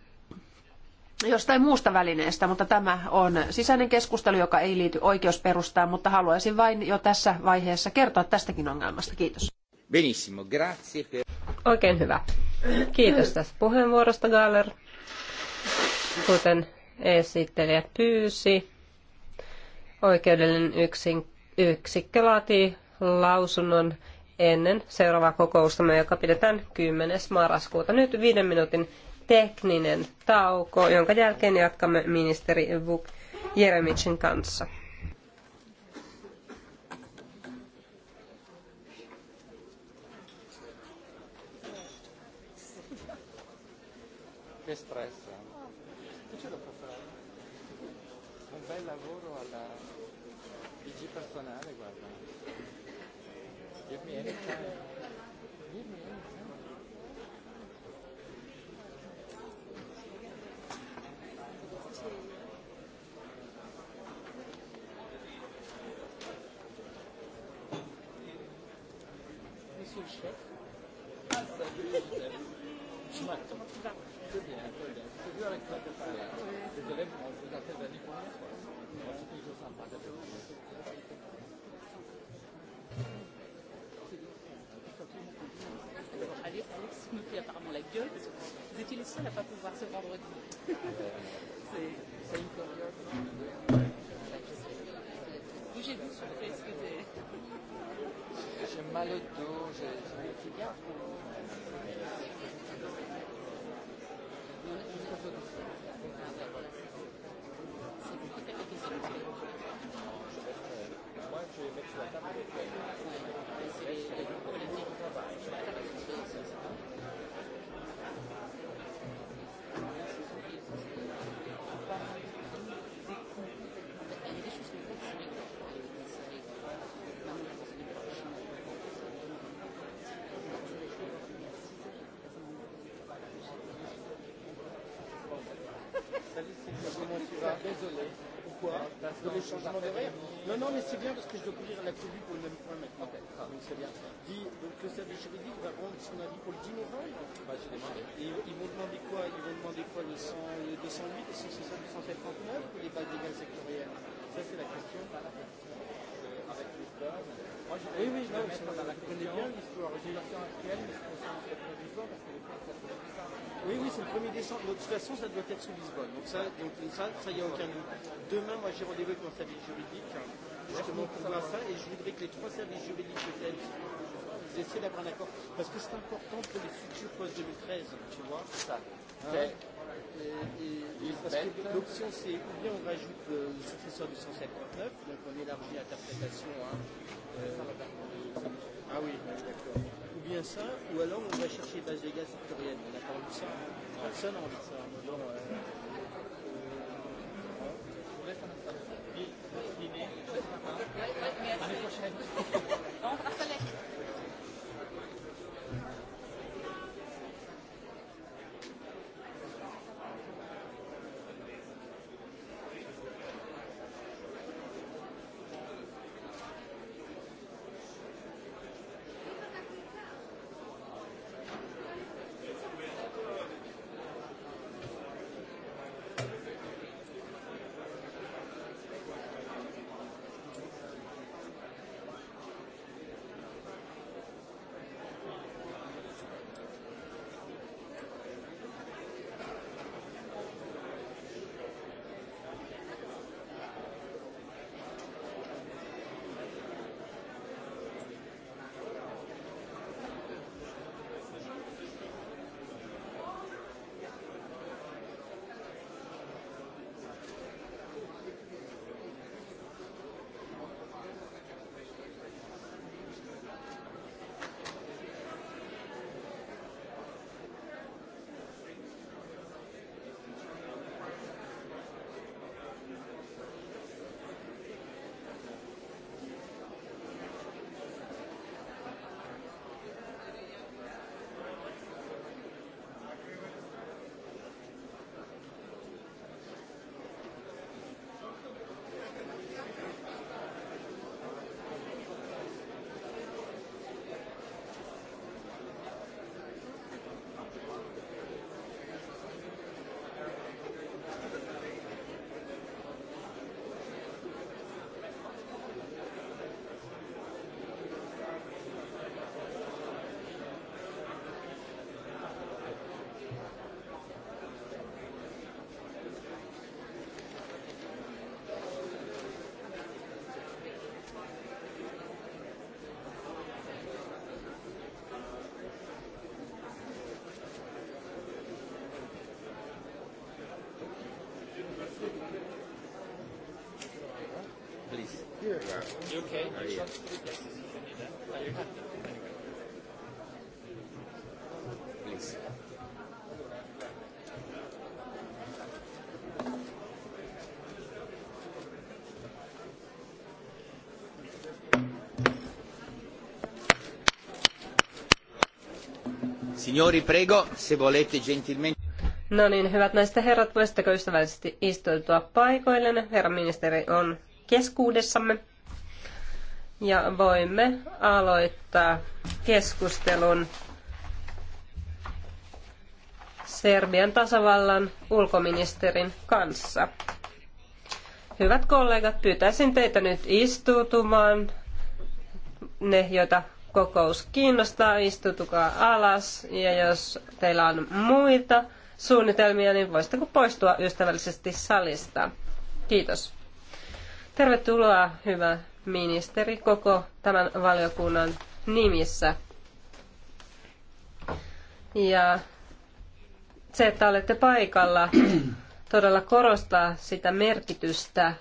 jostain muusta välineestä, mutta tämä on sisäinen keskustelu, joka ei liity oikeusperustaan, mutta haluaisin vain jo tässä vaiheessa kertoa tästäkin ongelmasta. Kiitos. Benissimo, grazie. Oikein hyvä. Kiitos tästä puheenvuorosta, Galler. Kuten esittelijä pyysi, oikeudellinen yksin, yksikkö laatii lausunnon ennen seuraavaa kokoustamme, joka pidetään 10. marraskuuta. Nyt viiden minuutin tekninen tauko, jonka jälkeen jatkamme ministeri Vuk kanssa. désolé. Pourquoi Parce que le changement de rire. Non, non, mais c'est bien parce que je dois couvrir la tribu pour le même point maintenant. Okay. Ah. Donc c'est bien. Dis, donc le service juridique va prendre son avis pour le 10 novembre bah, J'ai demandé. Et ils vont demander quoi Ils vont demander quoi le, 100, le 208, le 160, le 179 ou les bases légales sectorielles Ça, c'est la question. Pas la question. Moi, j'ai oui, oui, je connais bien l'histoire. J'ai version actuelle, mais je pense que c'est l'histoire parce que Oui, oui, c'est le 1er décembre. de toute façon, ça doit être sous Lisbonne. Donc, ça, donc, ça, ça, y a aucun doute. Demain, moi, j'ai rendez-vous avec mon service juridique, justement, pour voir ça. Et je voudrais que les trois services juridiques de TELS ils essaient d'avoir un accord. Parce que c'est important pour les futurs post-2013, tu vois. C'est ça fait. Et, et, parce que l'option, c'est ou bien on rajoute euh, le successeur du 159, donc on élargit l'interprétation. Hein, euh, ah oui, d'accord. Ou bien ça, ou alors on va chercher Las Vegas victorienne. On n'a pas envie de ça. Personne n'a envie de ça. Genre, euh, Here. You okay? Are you? Please. Signori, prego, se volete gentilmente... No niin, hyvät naiset ja herrat, voisitteko ystävällisesti istuutua paikoillenne? Herra ministeri on keskuudessamme. Ja voimme aloittaa keskustelun Serbian tasavallan ulkoministerin kanssa. Hyvät kollegat, pyytäisin teitä nyt istuutumaan. Ne, joita kokous kiinnostaa, istutukaa alas. Ja jos teillä on muita suunnitelmia, niin voisitteko poistua ystävällisesti salista. Kiitos. Tervetuloa, hyvä ministeri, koko tämän valiokunnan nimissä. Ja se, että olette paikalla, todella korostaa sitä merkitystä,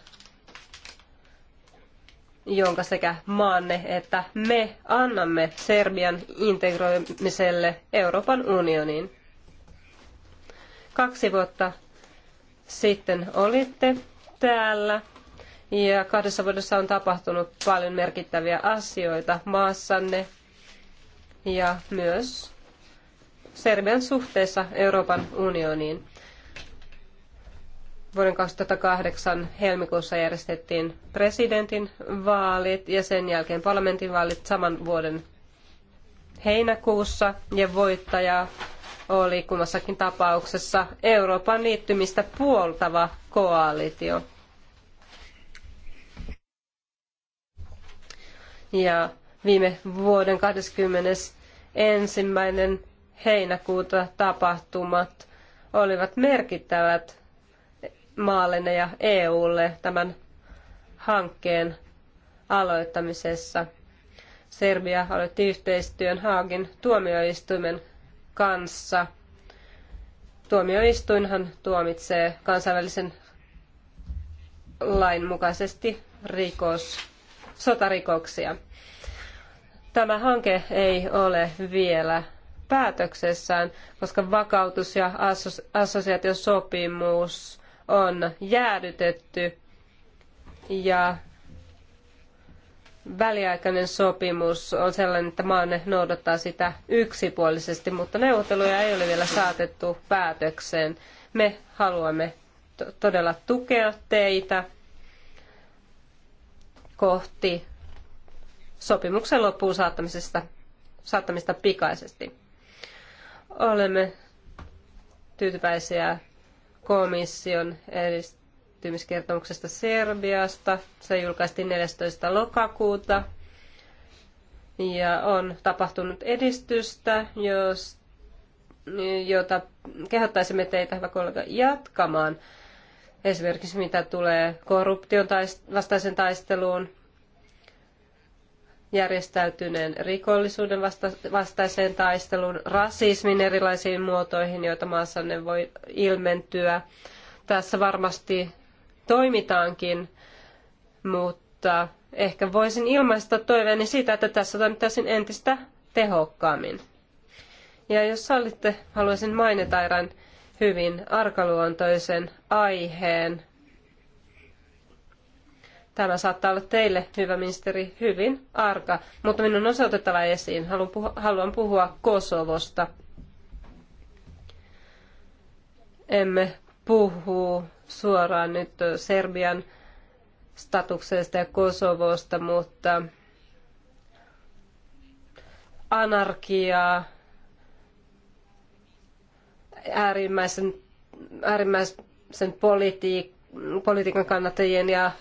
jonka sekä maanne että me annamme Serbian integroimiselle Euroopan unioniin. Kaksi vuotta sitten olitte täällä ja kahdessa vuodessa on tapahtunut paljon merkittäviä asioita maassanne ja myös Serbian suhteessa Euroopan unioniin. Vuoden 2008 helmikuussa järjestettiin presidentin vaalit ja sen jälkeen parlamentin vaalit saman vuoden heinäkuussa ja voittaja oli kummassakin tapauksessa Euroopan liittymistä puoltava koalitio. ja viime vuoden 21. heinäkuuta tapahtumat olivat merkittävät maalle ja EUlle tämän hankkeen aloittamisessa. Serbia aloitti yhteistyön Haagin tuomioistuimen kanssa. Tuomioistuinhan tuomitsee kansainvälisen lain mukaisesti rikos sotarikoksia. Tämä hanke ei ole vielä päätöksessään, koska vakautus- ja assosiaatiosopimus on jäädytetty ja väliaikainen sopimus on sellainen, että maanne noudattaa sitä yksipuolisesti, mutta neuvotteluja ei ole vielä saatettu päätökseen. Me haluamme todella tukea teitä kohti sopimuksen loppuun saattamisesta, saattamista pikaisesti. Olemme tyytyväisiä komission edistymiskertomuksesta Serbiasta. Se julkaistiin 14. lokakuuta ja on tapahtunut edistystä, jos, jota kehottaisimme teitä, hyvä kollega, jatkamaan esimerkiksi mitä tulee korruption vastaisen taisteluun, järjestäytyneen rikollisuuden vasta- vastaiseen taisteluun, rasismin erilaisiin muotoihin, joita maassanne voi ilmentyä. Tässä varmasti toimitaankin, mutta ehkä voisin ilmaista toiveeni siitä, että tässä toimittaisiin entistä tehokkaammin. Ja jos sallitte, haluaisin mainita erään hyvin arkaluontoisen aiheen. Tämä saattaa olla teille, hyvä ministeri, hyvin arka, mutta minun on se otettava esiin. Haluan puhua, haluan puhua Kosovosta. Emme puhu suoraan nyt Serbian statuksesta ja Kosovosta, mutta anarkiaa äärimmäisen, äärimmäisen politiik, politiikan kannattajien ja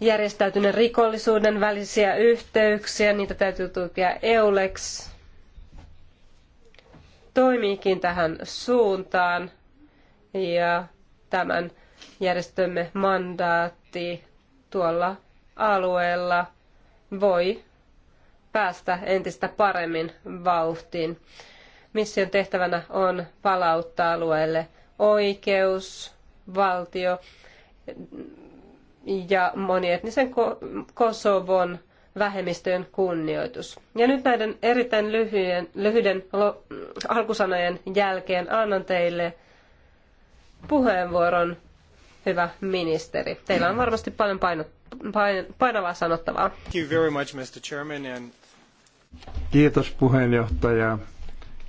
järjestäytyneen rikollisuuden välisiä yhteyksiä, niitä täytyy tutkia EULEX, toimiikin tähän suuntaan ja tämän järjestömme mandaatti tuolla alueella voi päästä entistä paremmin vauhtiin. Mission tehtävänä on palauttaa alueelle oikeus, valtio ja monietnisen Kosovon vähemmistöjen kunnioitus. Ja nyt näiden erittäin lyhyen, lyhyiden alkusanojen jälkeen annan teille puheenvuoron, hyvä ministeri. Teillä on varmasti paljon paino, pain, painavaa sanottavaa. Kiitos puheenjohtaja.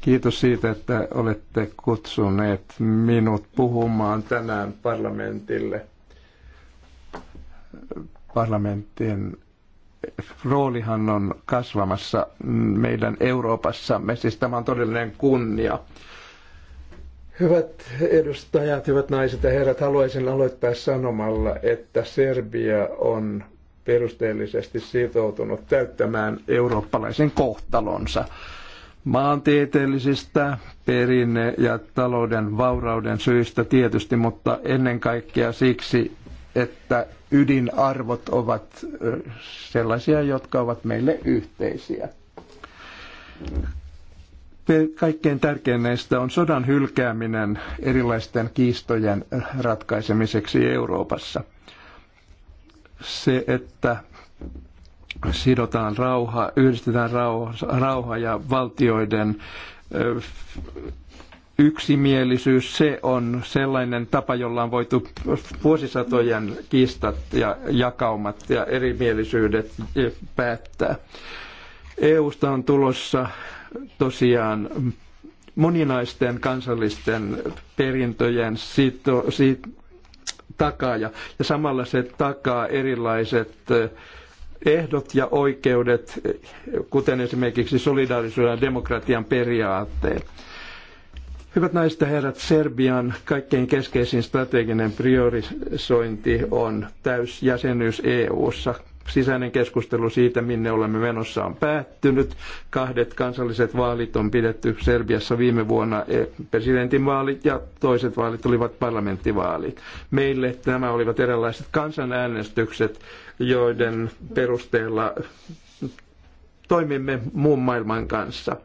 Kiitos siitä, että olette kutsuneet minut puhumaan tänään parlamentille. Parlamentin roolihan on kasvamassa meidän Me siis tämä on todellinen kunnia. Hyvät edustajat, hyvät naiset ja herrat, haluaisin aloittaa sanomalla, että Serbia on perusteellisesti sitoutunut täyttämään eurooppalaisen kohtalonsa maantieteellisistä perinne- ja talouden vaurauden syistä tietysti, mutta ennen kaikkea siksi, että ydinarvot ovat sellaisia, jotka ovat meille yhteisiä. Kaikkein tärkein näistä on sodan hylkääminen erilaisten kiistojen ratkaisemiseksi Euroopassa. Se, että sidotaan rauha, yhdistetään rauha, rauha ja valtioiden yksimielisyys, se on sellainen tapa, jolla on voitu vuosisatojen kiistat ja jakaumat ja erimielisyydet päättää. EUsta on tulossa tosiaan moninaisten kansallisten perintöjen sito, sit, takaa ja samalla se takaa erilaiset ö, ehdot ja oikeudet, kuten esimerkiksi solidaarisuuden ja demokratian periaatteet. Hyvät naiset ja herrat, Serbian kaikkein keskeisin strateginen priorisointi on täysjäsenyys EU-ssa sisäinen keskustelu siitä, minne olemme menossa, on päättynyt. Kahdet kansalliset vaalit on pidetty Serbiassa viime vuonna, e, presidentinvaalit ja toiset vaalit olivat parlamenttivaalit. Meille nämä olivat erilaiset kansanäänestykset, joiden perusteella toimimme muun maailman kanssa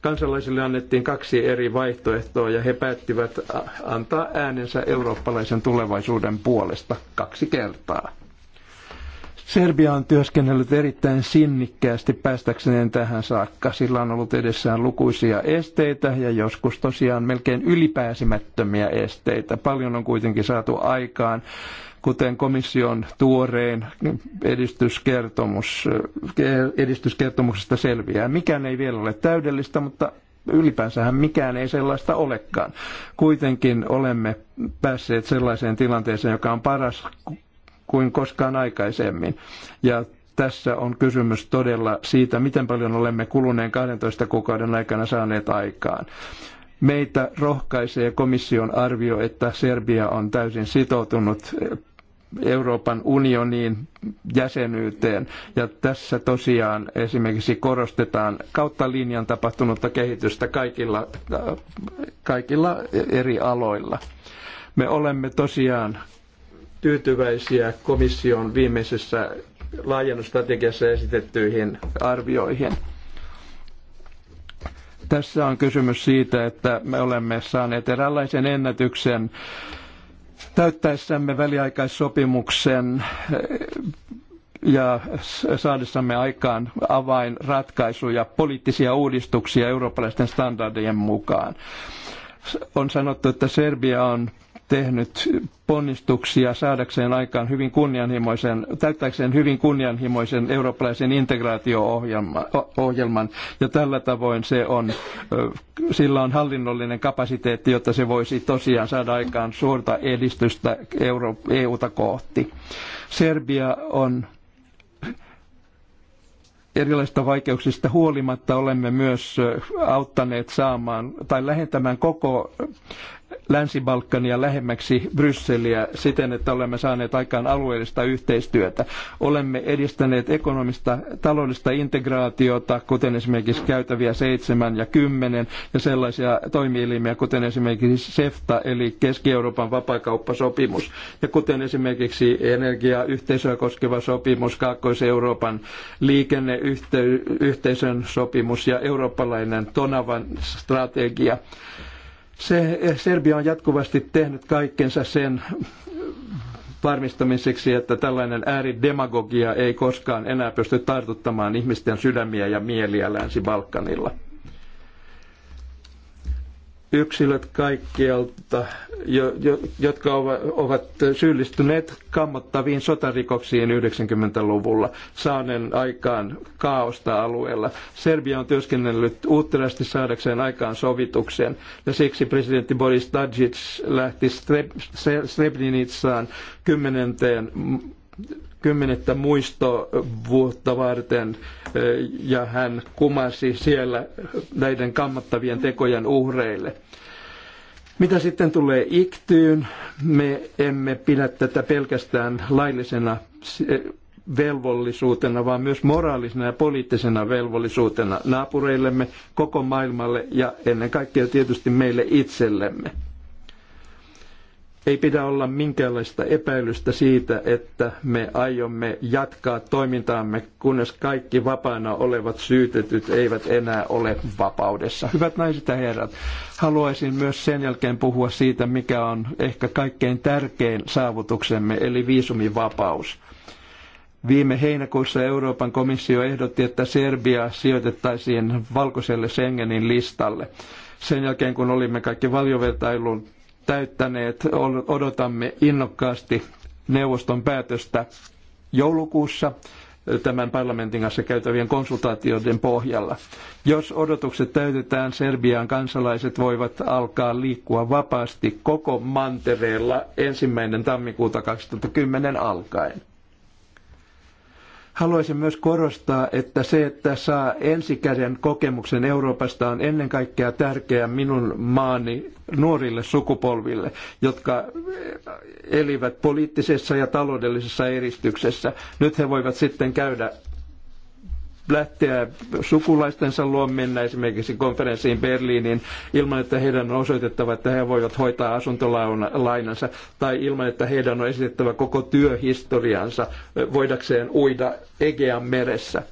kansalaisille annettiin kaksi eri vaihtoehtoa ja he päättivät antaa äänensä eurooppalaisen tulevaisuuden puolesta kaksi kertaa. Serbia on työskennellyt erittäin sinnikkäästi päästäkseen tähän saakka. Sillä on ollut edessään lukuisia esteitä ja joskus tosiaan melkein ylipääsemättömiä esteitä. Paljon on kuitenkin saatu aikaan kuten komission tuorein edistyskertomus, edistyskertomuksesta selviää. Mikään ei vielä ole täydellistä, mutta ylipäänsähän mikään ei sellaista olekaan. Kuitenkin olemme päässeet sellaiseen tilanteeseen, joka on paras kuin koskaan aikaisemmin. Ja tässä on kysymys todella siitä, miten paljon olemme kuluneen 12 kuukauden aikana saaneet aikaan. Meitä rohkaisee komission arvio, että Serbia on täysin sitoutunut Euroopan unioniin jäsenyyteen. Ja tässä tosiaan esimerkiksi korostetaan kautta linjan tapahtunutta kehitystä kaikilla, äh, kaikilla eri aloilla. Me olemme tosiaan tyytyväisiä komission viimeisessä laajennusstrategiassa esitettyihin arvioihin. Tässä on kysymys siitä, että me olemme saaneet eräänlaisen ennätyksen täyttäessämme väliaikaissopimuksen eh, ja saadessamme aikaan avainratkaisuja, poliittisia uudistuksia eurooppalaisten standardien mukaan. On sanottu, että Serbia on tehnyt ponnistuksia saadakseen aikaan hyvin kunnianhimoisen, täyttääkseen hyvin kunnianhimoisen eurooppalaisen integraatio-ohjelman. Ja tällä tavoin se on, sillä on hallinnollinen kapasiteetti, jotta se voisi tosiaan saada aikaan suurta edistystä Euro, EUta kohti. Serbia on erilaisista vaikeuksista huolimatta olemme myös auttaneet saamaan tai lähentämään koko Länsi-Balkania lähemmäksi Brysseliä siten, että olemme saaneet aikaan alueellista yhteistyötä. Olemme edistäneet ekonomista taloudellista integraatiota, kuten esimerkiksi käytäviä seitsemän ja kymmenen ja sellaisia toimielimiä, kuten esimerkiksi SEFTA, eli Keski-Euroopan vapaakauppasopimus, ja kuten esimerkiksi energiayhteisöä koskeva sopimus, Kaakkois-Euroopan liikenneyhteisön sopimus ja eurooppalainen Tonavan strategia. Se, eh, Serbia on jatkuvasti tehnyt kaikkensa sen varmistamiseksi, että tällainen ääridemagogia ei koskaan enää pysty tartuttamaan ihmisten sydämiä ja mieliä Länsi-Balkanilla yksilöt kaikkialta, jo, jo, jotka ovat syyllistyneet kammottaviin sotarikoksiin 90-luvulla saaneen aikaan kaaosta alueella. Serbia on työskennellyt uutterasti saadakseen aikaan sovituksen ja siksi presidentti Boris Tadic lähti Srebrenicaan kymmenenteen kymmenettä muistovuotta varten e, ja hän kumasi siellä näiden kammattavien tekojen uhreille. Mitä sitten tulee iktyyn, me emme pidä tätä pelkästään laillisena e, velvollisuutena, vaan myös moraalisena ja poliittisena velvollisuutena naapureillemme, koko maailmalle ja ennen kaikkea tietysti meille itsellemme. Ei pidä olla minkäänlaista epäilystä siitä, että me aiomme jatkaa toimintaamme, kunnes kaikki vapaana olevat syytetyt eivät enää ole vapaudessa. Hyvät naiset ja herrat, haluaisin myös sen jälkeen puhua siitä, mikä on ehkä kaikkein tärkein saavutuksemme, eli viisumivapaus. Viime heinäkuussa Euroopan komissio ehdotti, että Serbia sijoitettaisiin valkoiselle Schengenin listalle. Sen jälkeen, kun olimme kaikki valiovertailun täyttäneet. Odotamme innokkaasti neuvoston päätöstä joulukuussa tämän parlamentin kanssa käytävien konsultaatioiden pohjalla. Jos odotukset täytetään, Serbian kansalaiset voivat alkaa liikkua vapaasti koko mantereella ensimmäinen tammikuuta 2010 alkaen. Haluaisin myös korostaa, että se, että saa ensikäden kokemuksen Euroopasta on ennen kaikkea tärkeää minun maani nuorille sukupolville, jotka eh, elivät poliittisessa ja taloudellisessa eristyksessä. Nyt he voivat sitten käydä lähteä sukulaistensa luo mennä esimerkiksi konferenssiin Berliiniin ilman, että heidän on osoitettava, että he voivat hoitaa asuntolainansa tai ilman, että heidän on esitettävä koko työhistoriansa voidakseen uida Egean meressä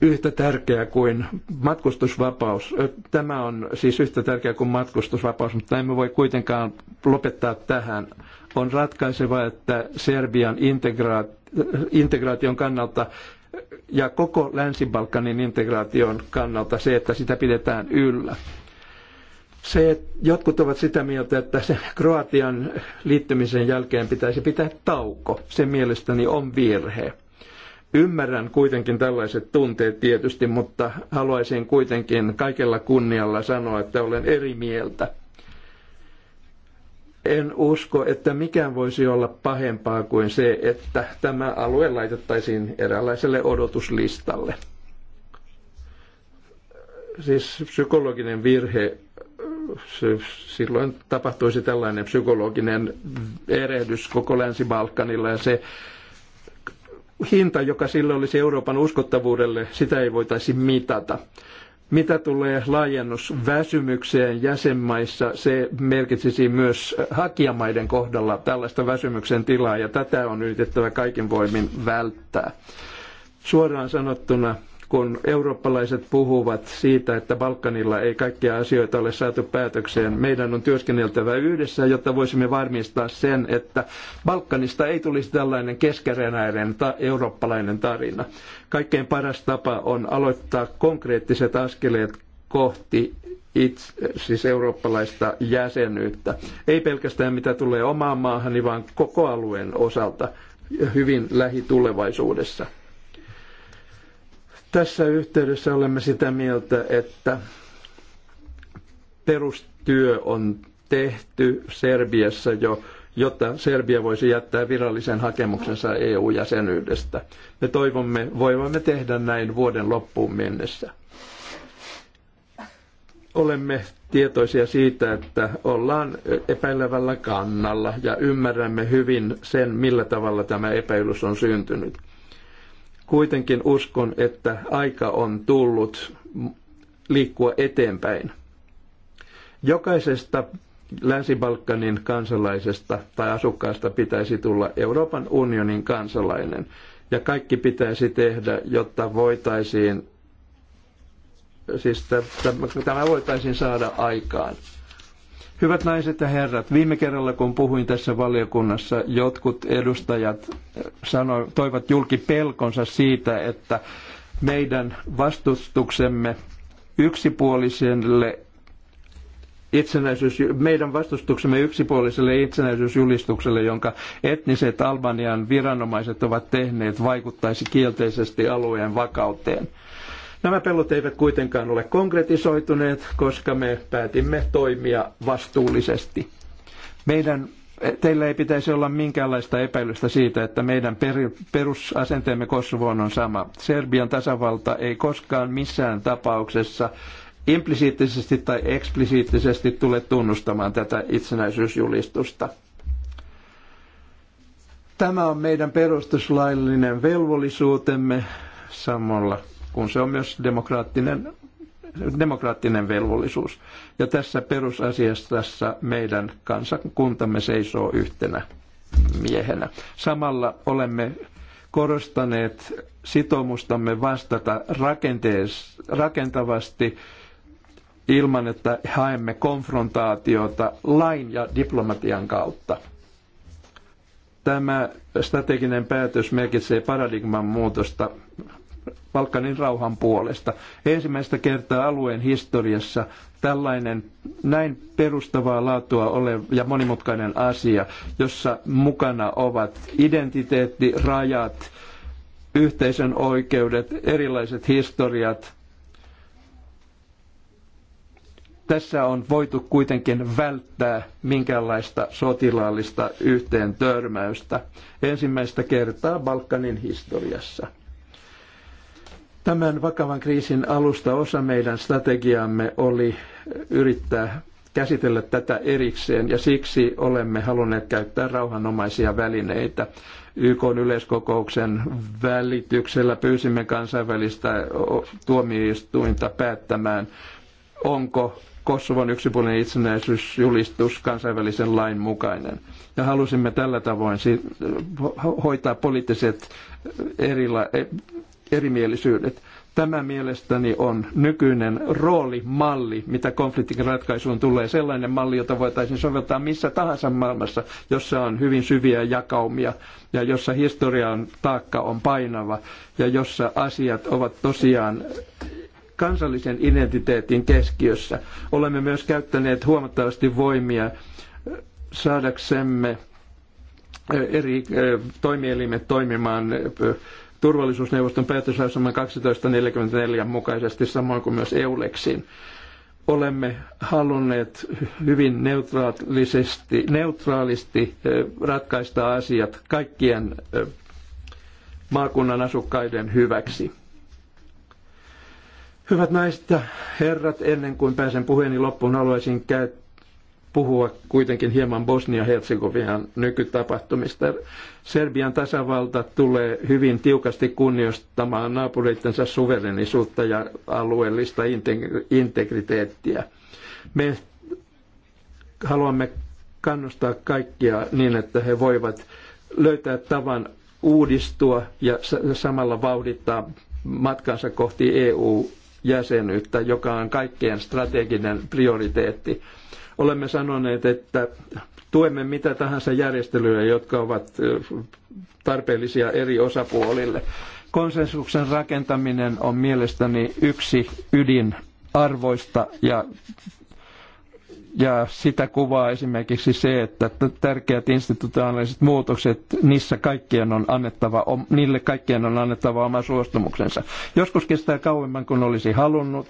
yhtä tärkeä kuin matkustusvapaus. Tämä on siis yhtä tärkeä kuin matkustusvapaus, mutta emme voi kuitenkaan lopettaa tähän. On ratkaiseva, että Serbian integraat, integraation kannalta ja koko Länsi-Balkanin integraation kannalta se, että sitä pidetään yllä. Se, jotkut ovat sitä mieltä, että se Kroatian liittymisen jälkeen pitäisi pitää tauko. Se mielestäni on virhe. Ymmärrän kuitenkin tällaiset tunteet tietysti, mutta haluaisin kuitenkin kaikella kunnialla sanoa, että olen eri mieltä en usko, että mikään voisi olla pahempaa kuin se, että tämä alue laitettaisiin eräänlaiselle odotuslistalle. Siis psykologinen virhe, silloin tapahtuisi tällainen psykologinen erehdys koko Länsi-Balkanilla ja se hinta, joka sillä olisi Euroopan uskottavuudelle, sitä ei voitaisi mitata. Mitä tulee laajennusväsymykseen jäsenmaissa, se merkitsisi myös hakijamaiden kohdalla tällaista väsymyksen tilaa, ja tätä on yritettävä kaikin voimin välttää. Suoraan sanottuna kun eurooppalaiset puhuvat siitä, että Balkanilla ei kaikkia asioita ole saatu päätökseen. Meidän on työskenneltävä yhdessä, jotta voisimme varmistaa sen, että Balkanista ei tulisi tällainen keskerenäinen ta- eurooppalainen tarina. Kaikkein paras tapa on aloittaa konkreettiset askeleet kohti itse, siis eurooppalaista jäsenyyttä. Ei pelkästään mitä tulee omaan maahani, vaan koko alueen osalta hyvin lähitulevaisuudessa. Tässä yhteydessä olemme sitä mieltä, että perustyö on tehty Serbiassa jo, jotta Serbia voisi jättää virallisen hakemuksensa EU-jäsenyydestä. Me toivomme, voivamme tehdä näin vuoden loppuun mennessä. Olemme tietoisia siitä, että ollaan epäilevällä kannalla ja ymmärrämme hyvin sen, millä tavalla tämä epäilys on syntynyt. Kuitenkin uskon, että aika on tullut liikkua eteenpäin. Jokaisesta Länsi-Balkanin kansalaisesta tai asukkaasta pitäisi tulla Euroopan unionin kansalainen. Ja kaikki pitäisi tehdä, jotta voitaisiin, siis tämä voitaisiin saada aikaan. Hyvät naiset ja herrat, viime kerralla kun puhuin tässä valiokunnassa, jotkut edustajat eh, sanoi, toivat julki pelkonsa siitä, että meidän vastustuksemme yksipuoliselle itsenäisyys, meidän vastustuksemme yksipuoliselle itsenäisyysjulistukselle, jonka etniset Albanian viranomaiset ovat tehneet, vaikuttaisi kielteisesti alueen vakauteen. Nämä pellot eivät kuitenkaan ole konkretisoituneet, koska me päätimme toimia vastuullisesti. Meidän teillä ei pitäisi olla minkäänlaista epäilystä siitä, että meidän perusasenteemme Kosovoon on sama. Serbian tasavalta ei koskaan missään tapauksessa implisiittisesti tai eksplisiittisesti tule tunnustamaan tätä itsenäisyysjulistusta. Tämä on meidän perustuslaillinen velvollisuutemme samalla kun se on myös demokraattinen, demokraattinen velvollisuus. Ja tässä perusasiassa meidän kansakuntamme seisoo yhtenä miehenä. Samalla olemme korostaneet sitoumustamme vastata rakentavasti ilman, että haemme konfrontaatiota lain ja diplomatian kautta. Tämä strateginen päätös merkitsee paradigman muutosta Balkanin rauhan puolesta. Ensimmäistä kertaa alueen historiassa tällainen näin perustavaa laatua ole ja monimutkainen asia, jossa mukana ovat identiteetti, rajat, yhteisön oikeudet, erilaiset historiat. Tässä on voitu kuitenkin välttää minkäänlaista sotilaallista yhteen törmäystä ensimmäistä kertaa Balkanin historiassa. Tämän vakavan kriisin alusta osa meidän strategiamme oli yrittää käsitellä tätä erikseen ja siksi olemme halunneet käyttää rauhanomaisia välineitä. YK yleiskokouksen välityksellä pyysimme kansainvälistä tuomioistuinta päättämään, onko Kosovon yksipuolinen itsenäisyysjulistus kansainvälisen lain mukainen. Ja halusimme tällä tavoin hoitaa poliittiset erila- erimielisyydet. Tämä mielestäni on nykyinen rooli, malli, mitä konfliktin ratkaisuun tulee. Sellainen malli, jota voitaisiin soveltaa missä tahansa maailmassa, jossa on hyvin syviä jakaumia ja jossa historian taakka on painava ja jossa asiat ovat tosiaan kansallisen identiteetin keskiössä. Olemme myös käyttäneet huomattavasti voimia äh, saadaksemme äh, eri äh, toimielimet toimimaan turvallisuusneuvoston päätöslauselman 1244 mukaisesti, samoin kuin myös EULEXin. Olemme halunneet hyvin neutraalisesti, neutraalisti ratkaista asiat kaikkien maakunnan asukkaiden hyväksi. Hyvät naiset ja herrat, ennen kuin pääsen puheeni loppuun, haluaisin käyttää puhua kuitenkin hieman Bosnia-Herzegovian nykytapahtumista. Serbian tasavalta tulee hyvin tiukasti kunnioittamaan naapureittensa suverenisuutta ja alueellista integriteettiä. Me haluamme kannustaa kaikkia niin, että he voivat löytää tavan uudistua ja samalla vauhdittaa matkansa kohti EU-jäsenyyttä, joka on kaikkien strateginen prioriteetti olemme sanoneet, että tuemme mitä tahansa järjestelyjä, jotka ovat tarpeellisia eri osapuolille. Konsensuksen rakentaminen on mielestäni yksi ydinarvoista ja ja sitä kuvaa esimerkiksi se, että tärkeät institutionaaliset muutokset, niissä kaikkien on annettava, niille kaikkien on annettava oma suostumuksensa. Joskus kestää kauemman kuin olisi halunnut,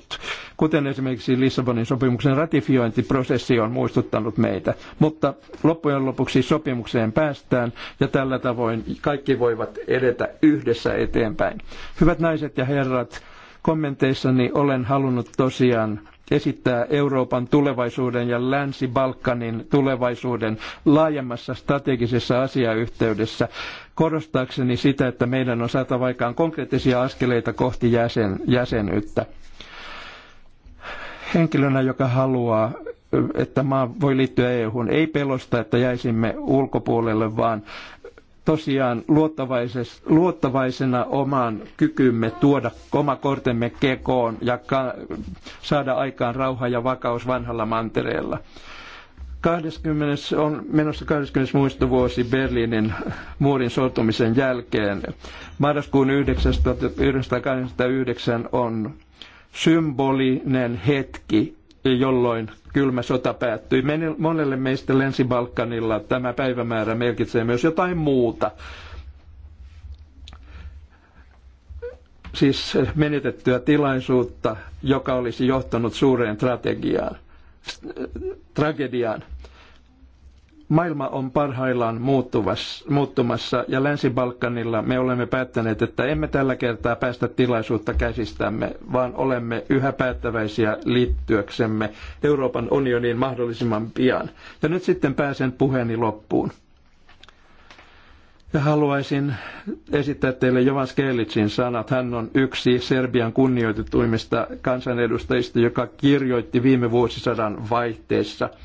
kuten esimerkiksi Lissabonin sopimuksen ratifiointiprosessi on muistuttanut meitä. Mutta loppujen lopuksi sopimukseen päästään ja tällä tavoin kaikki voivat edetä yhdessä eteenpäin. Hyvät naiset ja herrat, kommenteissani olen halunnut tosiaan esittää Euroopan tulevaisuuden ja Länsi-Balkanin tulevaisuuden laajemmassa strategisessa asiayhteydessä korostaakseni sitä, että meidän on saatava aikaan konkreettisia askeleita kohti jäsen, jäsenyyttä. Henkilönä, joka haluaa että maa voi liittyä EU-hun, ei pelosta, että jäisimme ulkopuolelle, vaan tosiaan luottavaisena omaan kykymme tuoda oma kortemme kekoon ja ka, saada aikaan rauha ja vakaus vanhalla mantereella. 20, on menossa 20. muistovuosi Berliinin muurin sortumisen jälkeen. Marraskuun 1989 on symbolinen hetki jolloin kylmä sota päättyi. Monelle meistä Länsi-Balkanilla tämä päivämäärä merkitsee myös jotain muuta. Siis menetettyä tilaisuutta, joka olisi johtanut suureen strategiaan, tragediaan. Maailma on parhaillaan muuttumassa ja Länsi-Balkanilla me olemme päättäneet, että emme tällä kertaa päästä tilaisuutta käsistämme, vaan olemme yhä päättäväisiä liittyäksemme Euroopan unioniin mahdollisimman pian. Ja nyt sitten pääsen puheeni loppuun. Ja haluaisin esittää teille Jovan Skelitsin sanat. Hän on yksi Serbian kunnioitetuimmista kansanedustajista, joka kirjoitti viime vuosisadan vaihteessa –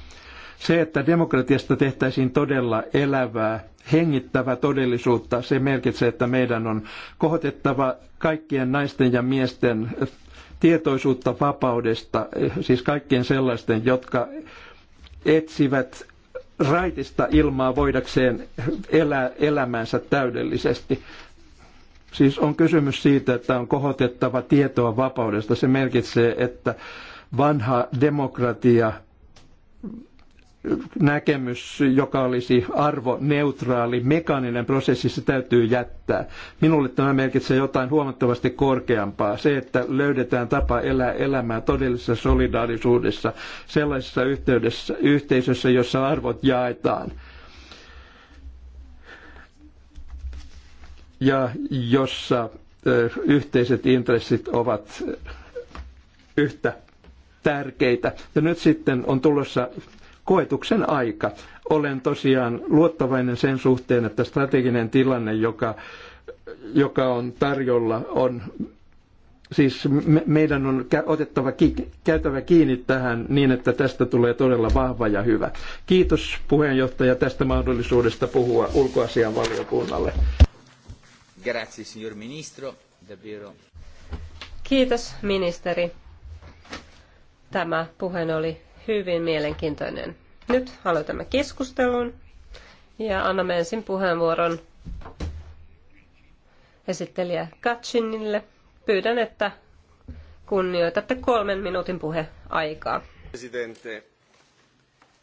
se, että demokratiasta tehtäisiin todella elävää, hengittävä todellisuutta, se merkitsee, että meidän on kohotettava kaikkien naisten ja miesten tietoisuutta vapaudesta, siis kaikkien sellaisten, jotka etsivät raitista ilmaa voidakseen elää elämänsä täydellisesti. Siis on kysymys siitä, että on kohotettava tietoa vapaudesta. Se merkitsee, että vanha demokratia näkemys, joka olisi arvoneutraali, mekaaninen prosessi, se täytyy jättää. Minulle tämä merkitsee jotain huomattavasti korkeampaa. Se, että löydetään tapa elää elämää todellisessa solidaarisuudessa, sellaisessa yhteydessä, yhteisössä, jossa arvot jaetaan. Ja jossa yhteiset intressit ovat yhtä tärkeitä. Ja nyt sitten on tulossa koetuksen aika. Olen tosiaan luottavainen sen suhteen, että strateginen tilanne, joka, joka on tarjolla, on siis me, meidän on otettava käytävä kiinni tähän niin, että tästä tulee todella vahva ja hyvä. Kiitos puheenjohtaja tästä mahdollisuudesta puhua ulkoasian valiokunnalle. Grazie, signor ministro. Davvero. Kiitos, ministeri. Tämä puheen oli hyvin mielenkiintoinen. Nyt aloitamme keskustelun ja annamme ensin puheenvuoron esittelijä Katsinille. Pyydän, että kunnioitatte kolmen minuutin puheaikaa. Presidente,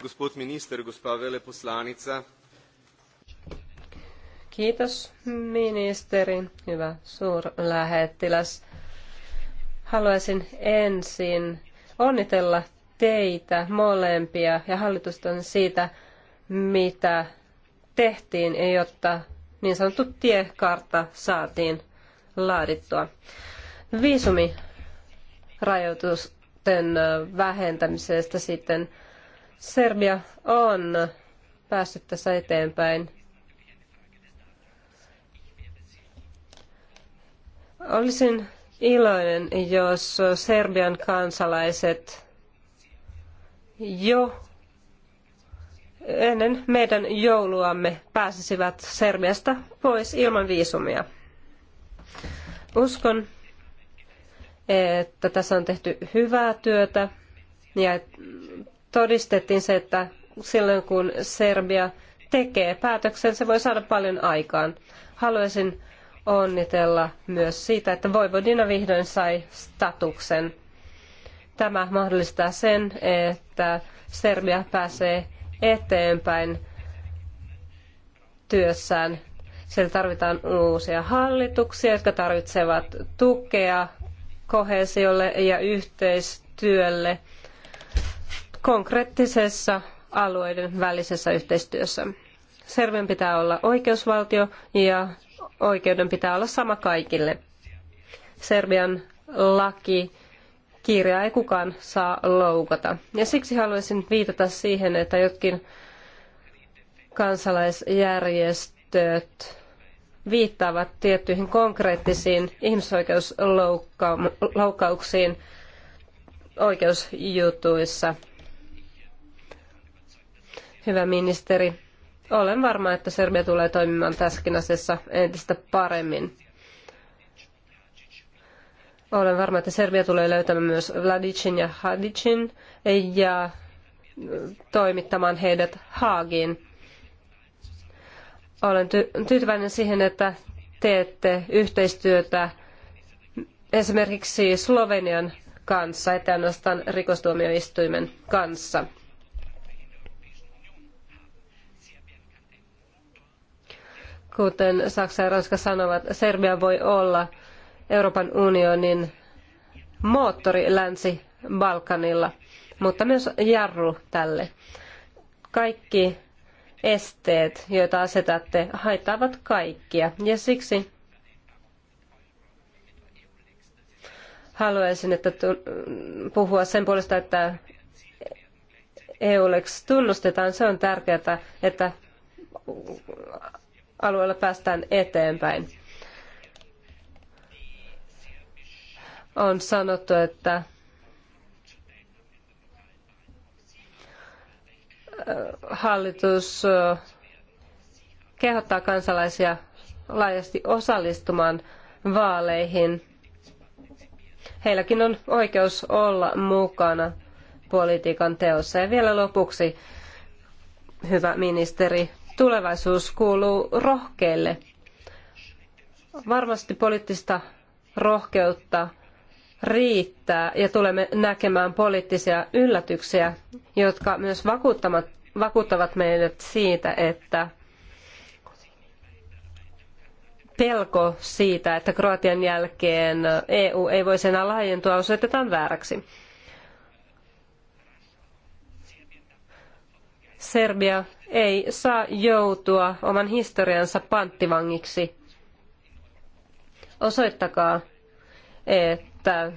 gospod minister, gospa Kiitos ministeri, hyvä suurlähettiläs. Haluaisin ensin onnitella teitä molempia ja hallitusten siitä, mitä tehtiin, jotta niin sanottu tiekartta saatiin laadittua. Viisumirajoitusten vähentämisestä sitten Serbia on päässyt tässä eteenpäin. Olisin iloinen, jos Serbian kansalaiset jo ennen meidän jouluamme pääsisivät Serbiasta pois ilman viisumia. Uskon, että tässä on tehty hyvää työtä ja todistettiin se, että silloin kun Serbia tekee päätöksen, se voi saada paljon aikaan. Haluaisin onnitella myös siitä, että Voivodina vihdoin sai statuksen – Tämä mahdollistaa sen, että Serbia pääsee eteenpäin työssään. Siellä tarvitaan uusia hallituksia, jotka tarvitsevat tukea kohesiolle ja yhteistyölle konkreettisessa alueiden välisessä yhteistyössä. Serbian pitää olla oikeusvaltio ja oikeuden pitää olla sama kaikille. Serbian laki kiireä ei kukaan saa loukata. Ja siksi haluaisin viitata siihen, että jotkin kansalaisjärjestöt viittaavat tiettyihin konkreettisiin ihmisoikeusloukkauksiin oikeusjutuissa. Hyvä ministeri, olen varma, että Serbia tulee toimimaan tässäkin asiassa entistä paremmin. Olen varma, että Serbia tulee löytämään myös Vladicin ja Hadicin ja toimittamaan heidät Haagiin. Olen ty- tyytyväinen siihen, että teette yhteistyötä esimerkiksi Slovenian kanssa, ettei ainoastaan rikostuomioistuimen kanssa. Kuten Saksa ja Ranska sanovat, Serbia voi olla Euroopan unionin moottori Länsi-Balkanilla, mutta myös jarru tälle. Kaikki esteet, joita asetatte, haittaavat kaikkia ja siksi haluaisin että puhua sen puolesta, että EULEX tunnustetaan. Se on tärkeää, että alueella päästään eteenpäin. on sanottu, että äh, hallitus äh, kehottaa kansalaisia laajasti osallistumaan vaaleihin. Heilläkin on oikeus olla mukana politiikan teossa. Ja vielä lopuksi, hyvä ministeri, tulevaisuus kuuluu rohkeille. Varmasti poliittista rohkeutta riittää ja tulemme näkemään poliittisia yllätyksiä, jotka myös vakuuttavat meidät siitä, että pelko siitä, että Kroatian jälkeen EU ei voisi enää laajentua, osoitetaan vääräksi. Serbia ei saa joutua oman historiansa panttivangiksi. Osoittakaa, että että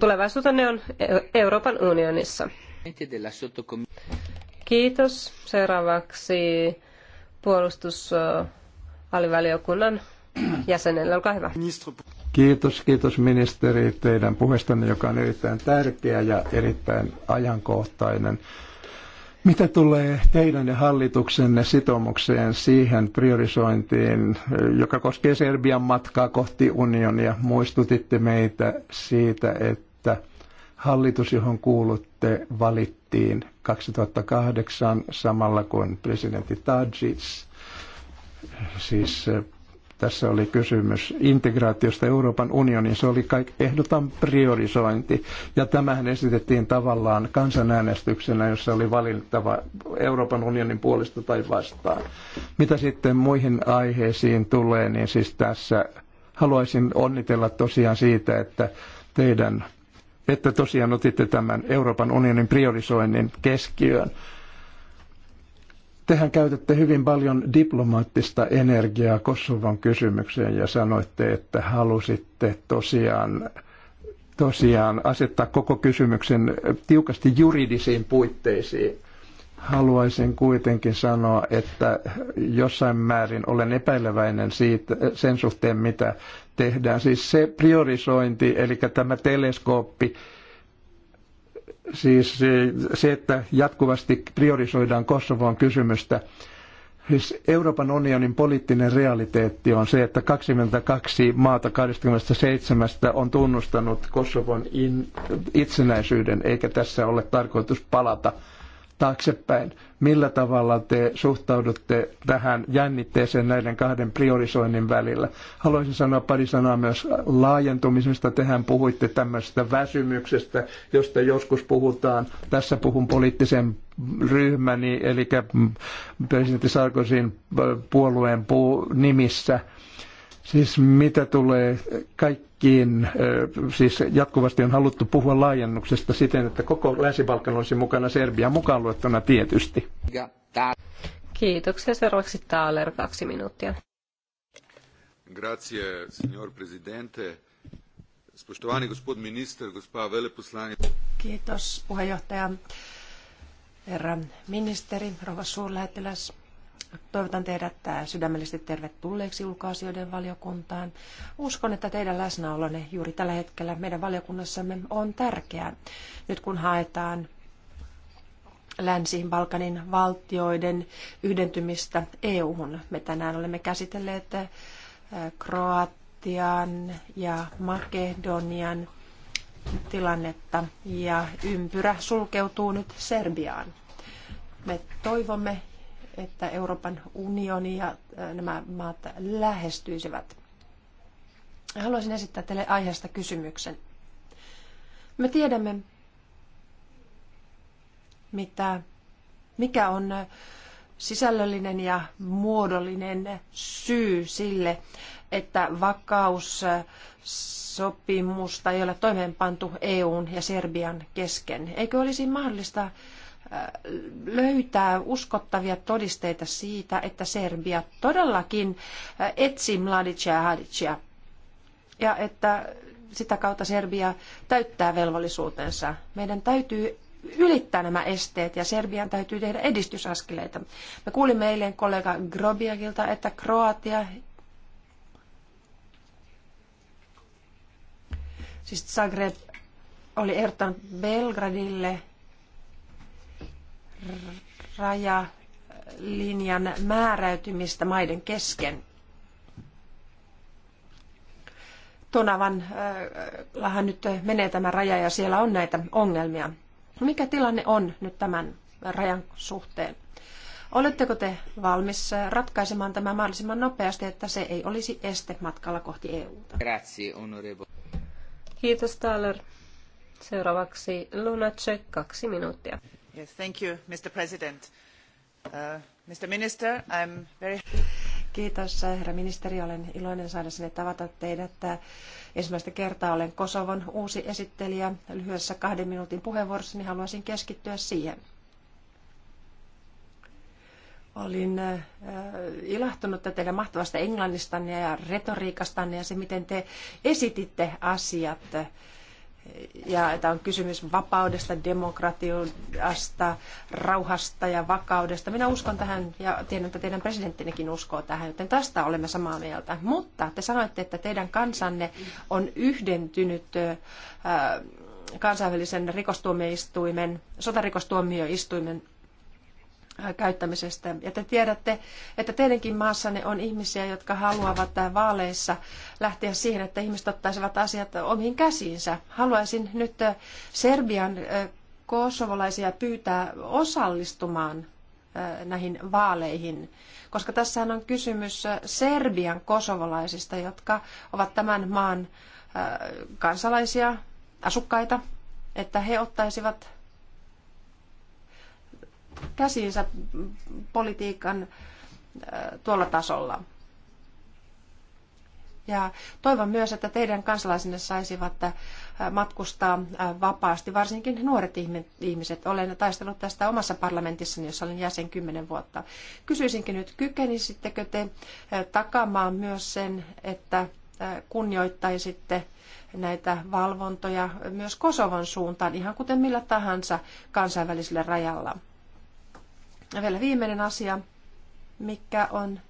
tulevaisuutenne on Euroopan unionissa. Kiitos. Seuraavaksi puolustusalivaliokunnan jäsenelle. Olkaa hyvä. Kiitos, kiitos ministeri teidän puheestanne, joka on erittäin tärkeä ja erittäin ajankohtainen. Mitä tulee teidän ja hallituksenne sitoumukseen siihen priorisointiin, joka koskee Serbian matkaa kohti unionia, muistutitte meitä siitä, että hallitus, johon kuulutte, valittiin 2008 samalla kuin presidentti Tadžić, siis tässä oli kysymys integraatiosta Euroopan unionin. Se oli kaik, ehdotan priorisointi. Ja tämähän esitettiin tavallaan kansanäänestyksenä, jossa oli valittava Euroopan unionin puolesta tai vastaan. Mitä sitten muihin aiheisiin tulee, niin siis tässä haluaisin onnitella tosiaan siitä, että teidän että tosiaan otitte tämän Euroopan unionin priorisoinnin keskiöön. Tehän käytätte hyvin paljon diplomaattista energiaa Kosovon kysymykseen ja sanoitte, että halusitte tosiaan, tosiaan asettaa koko kysymyksen tiukasti juridisiin puitteisiin. Haluaisin kuitenkin sanoa, että jossain määrin olen epäileväinen siitä, sen suhteen, mitä tehdään. Siis se priorisointi, eli tämä teleskooppi, Siis se, että jatkuvasti priorisoidaan Kosovon kysymystä. Siis Euroopan unionin poliittinen realiteetti on se, että 22 maata 27 on tunnustanut Kosovon itsenäisyyden, eikä tässä ole tarkoitus palata taaksepäin. Millä tavalla te suhtaudutte tähän jännitteeseen näiden kahden priorisoinnin välillä? Haluaisin sanoa pari sanaa myös laajentumisesta. Tehän puhuitte tämmöisestä väsymyksestä, josta joskus puhutaan. Tässä puhun poliittisen ryhmäni, eli presidentti Sarkozyn puolueen nimissä – Siis mitä tulee kaikkiin, siis jatkuvasti on haluttu puhua laajennuksesta siten, että koko Länsi-Balkan olisi mukana Serbia mukaan luettuna tietysti. Kiitoksia. Seuraavaksi Taaler, kaksi minuuttia. Grazie, signor Presidente. Spoštovani gospod minister, gospa Kiitos puheenjohtaja, herra ministeri, rouva suurlähettiläs. Toivotan teidät äh, sydämellisesti tervetulleeksi ulkoasioiden valiokuntaan. Uskon, että teidän läsnäolonne juuri tällä hetkellä meidän valiokunnassamme on tärkeää. Nyt kun haetaan Länsi-Balkanin valtioiden yhdentymistä EU-hun. Me tänään olemme käsitelleet äh, Kroatian ja Makedonian tilannetta ja ympyrä sulkeutuu nyt Serbiaan. Me toivomme että Euroopan unioni ja nämä maat lähestyisivät. Haluaisin esittää teille aiheesta kysymyksen. Me tiedämme, mitä, mikä on sisällöllinen ja muodollinen syy sille, että vakaussopimusta ei ole toimeenpantu EUn ja Serbian kesken. Eikö olisi mahdollista löytää uskottavia todisteita siitä, että Serbia todellakin äh, etsi Mladicia ja Hadicia. Ja että sitä kautta Serbia täyttää velvollisuutensa. Meidän täytyy ylittää nämä esteet ja Serbian täytyy tehdä edistysaskeleita. Me kuulimme eilen kollega Grobiakilta, että Kroatia, siis Zagreb, oli ehdottanut Belgradille rajalinjan määräytymistä maiden kesken. Tonavan äh, lahan nyt menee tämä raja ja siellä on näitä ongelmia. Mikä tilanne on nyt tämän rajan suhteen? Oletteko te valmis äh, ratkaisemaan tämä mahdollisimman nopeasti, että se ei olisi este matkalla kohti EUta? Kiitos, Thaler. Seuraavaksi Lunacek, kaksi minuuttia. Mr. President. Uh, Mr. Minister, very... Kiitos, uh, herra ministeri. Olen iloinen saadessani tavata teidät. Uh, ensimmäistä kertaa olen Kosovon uusi esittelijä. Lyhyessä kahden minuutin puheenvuorossani haluaisin keskittyä siihen. Olin ilahtunut teidän mahtavasta englannistanne ja retoriikastanne ja se, miten te esititte asiat ja että on kysymys vapaudesta, demokratiasta, rauhasta ja vakaudesta. Minä uskon tähän ja tiedän, että teidän presidenttinekin uskoo tähän, joten tästä olemme samaa mieltä. Mutta te sanoitte, että teidän kansanne on yhdentynyt kansainvälisen rikostuomioistuimen, sotarikostuomioistuimen käyttämisestä. Ja te tiedätte, että teidänkin maassanne on ihmisiä, jotka haluavat vaaleissa lähteä siihen, että ihmiset ottaisivat asiat omiin käsiinsä. Haluaisin nyt Serbian kosovolaisia pyytää osallistumaan näihin vaaleihin, koska tässä on kysymys Serbian kosovolaisista, jotka ovat tämän maan kansalaisia, asukkaita, että he ottaisivat käsiinsä politiikan äh, tuolla tasolla. Ja toivon myös, että teidän kansalaisenne saisivat äh, matkustaa äh, vapaasti, varsinkin nuoret ihmiset. Olen taistellut tästä omassa parlamentissani, jossa olen jäsen kymmenen vuotta. Kysyisinkin nyt, kykenisittekö te takaamaan myös sen, että kunnioittaisitte näitä valvontoja myös Kosovan suuntaan, ihan kuten millä tahansa kansainvälisellä rajalla? Ja vielä viimeinen asia, mikä on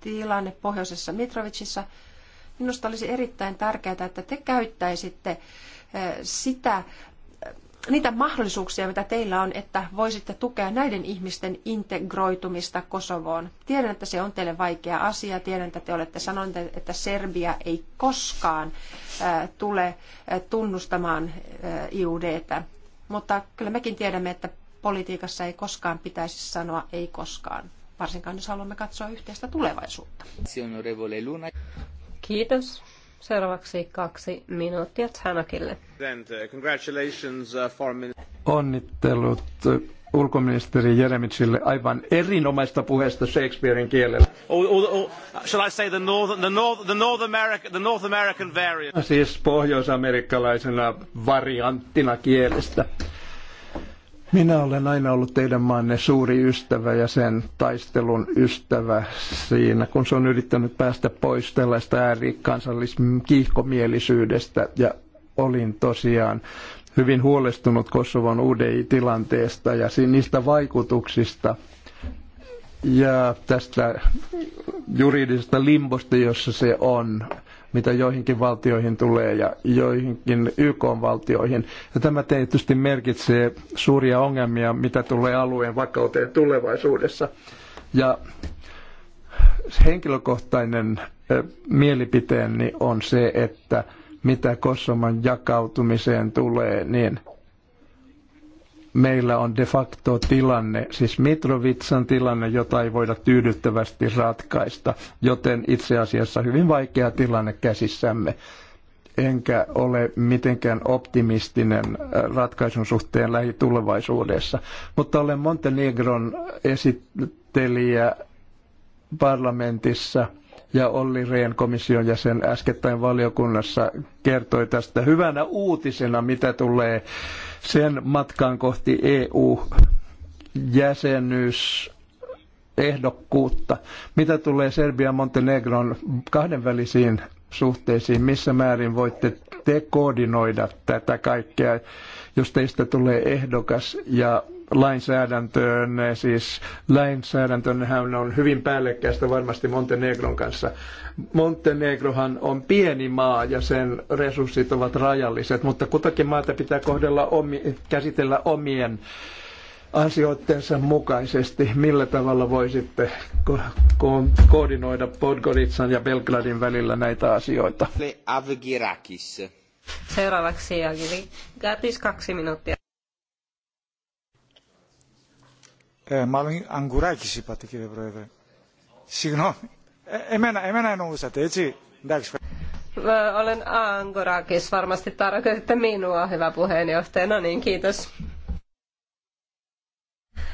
tilanne pohjoisessa Mitrovicissa. Minusta olisi erittäin tärkeää, että te käyttäisitte eh, sitä, eh, niitä mahdollisuuksia, mitä teillä on, että voisitte tukea näiden ihmisten integroitumista Kosovoon. Tiedän, että se on teille vaikea asia. Tiedän, että te olette sanoneet, että Serbia ei koskaan eh, tule tunnustamaan IUDtä. Mutta kyllä mekin tiedämme, että politiikassa ei koskaan pitäisi sanoa ei koskaan, varsinkaan jos haluamme katsoa yhteistä tulevaisuutta. Kiitos. Seuraavaksi kaksi minuuttia Tsanakille. Uh, Onnittelut uh, ulkoministeri Jeremitsille aivan erinomaista puheesta Shakespearein kielellä. Oh, oh, oh, shall I say the North, the North, the North, America, the North American variant? Siis pohjoisamerikkalaisena varianttina kielestä. Minä olen aina ollut teidän maanne suuri ystävä ja sen taistelun ystävä siinä, kun se on yrittänyt päästä pois tällaista äärikansalliskiihkomielisyydestä ja olin tosiaan hyvin huolestunut Kosovon UDI-tilanteesta ja niistä vaikutuksista ja tästä juridisesta limbosta, jossa se on mitä joihinkin valtioihin tulee ja joihinkin YK-valtioihin. Ja tämä tietysti merkitsee suuria ongelmia, mitä tulee alueen vakauteen tulevaisuudessa. Ja henkilökohtainen mielipiteeni on se, että mitä Kosoman jakautumiseen tulee, niin – meillä on de facto tilanne, siis Mitrovitsan tilanne, jota ei voida tyydyttävästi ratkaista, joten itse asiassa hyvin vaikea tilanne käsissämme. Enkä ole mitenkään optimistinen äh, ratkaisun suhteen lähitulevaisuudessa, mutta olen Montenegron esittelijä parlamentissa – ja Olli Rehn komission jäsen äskettäin valiokunnassa kertoi tästä hyvänä uutisena, mitä tulee sen matkaan kohti EU-jäsenyys ehdokkuutta. Mitä tulee Serbian Montenegron kahdenvälisiin suhteisiin, missä määrin voitte te koordinoida tätä kaikkea jos teistä tulee ehdokas ja lainsäädäntöön, siis lainsäädäntönhän on hyvin päällekkäistä varmasti Montenegron kanssa. Montenegrohan on pieni maa ja sen resurssit ovat rajalliset, mutta kutakin maata pitää kohdella omi, käsitellä omien asioittensa mukaisesti. Millä tavalla voisitte ko- ko- koordinoida Podgoritsan ja Belgradin välillä näitä asioita? Avgirakis. Seuraavaksi Jagiri Gatis kaksi minuuttia. μάλλον Αγκουράκης είπατε κύριε Πρόεδρε. Συγγνώμη. εμένα, εμένα εννοούσατε, έτσι. Εντάξει. Olen Angorakis, varmasti tarkoititte minua, hyvä puheenjohtaja. No niin, kiitos.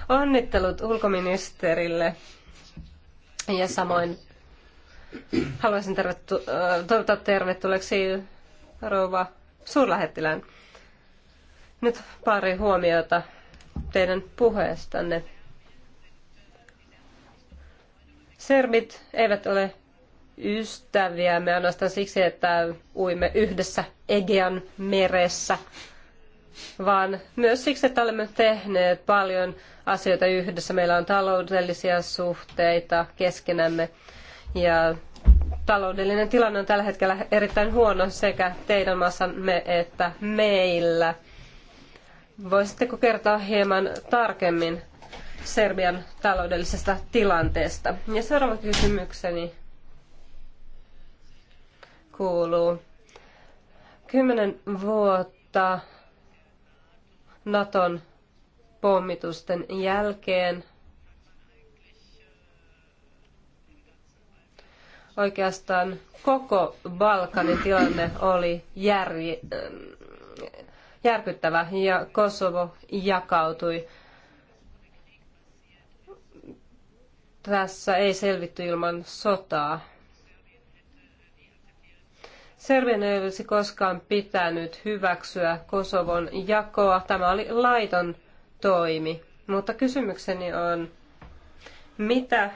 Onnittelut ulkoministerille ja samoin haluaisin tervetu- äh, toivottaa tervetulleeksi rouva suurlähettilään. Nyt pari huomiota teidän puheestanne. Sermit eivät ole ystäviä. Me ainoastaan siksi, että uimme yhdessä Egean meressä, vaan myös siksi, että olemme tehneet paljon asioita yhdessä. Meillä on taloudellisia suhteita keskenämme ja taloudellinen tilanne on tällä hetkellä erittäin huono sekä teidän maassanne että meillä. Voisitteko kertoa hieman tarkemmin Serbian taloudellisesta tilanteesta? Ja seuraava kysymykseni kuuluu. Kymmenen vuotta Naton pommitusten jälkeen Oikeastaan koko Balkanin tilanne oli ähm, järkyttävä ja Kosovo jakautui. Tässä ei selvitty ilman sotaa. Serbian ei olisi koskaan pitänyt hyväksyä Kosovon jakoa. Tämä oli laiton toimi. Mutta kysymykseni on, mitä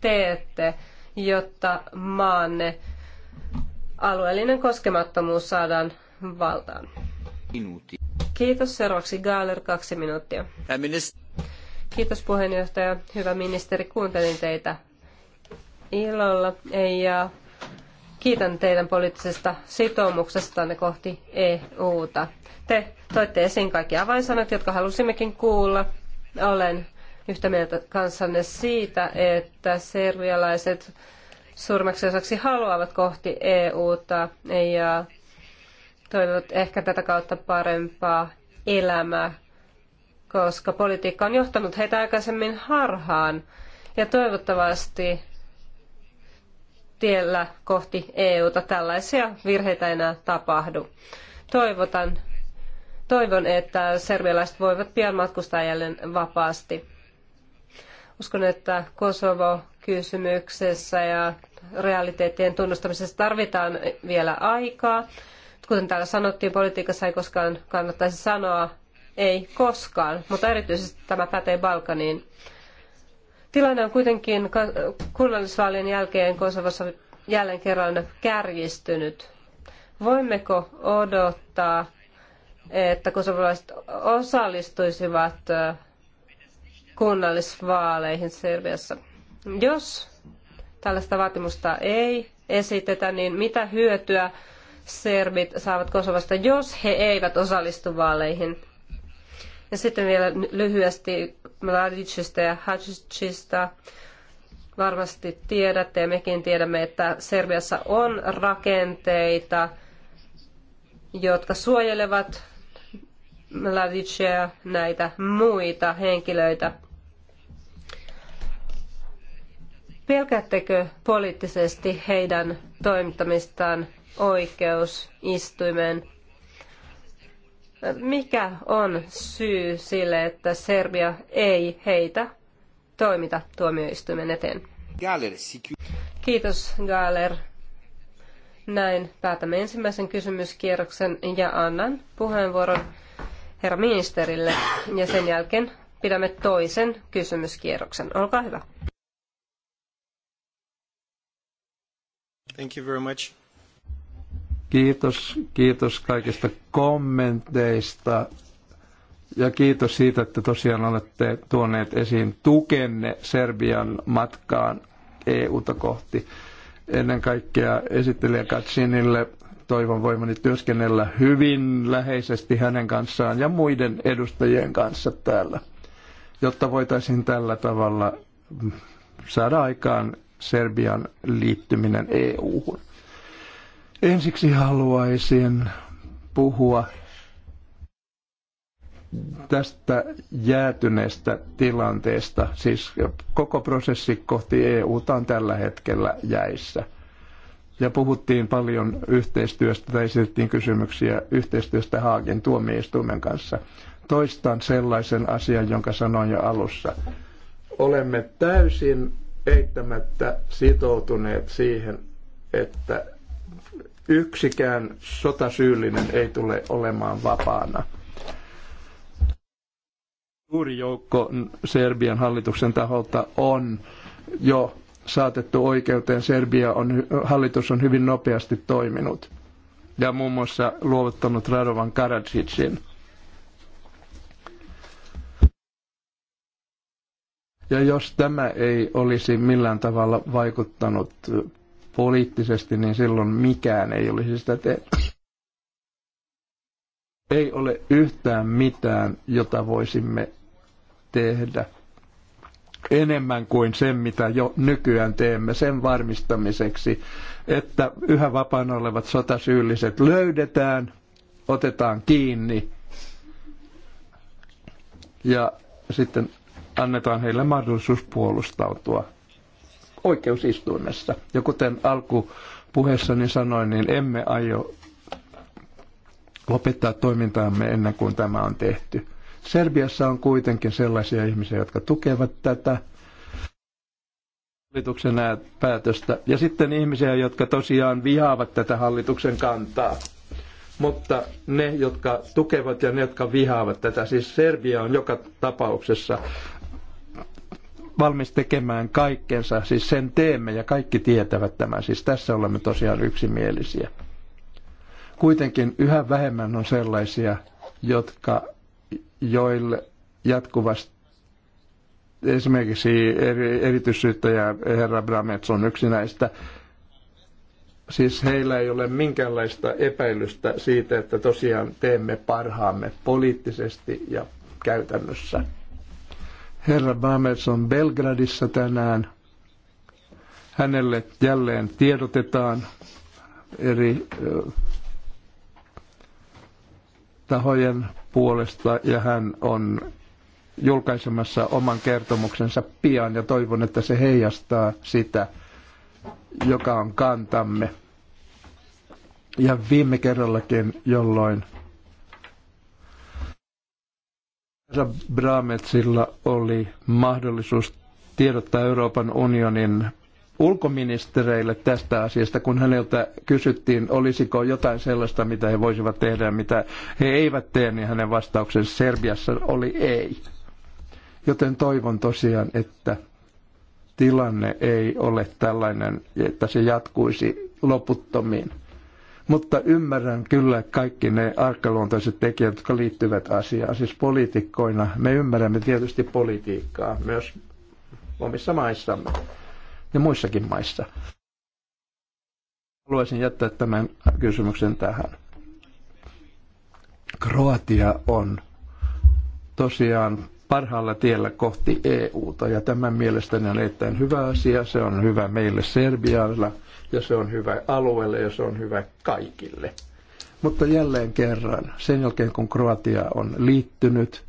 teette jotta maanne alueellinen koskemattomuus saadaan valtaan. Minuutti. Kiitos. Seuraavaksi Gaaler, kaksi minuuttia. Kiitos puheenjohtaja. Hyvä ministeri, kuuntelin teitä ilolla ja kiitän teidän poliittisesta sitoumuksestanne kohti EUta. Te toitte esiin kaikki avainsanat, jotka halusimmekin kuulla. Olen yhtä mieltä kanssanne siitä, että serbialaiset suurimmaksi osaksi haluavat kohti EUta ja toivovat ehkä tätä kautta parempaa elämää, koska politiikka on johtanut heitä aikaisemmin harhaan. Ja toivottavasti tiellä kohti EUta tällaisia virheitä enää tapahdu. Toivotan, toivon, että serbialaiset voivat pian matkustaa jälleen vapaasti. Uskon, että Kosovo-kysymyksessä ja realiteettien tunnustamisessa tarvitaan vielä aikaa. Kuten täällä sanottiin, politiikassa ei koskaan kannattaisi sanoa ei koskaan, mutta erityisesti tämä pätee Balkaniin. Tilanne on kuitenkin kunnallisvaalien jälkeen Kosovossa jälleen kerran kärjistynyt. Voimmeko odottaa, että kosovolaiset osallistuisivat kunnallisvaaleihin Serbiassa. Jos tällaista vaatimusta ei esitetä, niin mitä hyötyä serbit saavat Kosovasta, jos he eivät osallistu vaaleihin? Ja sitten vielä lyhyesti Mladicista ja Hacicista. Varmasti tiedätte ja mekin tiedämme, että Serbiassa on rakenteita, jotka suojelevat Mlavicia ja näitä muita henkilöitä. Pelkäättekö poliittisesti heidän toimittamistaan oikeusistuimeen? Mikä on syy sille, että Serbia ei heitä toimita tuomioistuimen eteen? Kiitos, Galer. Näin päätämme ensimmäisen kysymyskierroksen ja annan puheenvuoron herra ministerille ja sen jälkeen pidämme toisen kysymyskierroksen. Olkaa hyvä. Thank you very much. Kiitos, kiitos kaikista kommenteista ja kiitos siitä, että tosiaan olette tuoneet esiin tukenne Serbian matkaan EU-ta kohti. Ennen kaikkea esittelijä Katsinille toivon voimani työskennellä hyvin läheisesti hänen kanssaan ja muiden edustajien kanssa täällä, jotta voitaisiin tällä tavalla saada aikaan Serbian liittyminen EU-hun. Ensiksi haluaisin puhua tästä jäätyneestä tilanteesta, siis koko prosessi kohti EUta on tällä hetkellä jäissä – ja puhuttiin paljon yhteistyöstä tai esitettiin kysymyksiä yhteistyöstä Haagin tuomioistuimen kanssa. Toistan sellaisen asian, jonka sanoin jo alussa. Olemme täysin eittämättä sitoutuneet siihen, että yksikään sotasyyllinen ei tule olemaan vapaana. Suuri joukko Serbian hallituksen taholta on jo saatettu oikeuteen, Serbia on, hallitus on hyvin nopeasti toiminut ja muun muassa luovuttanut Radovan Karadzicin. Ja jos tämä ei olisi millään tavalla vaikuttanut poliittisesti, niin silloin mikään ei olisi sitä tehnyt. Ei ole yhtään mitään, jota voisimme tehdä enemmän kuin sen, mitä jo nykyään teemme sen varmistamiseksi, että yhä vapaana olevat sotasyylliset löydetään, otetaan kiinni ja sitten annetaan heille mahdollisuus puolustautua oikeusistuimessa. Ja kuten alkupuheessani sanoin, niin emme aio lopettaa toimintaamme ennen kuin tämä on tehty. Serbiassa on kuitenkin sellaisia ihmisiä, jotka tukevat tätä hallituksen päätöstä. Ja sitten ihmisiä, jotka tosiaan vihaavat tätä hallituksen kantaa. Mutta ne, jotka tukevat ja ne, jotka vihaavat tätä, siis Serbia on joka tapauksessa valmis tekemään kaikkensa, siis sen teemme ja kaikki tietävät tämän, siis tässä olemme tosiaan yksimielisiä. Kuitenkin yhä vähemmän on sellaisia, jotka joille jatkuvasti esimerkiksi eri, erityissyyttäjä herra Brametz on yksi näistä. Siis heillä ei ole minkäänlaista epäilystä siitä, että tosiaan teemme parhaamme poliittisesti ja käytännössä. Herra Bramets on Belgradissa tänään. Hänelle jälleen tiedotetaan eri tahojen puolesta ja hän on julkaisemassa oman kertomuksensa pian ja toivon, että se heijastaa sitä, joka on kantamme. Ja viime kerrallakin, jolloin Brametsilla oli mahdollisuus tiedottaa Euroopan unionin ulkoministereille tästä asiasta, kun häneltä kysyttiin, olisiko jotain sellaista, mitä he voisivat tehdä ja mitä he eivät tee, niin hänen vastauksensa Serbiassa oli ei. Joten toivon tosiaan, että tilanne ei ole tällainen, että se jatkuisi loputtomiin. Mutta ymmärrän kyllä kaikki ne arkaluontoiset tekijät, jotka liittyvät asiaan. Siis poliitikkoina me ymmärrämme tietysti politiikkaa myös omissa maissamme ja muissakin maissa. Haluaisin jättää tämän kysymyksen tähän. Kroatia on tosiaan parhaalla tiellä kohti EUta ja tämän mielestäni on erittäin hyvä asia. Se on hyvä meille Serbialla ja se on hyvä alueelle ja se on hyvä kaikille. Mutta jälleen kerran, sen jälkeen kun Kroatia on liittynyt,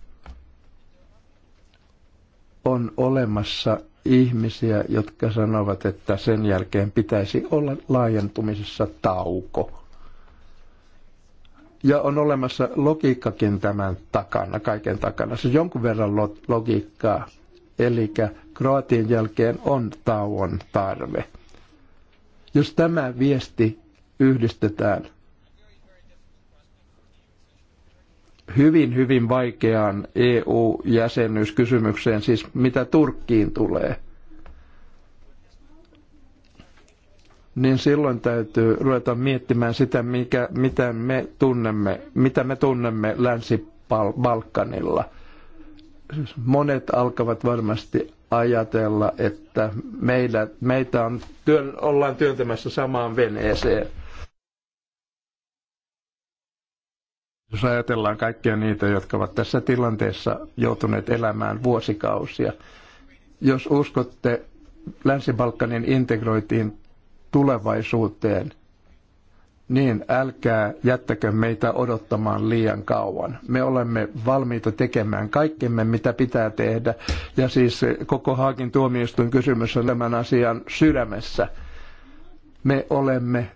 on olemassa ihmisiä, jotka sanovat, että sen jälkeen pitäisi olla laajentumisessa tauko. Ja on olemassa logiikkakin tämän takana, kaiken takana. Se jonkun verran logiikkaa. Eli Kroatian jälkeen on tauon tarve. Jos tämä viesti yhdistetään hyvin, hyvin vaikeaan EU-jäsenyyskysymykseen, siis mitä Turkkiin tulee, niin silloin täytyy ruveta miettimään sitä, mikä, mitä, me tunnemme, mitä me tunnemme Länsi-Balkanilla. Monet alkavat varmasti ajatella, että meidät, meitä on, työn, ollaan työntämässä samaan veneeseen – Jos ajatellaan kaikkia niitä, jotka ovat tässä tilanteessa joutuneet elämään vuosikausia, jos uskotte Länsi-Balkanin integroitiin tulevaisuuteen, niin älkää jättäkö meitä odottamaan liian kauan. Me olemme valmiita tekemään kaikkemme, mitä pitää tehdä. Ja siis koko Haakin tuomioistuin kysymys on tämän asian sydämessä. Me olemme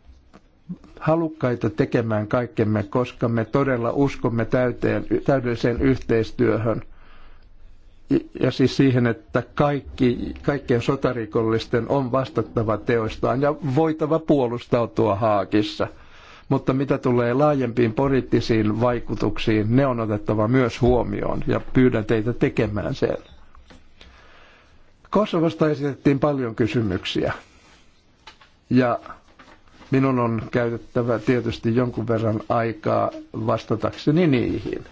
halukkaita tekemään kaikkemme, koska me todella uskomme täyteen, täydelliseen yhteistyöhön ja siis siihen, että kaikki, kaikkien sotarikollisten on vastattava teoistaan ja voitava puolustautua haakissa. Mutta mitä tulee laajempiin poliittisiin vaikutuksiin, ne on otettava myös huomioon ja pyydän teitä tekemään sen. Kosovasta esitettiin paljon kysymyksiä. Ja Minun on käytettävä tietysti jonkun verran aikaa vastatakseni niihin.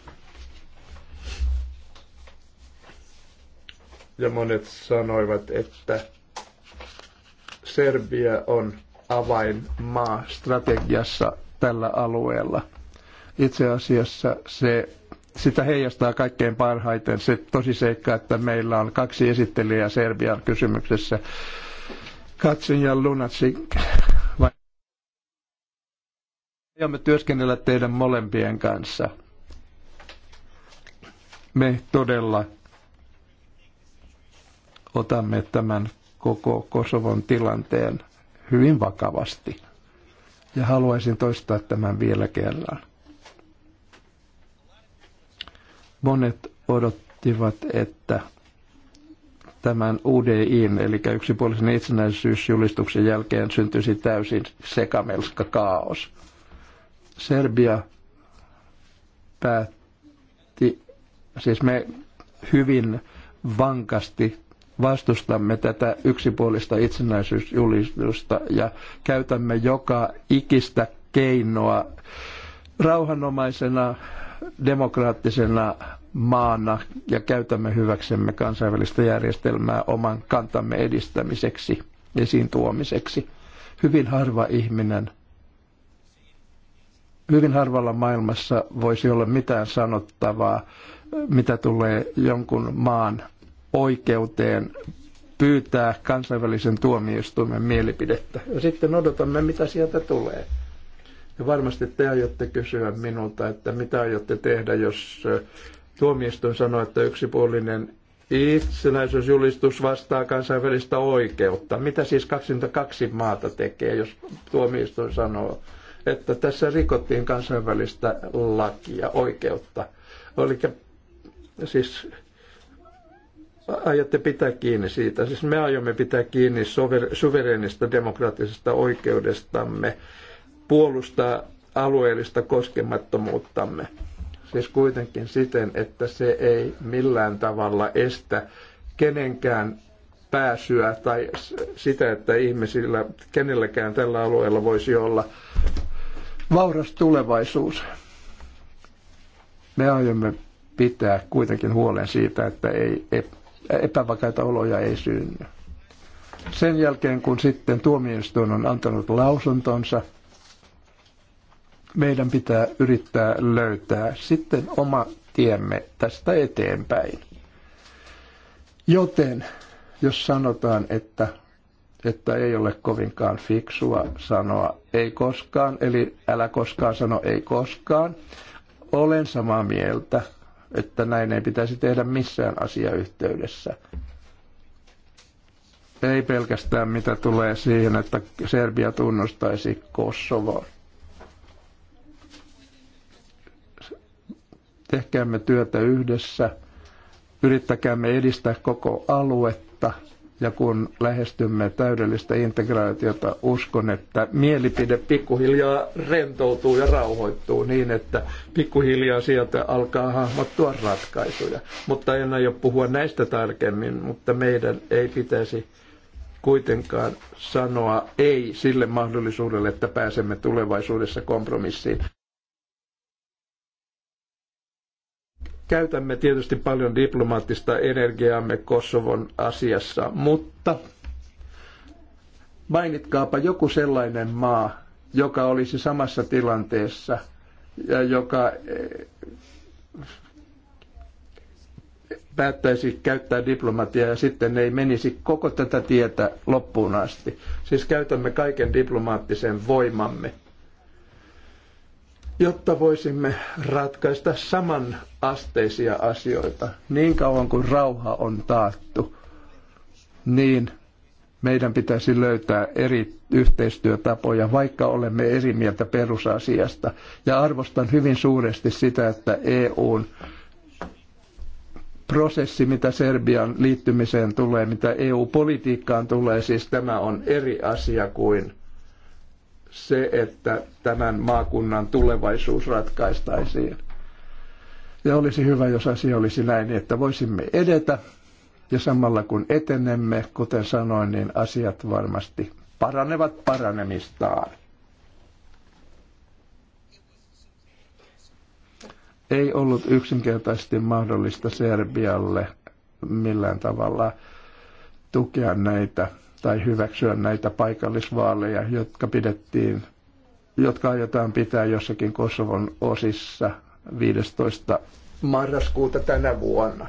Ja monet sanoivat, että Serbia on avainmaa strategiassa tällä alueella. Itse asiassa se, sitä heijastaa kaikkein parhaiten se tosiseikka, että meillä on kaksi esittelijää Serbian kysymyksessä. Katsin ja Lunatsik Aiomme työskennellä teidän molempien kanssa. Me todella otamme tämän koko Kosovon tilanteen hyvin vakavasti. Ja haluaisin toistaa tämän vielä kerran. Monet odottivat, että tämän UDIin, eli yksipuolisen itsenäisyysjulistuksen jälkeen syntyisi täysin sekamelska kaos. Serbia päätti, siis me hyvin vankasti vastustamme tätä yksipuolista itsenäisyysjulistusta ja käytämme joka ikistä keinoa rauhanomaisena demokraattisena maana ja käytämme hyväksemme kansainvälistä järjestelmää oman kantamme edistämiseksi esiin tuomiseksi. Hyvin harva ihminen hyvin harvalla maailmassa voisi olla mitään sanottavaa, mitä tulee jonkun maan oikeuteen pyytää kansainvälisen tuomioistuimen mielipidettä. Ja sitten odotamme, mitä sieltä tulee. Ja varmasti te aiotte kysyä minulta, että mitä aiotte tehdä, jos tuomioistuin sanoo, että yksipuolinen itsenäisyysjulistus vastaa kansainvälistä oikeutta. Mitä siis 22 maata tekee, jos tuomioistuin sanoo, että tässä rikottiin kansainvälistä lakia, oikeutta. Eli siis aiotte pitää kiinni siitä. Siis me aiomme pitää kiinni sover- suvereenista demokraattisesta oikeudestamme puolustaa alueellista koskemattomuuttamme. Siis kuitenkin siten, että se ei millään tavalla estä kenenkään pääsyä tai sitä, että ihmisillä, kenelläkään tällä alueella voisi olla vauras tulevaisuus. Me aiomme pitää kuitenkin huolen siitä, että ei e-, epävakaita oloja ei synny. Sen jälkeen, kun sitten tuomioistuin on antanut lausuntonsa, meidän pitää yrittää löytää sitten oma tiemme tästä eteenpäin. Joten jos sanotaan, että että ei ole kovinkaan fiksua sanoa ei koskaan, eli älä koskaan sano ei koskaan. Olen samaa mieltä, että näin ei pitäisi tehdä missään asiayhteydessä. Ei pelkästään mitä tulee siihen, että Serbia tunnustaisi Kosovoa. Tehkäämme työtä yhdessä, yrittäkäämme edistää koko aluetta – ja kun lähestymme täydellistä integraatiota, uskon, että mielipide pikkuhiljaa rentoutuu ja rauhoittuu niin, että pikkuhiljaa sieltä alkaa hahmottua ratkaisuja. Mutta en aio puhua näistä tarkemmin, mutta meidän ei pitäisi kuitenkaan sanoa ei sille mahdollisuudelle, että pääsemme tulevaisuudessa kompromissiin. Käytämme tietysti paljon diplomaattista energiaamme Kosovon asiassa, mutta mainitkaapa joku sellainen maa, joka olisi samassa tilanteessa ja joka eh, päättäisi käyttää diplomatiaa ja sitten ei menisi koko tätä tietä loppuun asti. Siis käytämme kaiken diplomaattisen voimamme jotta voisimme ratkaista samanasteisia asioita niin kauan kuin rauha on taattu, niin meidän pitäisi löytää eri yhteistyötapoja, vaikka olemme eri mieltä perusasiasta. Ja arvostan hyvin suuresti sitä, että EUn prosessi, mitä Serbian liittymiseen tulee, mitä EU-politiikkaan tulee, siis tämä on eri asia kuin se, että tämän maakunnan tulevaisuus ratkaistaisiin. Ja olisi hyvä, jos asia olisi näin, että voisimme edetä ja samalla kun etenemme, kuten sanoin, niin asiat varmasti paranevat paranemistaan. Ei ollut yksinkertaisesti mahdollista Serbialle millään tavalla tukea näitä tai hyväksyä näitä paikallisvaaleja, jotka pidettiin, jotka aiotaan pitää jossakin Kosovon osissa 15. marraskuuta tänä vuonna.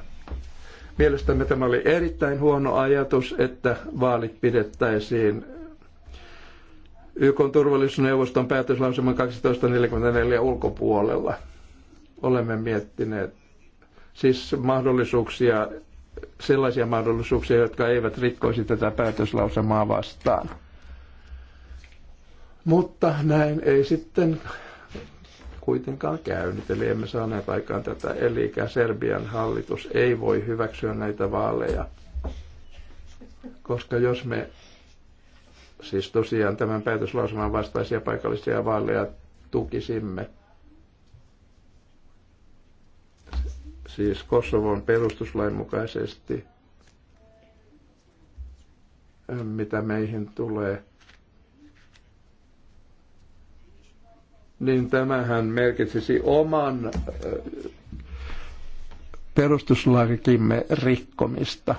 Mielestämme tämä oli erittäin huono ajatus, että vaalit pidettäisiin YK turvallisuusneuvoston päätöslauselman 1244 ulkopuolella. Olemme miettineet siis mahdollisuuksia sellaisia mahdollisuuksia, jotka eivät rikkoisi tätä päätöslausemaa vastaan. Mutta näin ei sitten kuitenkaan käynyt, eli emme saaneet aikaan tätä. Eli Serbian hallitus ei voi hyväksyä näitä vaaleja, koska jos me siis tosiaan tämän päätöslausuman vastaisia paikallisia vaaleja tukisimme, siis Kosovon perustuslain mukaisesti, eh, mitä meihin tulee, niin tämähän merkitsisi oman eh, perustuslakimme rikkomista.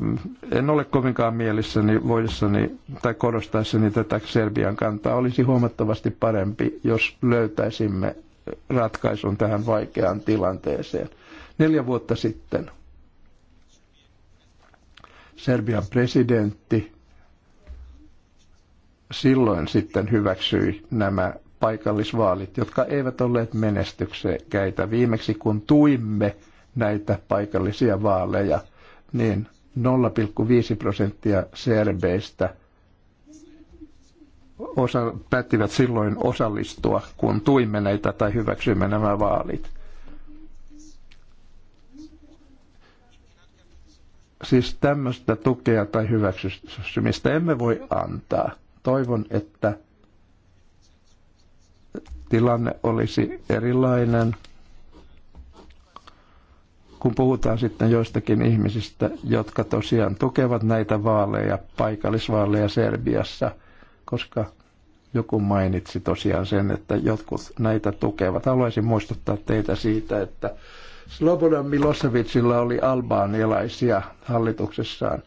Mm, en ole kovinkaan mielissäni voidessani tai korostaessani tätä Serbian kantaa. Olisi huomattavasti parempi, jos löytäisimme ratkaisun tähän vaikeaan tilanteeseen. Neljä vuotta sitten Serbian presidentti silloin sitten hyväksyi nämä paikallisvaalit, jotka eivät olleet menestyksekäitä. Viimeksi kun tuimme näitä paikallisia vaaleja, niin 0,5 prosenttia serbeistä – osa, päättivät silloin osallistua, kun tuimme näitä tai hyväksymme nämä vaalit. Siis tämmöistä tukea tai hyväksymistä emme voi antaa. Toivon, että tilanne olisi erilainen, kun puhutaan sitten joistakin ihmisistä, jotka tosiaan tukevat näitä vaaleja, paikallisvaaleja Serbiassa – koska joku mainitsi tosiaan sen, että jotkut näitä tukevat. Haluaisin muistuttaa teitä siitä, että Slobodan Milosevicilla oli albaanilaisia hallituksessaan.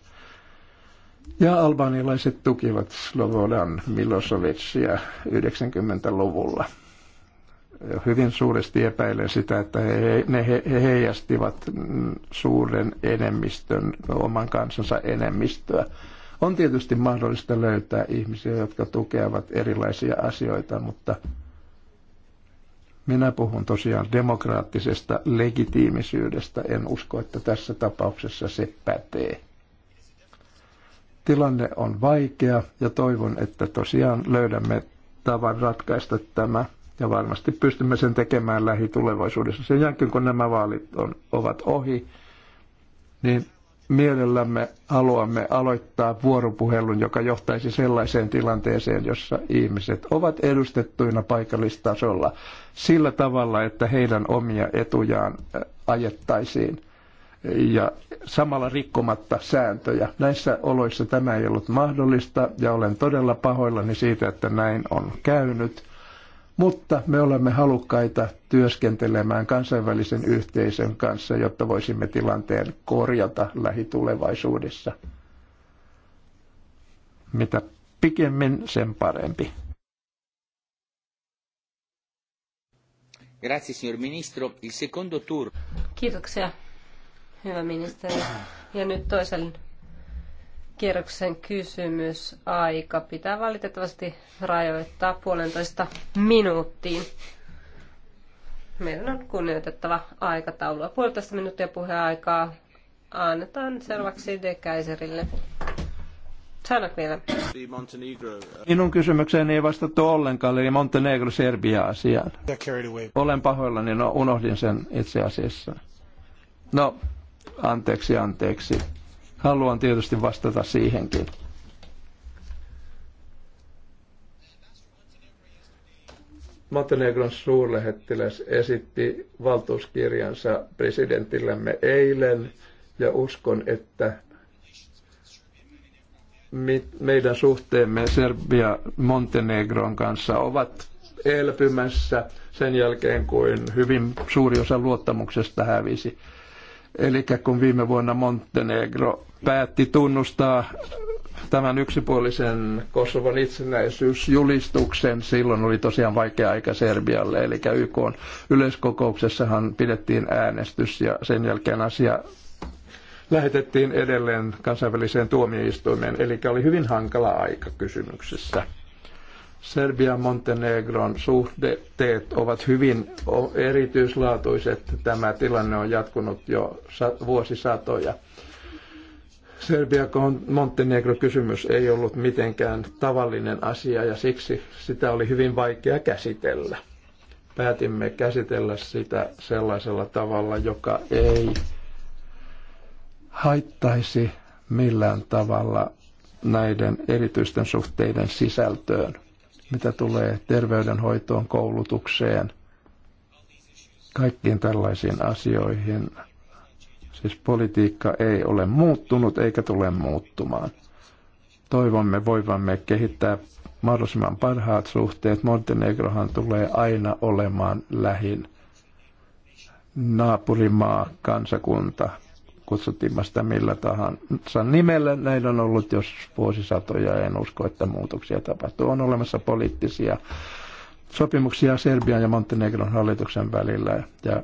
Ja albaanilaiset tukivat Slobodan Milosevicia 90-luvulla. Hyvin suuresti epäilen sitä, että he, ne he, he heijastivat mm, suuren enemmistön, oman kansansa enemmistöä on tietysti mahdollista löytää ihmisiä, jotka tukevat erilaisia asioita, mutta minä puhun tosiaan demokraattisesta legitiimisyydestä. En usko, että tässä tapauksessa se pätee. Tilanne on vaikea ja toivon, että tosiaan löydämme tavan ratkaista tämä ja varmasti pystymme sen tekemään lähitulevaisuudessa. Sen jälkeen, kun nämä vaalit on, ovat ohi, niin mielellämme haluamme aloittaa vuoropuhelun, joka johtaisi sellaiseen tilanteeseen, jossa ihmiset ovat edustettuina paikallistasolla sillä tavalla, että heidän omia etujaan ajettaisiin ja samalla rikkomatta sääntöjä. Näissä oloissa tämä ei ollut mahdollista ja olen todella pahoillani siitä, että näin on käynyt mutta me olemme halukkaita työskentelemään kansainvälisen yhteisön kanssa, jotta voisimme tilanteen korjata lähitulevaisuudessa. Mitä pikemmin, sen parempi. Grazie, signor ministro. Il secondo tour. Kiitoksia, hyvä ministeri. Ja nyt toisen kierroksen kysymysaika pitää valitettavasti rajoittaa puolentoista minuuttiin. Meidän on kunnioitettava aikataulua. Puolitoista minuuttia puheaikaa annetaan seuraavaksi Dekaiserille. Sano vielä. Minun kysymykseen ei vastattu ollenkaan, eli Montenegro-Serbia-asiaan. Olen pahoillani, no unohdin sen itse asiassa. No, anteeksi, anteeksi. Haluan tietysti vastata siihenkin. Montenegron suurlähettiläs esitti valtuuskirjansa presidentillemme eilen ja uskon, että meidän suhteemme Serbia Montenegron kanssa ovat elpymässä sen jälkeen, kuin hyvin suuri osa luottamuksesta hävisi. Eli kun viime vuonna Montenegro päätti tunnustaa tämän yksipuolisen Kosovan itsenäisyysjulistuksen, silloin oli tosiaan vaikea aika Serbialle, eli YK yleiskokouksessahan pidettiin äänestys ja sen jälkeen asia lähetettiin edelleen kansainväliseen tuomioistuimeen, eli oli hyvin hankala aika kysymyksessä. Serbian Montenegron suhteet ovat hyvin erityislaatuiset. Tämä tilanne on jatkunut jo vuosisatoja. Serbia Montenegro kysymys ei ollut mitenkään tavallinen asia ja siksi sitä oli hyvin vaikea käsitellä. Päätimme käsitellä sitä sellaisella tavalla, joka ei haittaisi millään tavalla näiden erityisten suhteiden sisältöön mitä tulee terveydenhoitoon, koulutukseen, kaikkiin tällaisiin asioihin. Siis politiikka ei ole muuttunut eikä tule muuttumaan. Toivomme voivamme kehittää mahdollisimman parhaat suhteet. Montenegrohan tulee aina olemaan lähin naapurimaa, kansakunta, kutsutimma sitä millä tahansa nimellä. Näin on ollut jos vuosisatoja, en usko, että muutoksia tapahtuu. On olemassa poliittisia sopimuksia Serbian ja Montenegron hallituksen välillä ja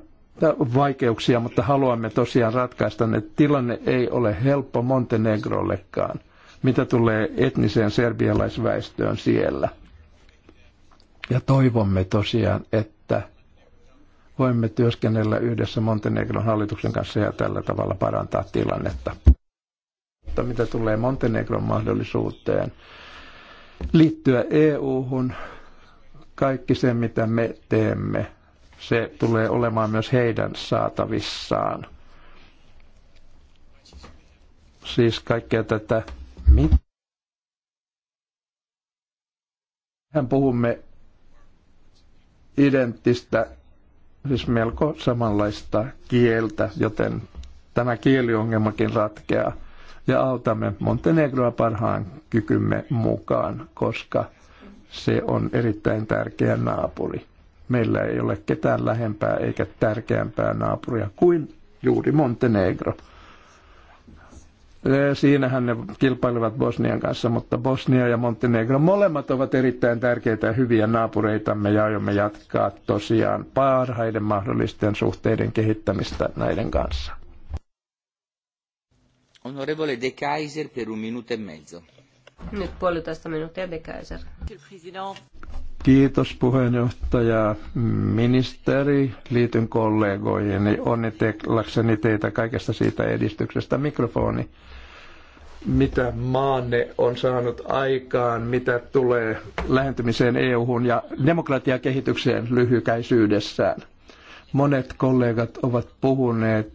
vaikeuksia, mutta haluamme tosiaan ratkaista ne. Tilanne ei ole helppo Montenegrollekaan, mitä tulee etniseen serbialaisväestöön siellä. Ja toivomme tosiaan, että voimme työskennellä yhdessä Montenegron hallituksen kanssa ja tällä tavalla parantaa tilannetta. Mutta mitä tulee Montenegron mahdollisuuteen liittyä EU-hun, kaikki se mitä me teemme, se tulee olemaan myös heidän saatavissaan. Siis kaikkea tätä, mit. hän puhumme identtistä siis melko samanlaista kieltä, joten tämä kieliongelmakin ratkeaa. Ja autamme Montenegroa parhaan kykymme mukaan, koska se on erittäin tärkeä naapuri. Meillä ei ole ketään lähempää eikä tärkeämpää naapuria kuin juuri Montenegro. Siinähän ne kilpailivat Bosnian kanssa, mutta Bosnia ja Montenegro molemmat ovat erittäin tärkeitä ja hyviä naapureitamme ja aiomme jatkaa tosiaan parhaiden mahdollisten suhteiden kehittämistä näiden kanssa. Onorevole De Kaiser per un minuto e mezzo. Nyt puolitoista minuuttia De Kaiser. Kiitos puheenjohtaja, ministeri, liityn kollegoihin. Onnitellakseni teitä kaikesta siitä edistyksestä. Mikrofoni mitä maanne on saanut aikaan, mitä tulee lähentymiseen EU-hun ja demokratiakehitykseen lyhykäisyydessään. Monet kollegat ovat puhuneet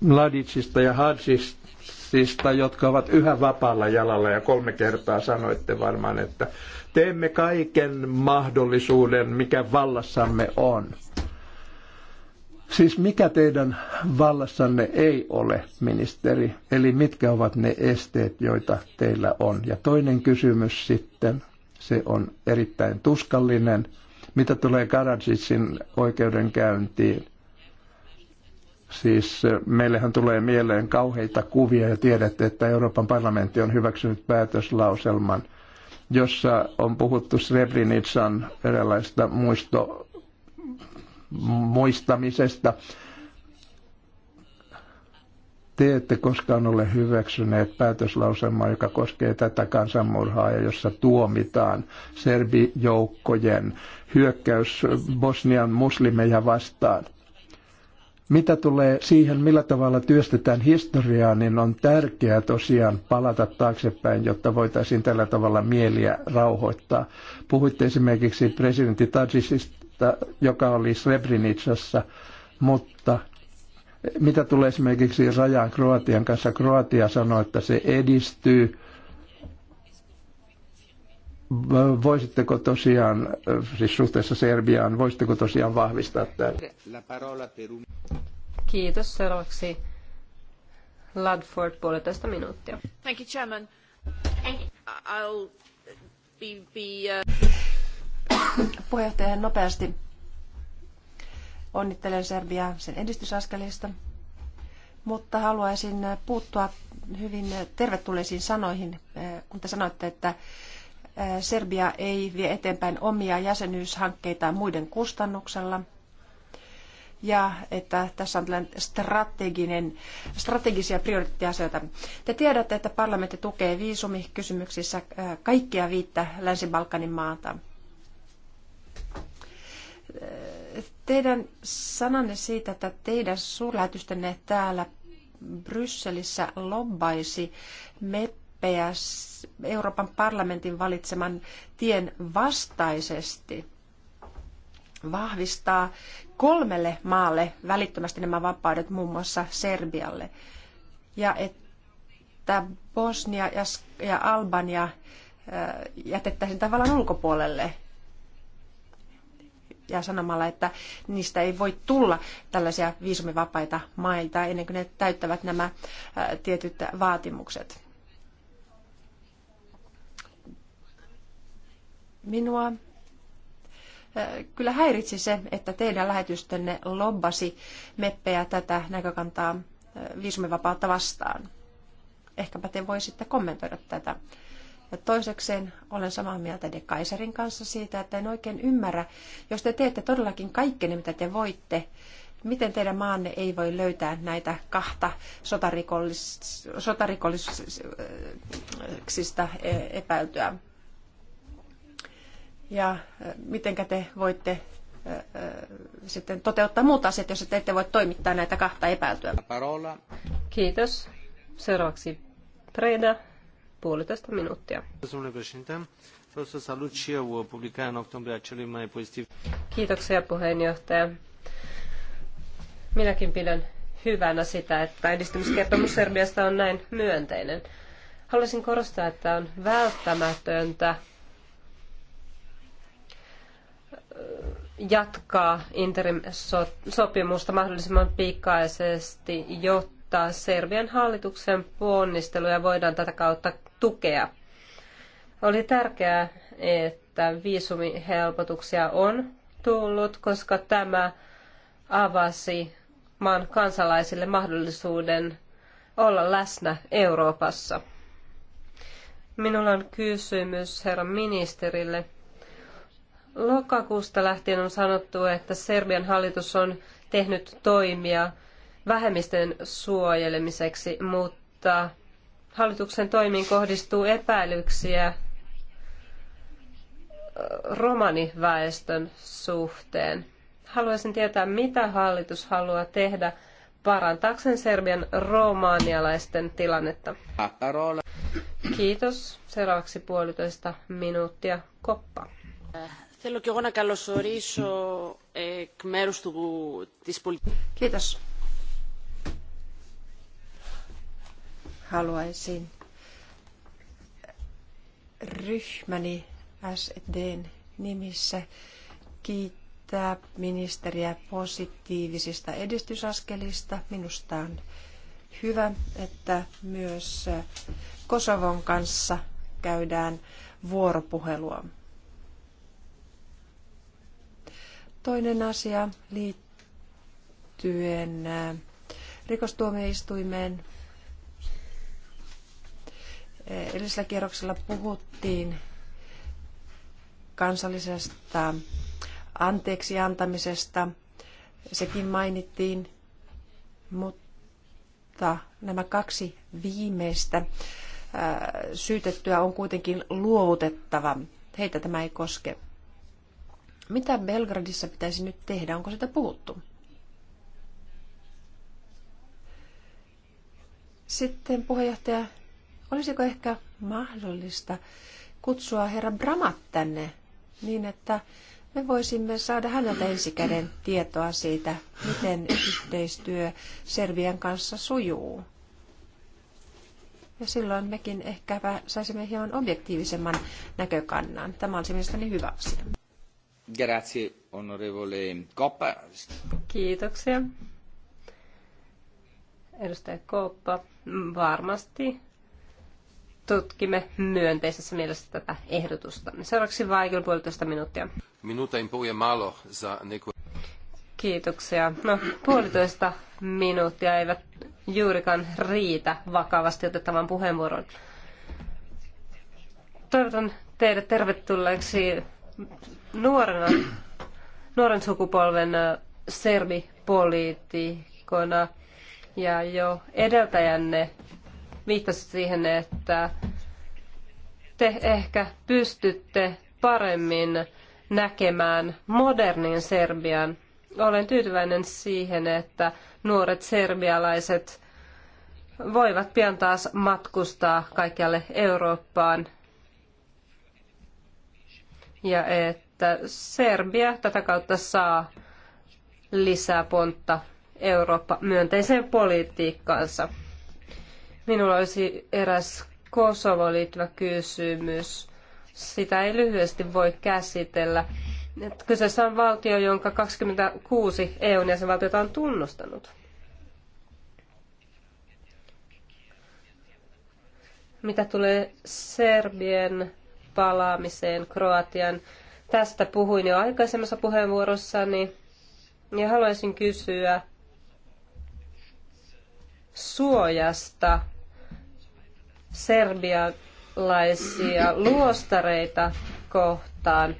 Mladicista ja Hadzista, jotka ovat yhä vapaalla jalalla ja kolme kertaa sanoitte varmaan, että teemme kaiken mahdollisuuden, mikä vallassamme on. Siis mikä teidän vallassanne ei ole, ministeri? Eli mitkä ovat ne esteet, joita teillä on? Ja toinen kysymys sitten, se on erittäin tuskallinen. Mitä tulee Karadzicin oikeudenkäyntiin? Siis eh, meillähän tulee mieleen kauheita kuvia ja tiedätte, että Euroopan parlamentti on hyväksynyt päätöslauselman, jossa on puhuttu Srebrenitsan erilaista muisto muistamisesta. Te ette koskaan ole hyväksyneet päätöslauselmaa, joka koskee tätä kansanmurhaa ja jossa tuomitaan serbijoukkojen hyökkäys Bosnian muslimeja vastaan. Mitä tulee siihen, millä tavalla työstetään historiaa, niin on tärkeää tosiaan palata taaksepäin, jotta voitaisiin tällä tavalla mieliä rauhoittaa. Puhuitte esimerkiksi presidentti Tadjisista, mutta, joka oli Srebrenicassa, mutta mitä tulee esimerkiksi rajaan Kroatian kanssa, Kroatia sanoi, että se edistyy. Voisitteko tosiaan, siis suhteessa Serbiaan, voisitteko tosiaan vahvistaa tämän? Kiitos. Seuraavaksi Ludford puolitoista minuuttia. Thank you, Chairman. Thank. I'll be, be, uh puheenjohtajan nopeasti onnittelen Serbiaa sen edistysaskelista, mutta haluaisin puuttua hyvin tervetulleisiin sanoihin, eh, kun te sanoitte, että eh, Serbia ei vie eteenpäin omia jäsenyyshankkeitaan muiden kustannuksella – ja että tässä on tällainen strateginen, strategisia prioriteettiasioita. Te tiedätte, että parlamentti tukee viisumikysymyksissä eh, kaikkia viittä Länsi-Balkanin maata teidän sananne siitä, että teidän suurlähetystänne täällä Brysselissä lobbaisi meppejä Euroopan parlamentin valitseman tien vastaisesti vahvistaa kolmelle maalle välittömästi nämä vapaudet, muun muassa Serbialle. Ja että Bosnia ja Albania äh, jätettäisiin tavallaan ulkopuolelle ja sanomalla, että niistä ei voi tulla tällaisia viisumivapaita mailta ennen kuin ne täyttävät nämä tietyt vaatimukset. Minua kyllä häiritsi se, että teidän lähetystönne lobbasi meppejä tätä näkökantaa viisumivapautta vastaan. Ehkäpä te voisitte kommentoida tätä. Ja toisekseen olen samaa mieltä De Kaiserin kanssa siitä, että en oikein ymmärrä, jos te teette todellakin kaikkeen, mitä te voitte, miten teidän maanne ei voi löytää näitä kahta sotarikollis, sotarikollisista epäiltyä. Ja mitenkä te voitte sitten toteuttaa muut asiat, jos te ette voi toimittaa näitä kahta epäiltyä. Kiitos. Seuraavaksi Preda puolitoista minuuttia. Kiitoksia puheenjohtaja. Minäkin pidän hyvänä sitä, että edistymiskertomus Serbiasta on näin myönteinen. Haluaisin korostaa, että on välttämätöntä äh, jatkaa interim-sopimusta mahdollisimman pikaisesti, jotta rahoittaa Serbian hallituksen ponnisteluja voidaan tätä kautta tukea. Oli tärkeää, että viisumihelpotuksia on tullut, koska tämä avasi maan kansalaisille mahdollisuuden olla läsnä Euroopassa. Minulla on kysymys herra ministerille. Lokakuusta lähtien on sanottu, että Serbian hallitus on tehnyt toimia vähemmistön suojelemiseksi, mutta hallituksen toimiin kohdistuu epäilyksiä äh, romaniväestön suhteen. Haluaisin tietää, mitä hallitus haluaa tehdä parantaakseen Serbian romaanialaisten tilannetta. Kiitos. Seuraavaksi puolitoista minuuttia. Koppa. Kiitos. haluaisin ryhmäni SDn nimissä kiittää ministeriä positiivisista edistysaskelista. Minusta on hyvä, että myös Kosovon kanssa käydään vuoropuhelua. Toinen asia liittyen rikostuomioistuimeen Edellisellä kierroksella puhuttiin kansallisesta anteeksi antamisesta. Sekin mainittiin, mutta nämä kaksi viimeistä syytettyä on kuitenkin luovutettava. Heitä tämä ei koske. Mitä Belgradissa pitäisi nyt tehdä? Onko sitä puhuttu? Sitten puheenjohtaja Olisiko ehkä mahdollista kutsua herra Bramat tänne niin, että me voisimme saada häneltä ensikäden tietoa siitä, miten yhteistyö Servien kanssa sujuu. Ja silloin mekin ehkä saisimme hieman objektiivisemman näkökannan. Tämä olisi mielestäni hyvä asia. Grazie, onorevole Koppa. Kiitoksia. Edustaja Kooppa, varmasti tutkimme myönteisessä mielessä tätä ehdotusta. Seuraavaksi vaikea puolitoista minuuttia. Minuta impuje malo za neku... Kiitoksia. No, puolitoista minuuttia eivät juurikaan riitä vakavasti otettavan puheenvuoron. Toivotan teidät tervetulleeksi nuorena, nuoren sukupolven serbipoliitikona ja jo edeltäjänne viittasi siihen, että te ehkä pystytte paremmin näkemään modernin Serbian. Olen tyytyväinen siihen, että nuoret serbialaiset voivat pian taas matkustaa kaikkialle Eurooppaan. Ja että Serbia tätä kautta saa lisää pontta Eurooppa myönteiseen politiikkaansa. Minulla olisi eräs Kosovoon liittyvä kysymys. Sitä ei lyhyesti voi käsitellä. Kyseessä on valtio, jonka 26 eu jäsenvaltiota on tunnustanut. Mitä tulee Serbien palaamiseen Kroatian, tästä puhuin jo aikaisemmassa puheenvuorossani ja haluaisin kysyä suojasta serbialaisia luostareita kohtaan.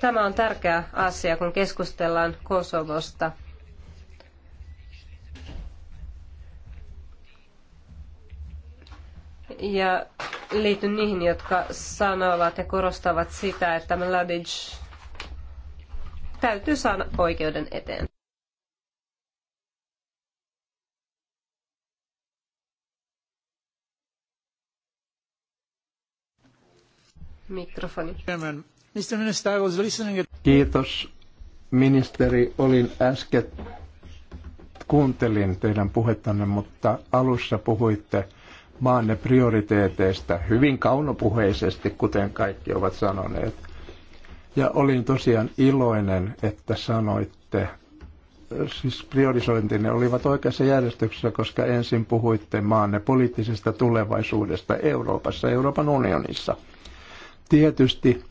Tämä on tärkeä asia, kun keskustellaan Kosovosta. Ja liityn niihin, jotka sanovat ja korostavat sitä, että Mladic täytyy saada oikeuden eteen. Mikrofoni. Kiitos. Ministeri, olin äsken, kuuntelin teidän puhettanne, mutta alussa puhuitte maanne prioriteeteista hyvin kaunopuheisesti, kuten kaikki ovat sanoneet. Ja olin tosiaan iloinen, että sanoitte, siis priorisointinne olivat oikeassa järjestyksessä, koska ensin puhuitte maanne poliittisesta tulevaisuudesta Euroopassa, Euroopan unionissa – Tietysti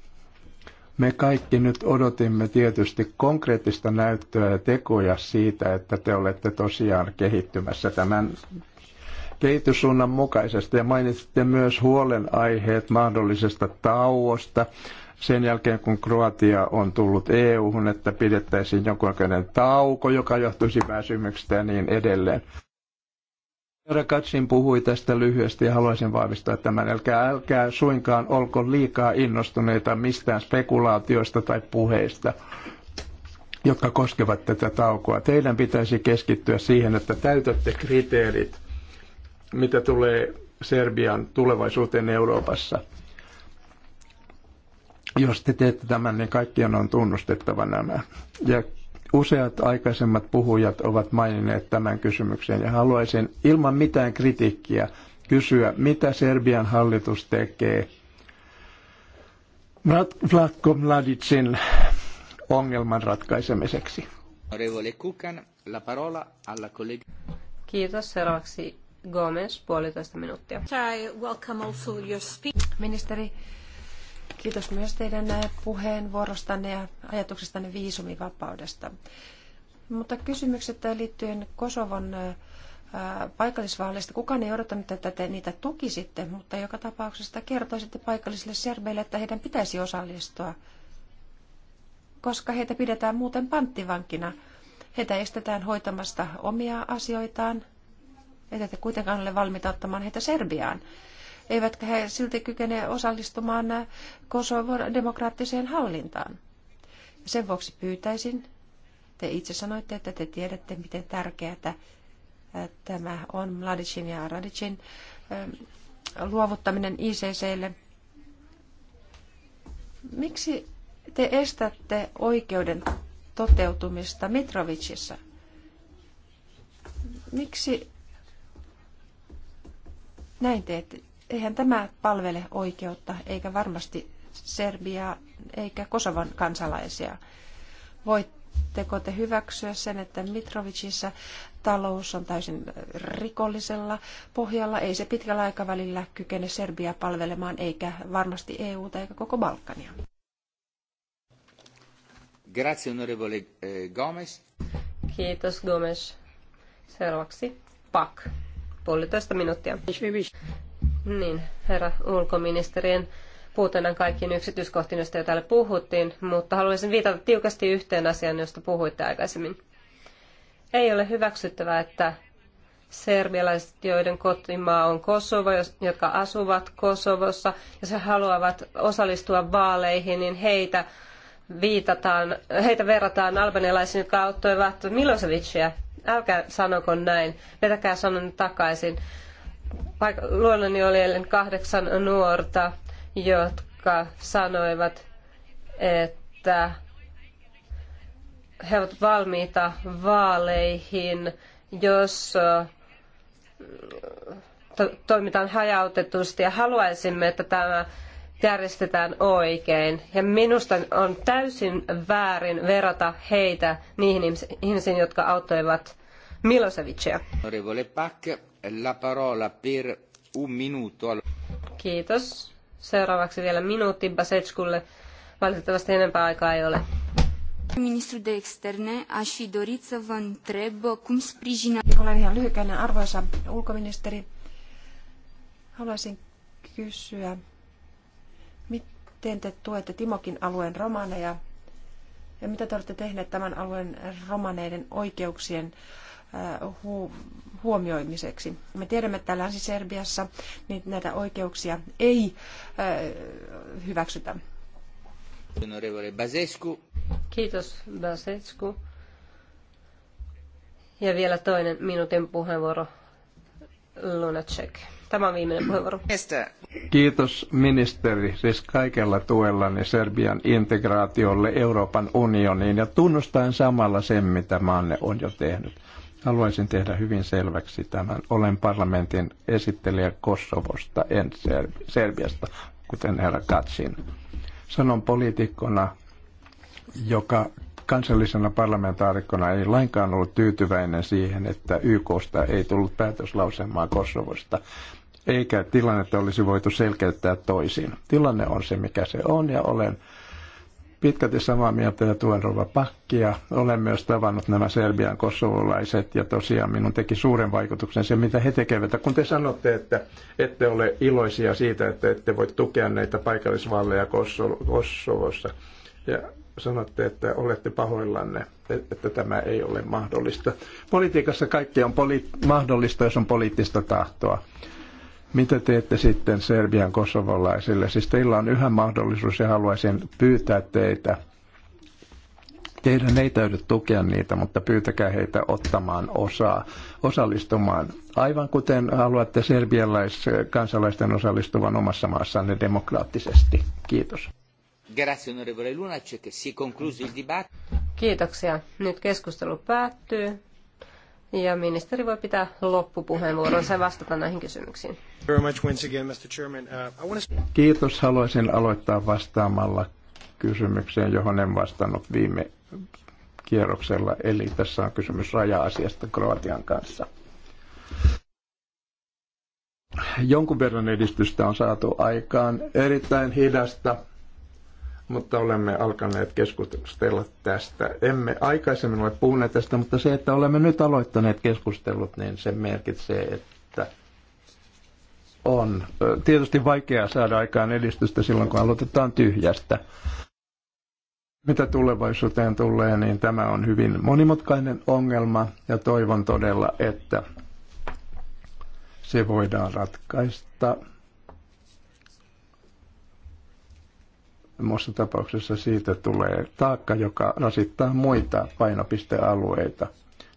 me kaikki nyt odotimme tietysti konkreettista näyttöä ja tekoja siitä, että te olette tosiaan kehittymässä tämän kehityssuunnan mukaisesti. Ja mainitsitte myös huolenaiheet mahdollisesta tauosta sen jälkeen, kun Kroatia on tullut EU-hun, että pidettäisiin jonkunnäköinen tauko, joka johtuisi väsymyksestä ja niin edelleen. Herra Katsin puhui tästä lyhyesti ja haluaisin vahvistaa tämän. Älkää, älkää suinkaan olko liikaa innostuneita mistään spekulaatioista tai puheista jotka koskevat tätä taukoa. Teidän pitäisi keskittyä siihen, että täytätte kriteerit, mitä tulee Serbian tulevaisuuteen Euroopassa. Jos te teette tämän, niin kaikkien on tunnustettava nämä. Ja Useat aikaisemmat puhujat ovat maininneet tämän kysymyksen ja haluaisin ilman mitään kritiikkiä kysyä, mitä Serbian hallitus tekee Vlatko Mladicin ongelman ratkaisemiseksi. Kiitos. Seuraavaksi Gomez, puolitoista minuuttia. Ministeri, Kiitos myös teidän eh, puheenvuorostanne ja ajatuksestanne viisumivapaudesta. Mutta kysymykset eh, liittyen Kosovon eh, paikallisvaaleista. Kukaan ei odottanut, että te niitä tukisitte, mutta joka tapauksessa kertoisitte paikallisille serbeille, että heidän pitäisi osallistua, koska heitä pidetään muuten panttivankina. Heitä estetään hoitamasta omia asioitaan, ettei te kuitenkaan ole valmiita ottamaan heitä Serbiaan eivätkä he silti kykene osallistumaan Kosovon demokraattiseen hallintaan. Sen vuoksi pyytäisin, te itse sanoitte, että te tiedätte, miten tärkeää tämä on Mladicin ja Radicin luovuttaminen ICClle. Miksi te estätte oikeuden toteutumista Mitrovicissa? Miksi näin teette? eihän tämä palvele oikeutta, eikä varmasti Serbia eikä Kosovan kansalaisia. Voitteko te hyväksyä sen, että Mitrovicissa talous on täysin rikollisella pohjalla? Ei se pitkällä aikavälillä kykene Serbia palvelemaan, eikä varmasti EUta eikä koko Balkania. Grazie, onorevole eh, Gomez. Kiitos, Gomes. Seuraavaksi Pak. Puolitoista minuuttia. Niin, herra ulkoministerien puutena kaikkiin yksityiskohtiin, joista jo täällä puhuttiin, mutta haluaisin viitata tiukasti yhteen asiaan, josta puhuitte aikaisemmin. Ei ole hyväksyttävää, että serbialaiset, joiden kotimaa on Kosovo, jotka asuvat Kosovossa ja se haluavat osallistua vaaleihin, niin heitä, viitataan, heitä verrataan albanialaisiin, jotka auttoivat Milosevicia. Älkää sanoko näin, vetäkää sanon takaisin luonani oli eilen kahdeksan nuorta, jotka sanoivat, että he ovat valmiita vaaleihin, jos äh, to- toimitaan hajautetusti ja haluaisimme, että tämä järjestetään oikein. Ja minusta on täysin väärin verrata heitä niihin ihmisiin, jotka auttoivat Milosevicia. Onorevole Pak, la parola per un minuto. Kiitos. Seuraavaksi vielä minuutti Basetskulle. Valitettavasti enempää aikaa ei ole. Ministru de Externe, aș fi dorit să vă întreb cum sprijină... Olen ihan lyhykäinen, arvoisa ulkoministeri. Haluaisin kysyä, miten te tuette Timokin alueen romaneja ja mitä te olette tehneet tämän alueen romaneiden oikeuksien Äh, huomioimiseksi. Me tiedämme, että Länsi-Serbiassa niin näitä oikeuksia ei äh, hyväksytä. Kiitos, Basescu. Ja vielä toinen minuutin puheenvuoro, Lunacek. Tämä on viimeinen puheenvuoro. Kiitos ministeri, siis kaikella tuellani Serbian integraatiolle Euroopan unioniin ja tunnustaen samalla sen, mitä maanne on jo tehnyt. Haluaisin tehdä hyvin selväksi tämän. Olen parlamentin esittelijä Kosovosta, en Serbiasta, kuten herra Katsin. Sanon poliitikkona, joka kansallisena parlamentaarikkona ei lainkaan ollut tyytyväinen siihen, että YKsta ei tullut päätöslausemaa Kosovosta, eikä tilannetta olisi voitu selkeyttää toisin. Tilanne on se, mikä se on, ja olen pitkälti samaa mieltä ja tuen Rova Pakkia. Olen myös tavannut nämä serbian kosovolaiset ja tosiaan minun teki suuren vaikutuksen se, mitä he tekevät. Kun te sanotte, että ette ole iloisia siitä, että ette voi tukea näitä paikallisvalleja Kosovossa ja sanotte, että olette pahoillanne, että tämä ei ole mahdollista. Politiikassa kaikki on poli- mahdollista, jos on poliittista tahtoa. Mitä teette sitten Serbian kosovolaisille? Siis teillä on yhä mahdollisuus ja haluaisin pyytää teitä. Teidän ei täydy tukea niitä, mutta pyytäkää heitä ottamaan osaa, osallistumaan. Aivan kuten haluatte serbialais kansalaisten osallistuvan omassa maassanne demokraattisesti. Kiitos. Kiitoksia. Nyt keskustelu päättyy. Ja ministeri voi pitää loppupuheenvuoronsa ja vastata näihin kysymyksiin. Uh, Kiitos. Haluaisin aloittaa vastaamalla kysymykseen, johon en vastannut viime kierroksella. Eli tässä on kysymys raja-asiasta Kroatian kanssa. Jonkun verran edistystä on saatu aikaan erittäin hidasta mutta olemme alkaneet keskustella tästä. Emme aikaisemmin ole puhuneet tästä, mutta se, että olemme nyt aloittaneet keskustelut, niin se merkitsee, että on tietysti vaikeaa saada aikaan edistystä silloin, kun aloitetaan tyhjästä. Mitä tulevaisuuteen tulee, niin tämä on hyvin monimutkainen ongelma ja toivon todella, että se voidaan ratkaista Muussa tapauksessa siitä tulee taakka, joka rasittaa muita painopistealueita.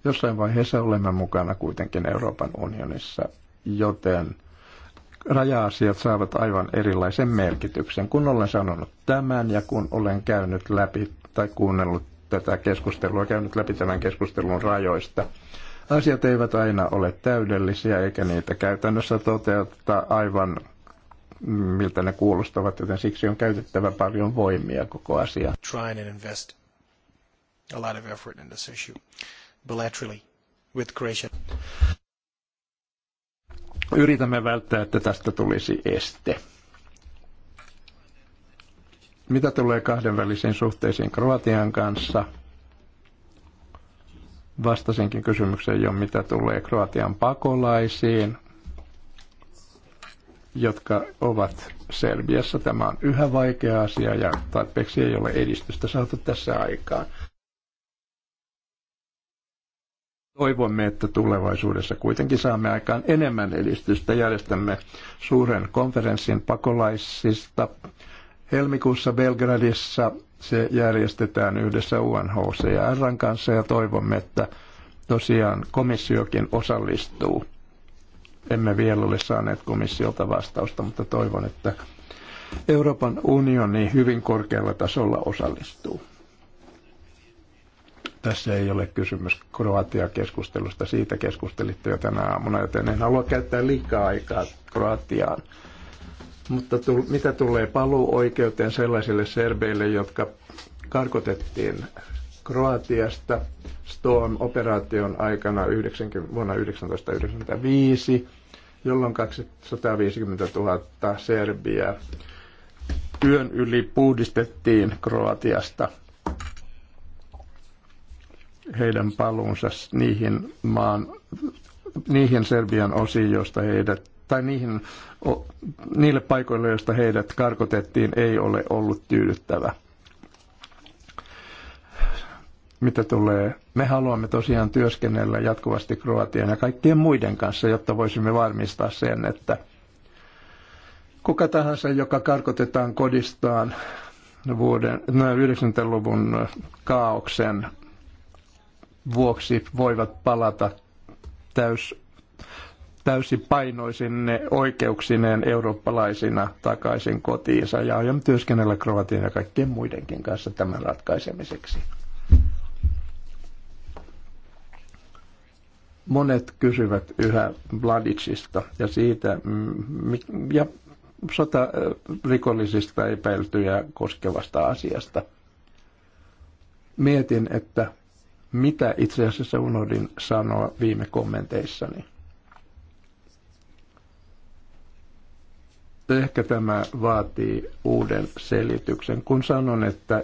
Jossain vaiheessa olemme mukana kuitenkin Euroopan unionissa, joten raja-asiat saavat aivan erilaisen merkityksen. Kun olen sanonut tämän ja kun olen käynyt läpi tai kuunnellut tätä keskustelua, käynyt läpi tämän keskustelun rajoista, asiat eivät aina ole täydellisiä eikä niitä käytännössä toteuttaa aivan miltä ne kuulostavat, joten siksi on käytettävä paljon voimia koko asia. Trying and invest a lot of effort in this issue bilaterally with Croatia. Yritämme välttää, että tästä tulisi este. Mitä tulee kahdenvälisiin suhteisiin Kroatian kanssa? Vastasinkin kysymykseen jo, mitä tulee Kroatian pakolaisiin jotka ovat Serbiassa. Tämä on yhä vaikea asia ja tarpeeksi ei ole edistystä saatu tässä aikaan. Toivomme, että tulevaisuudessa kuitenkin saamme aikaan enemmän edistystä. Järjestämme suuren konferenssin pakolaisista helmikuussa Belgradissa. Se järjestetään yhdessä UNHCRn kanssa ja toivomme, että tosiaan komissiokin osallistuu emme vielä ole saaneet komissiolta vastausta, mutta toivon, että Euroopan unioni hyvin korkealla tasolla osallistuu. Tässä ei ole kysymys Kroatia-keskustelusta, siitä keskustelitte jo tänä aamuna, joten en halua käyttää liikaa aikaa Kroatiaan. Mutta mitä tulee paluuoikeuteen sellaisille serbeille, jotka karkotettiin Kroatiasta Storm-operaation aikana 90, vuonna 1995, jolloin 250 000 serbiä työn yli puhdistettiin Kroatiasta heidän paluunsa niihin maan, niihin Serbian osiin, joista heidät, tai niihin, niille paikoille, joista heidät karkotettiin, ei ole ollut tyydyttävä mitä tulee. Me haluamme tosiaan työskennellä jatkuvasti Kroatian ja kaikkien muiden kanssa, jotta voisimme varmistaa sen, että kuka tahansa, joka karkotetaan kodistaan vuoden, 90-luvun no, kaauksen vuoksi, voivat palata täys, painoisinne oikeuksineen eurooppalaisina takaisin kotiinsa ja aion työskennellä Kroatian ja kaikkien muidenkin kanssa tämän ratkaisemiseksi. Monet kysyvät yhä Vladicista ja siitä, mm, ja sotarikollisista epäiltyjä koskevasta asiasta. Mietin, että mitä itse asiassa unohdin sanoa viime kommenteissani. Ehkä tämä vaatii uuden selityksen, kun sanon, että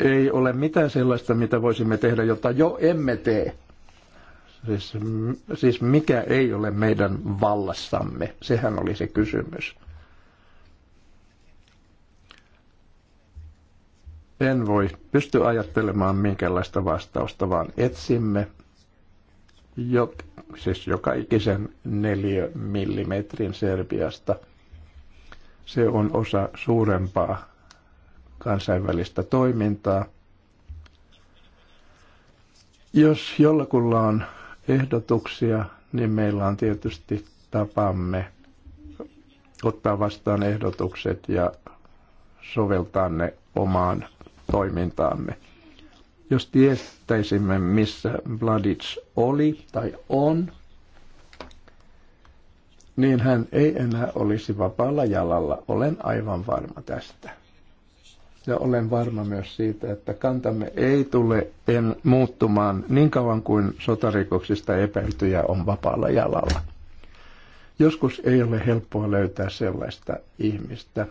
ei ole mitään sellaista, mitä voisimme tehdä, jota jo emme tee. Siis, siis mikä ei ole meidän vallassamme, sehän oli se kysymys. En voi pysty ajattelemaan minkälaista vastausta, vaan etsimme jo, siis joka ikisen neljä millimetrin Serbiasta. Se on osa suurempaa kansainvälistä toimintaa. Jos jollakulla on ehdotuksia, niin meillä on tietysti tapamme ottaa vastaan ehdotukset ja soveltaa ne omaan toimintaamme. Jos tietäisimme, missä Bladits oli tai on, niin hän ei enää olisi vapaalla jalalla. Olen aivan varma tästä. Ja olen varma myös siitä, että kantamme ei tule en muuttumaan niin kauan kuin sotarikoksista epäiltyjä on vapaalla jalalla. Joskus ei ole helppoa löytää sellaista ihmistä,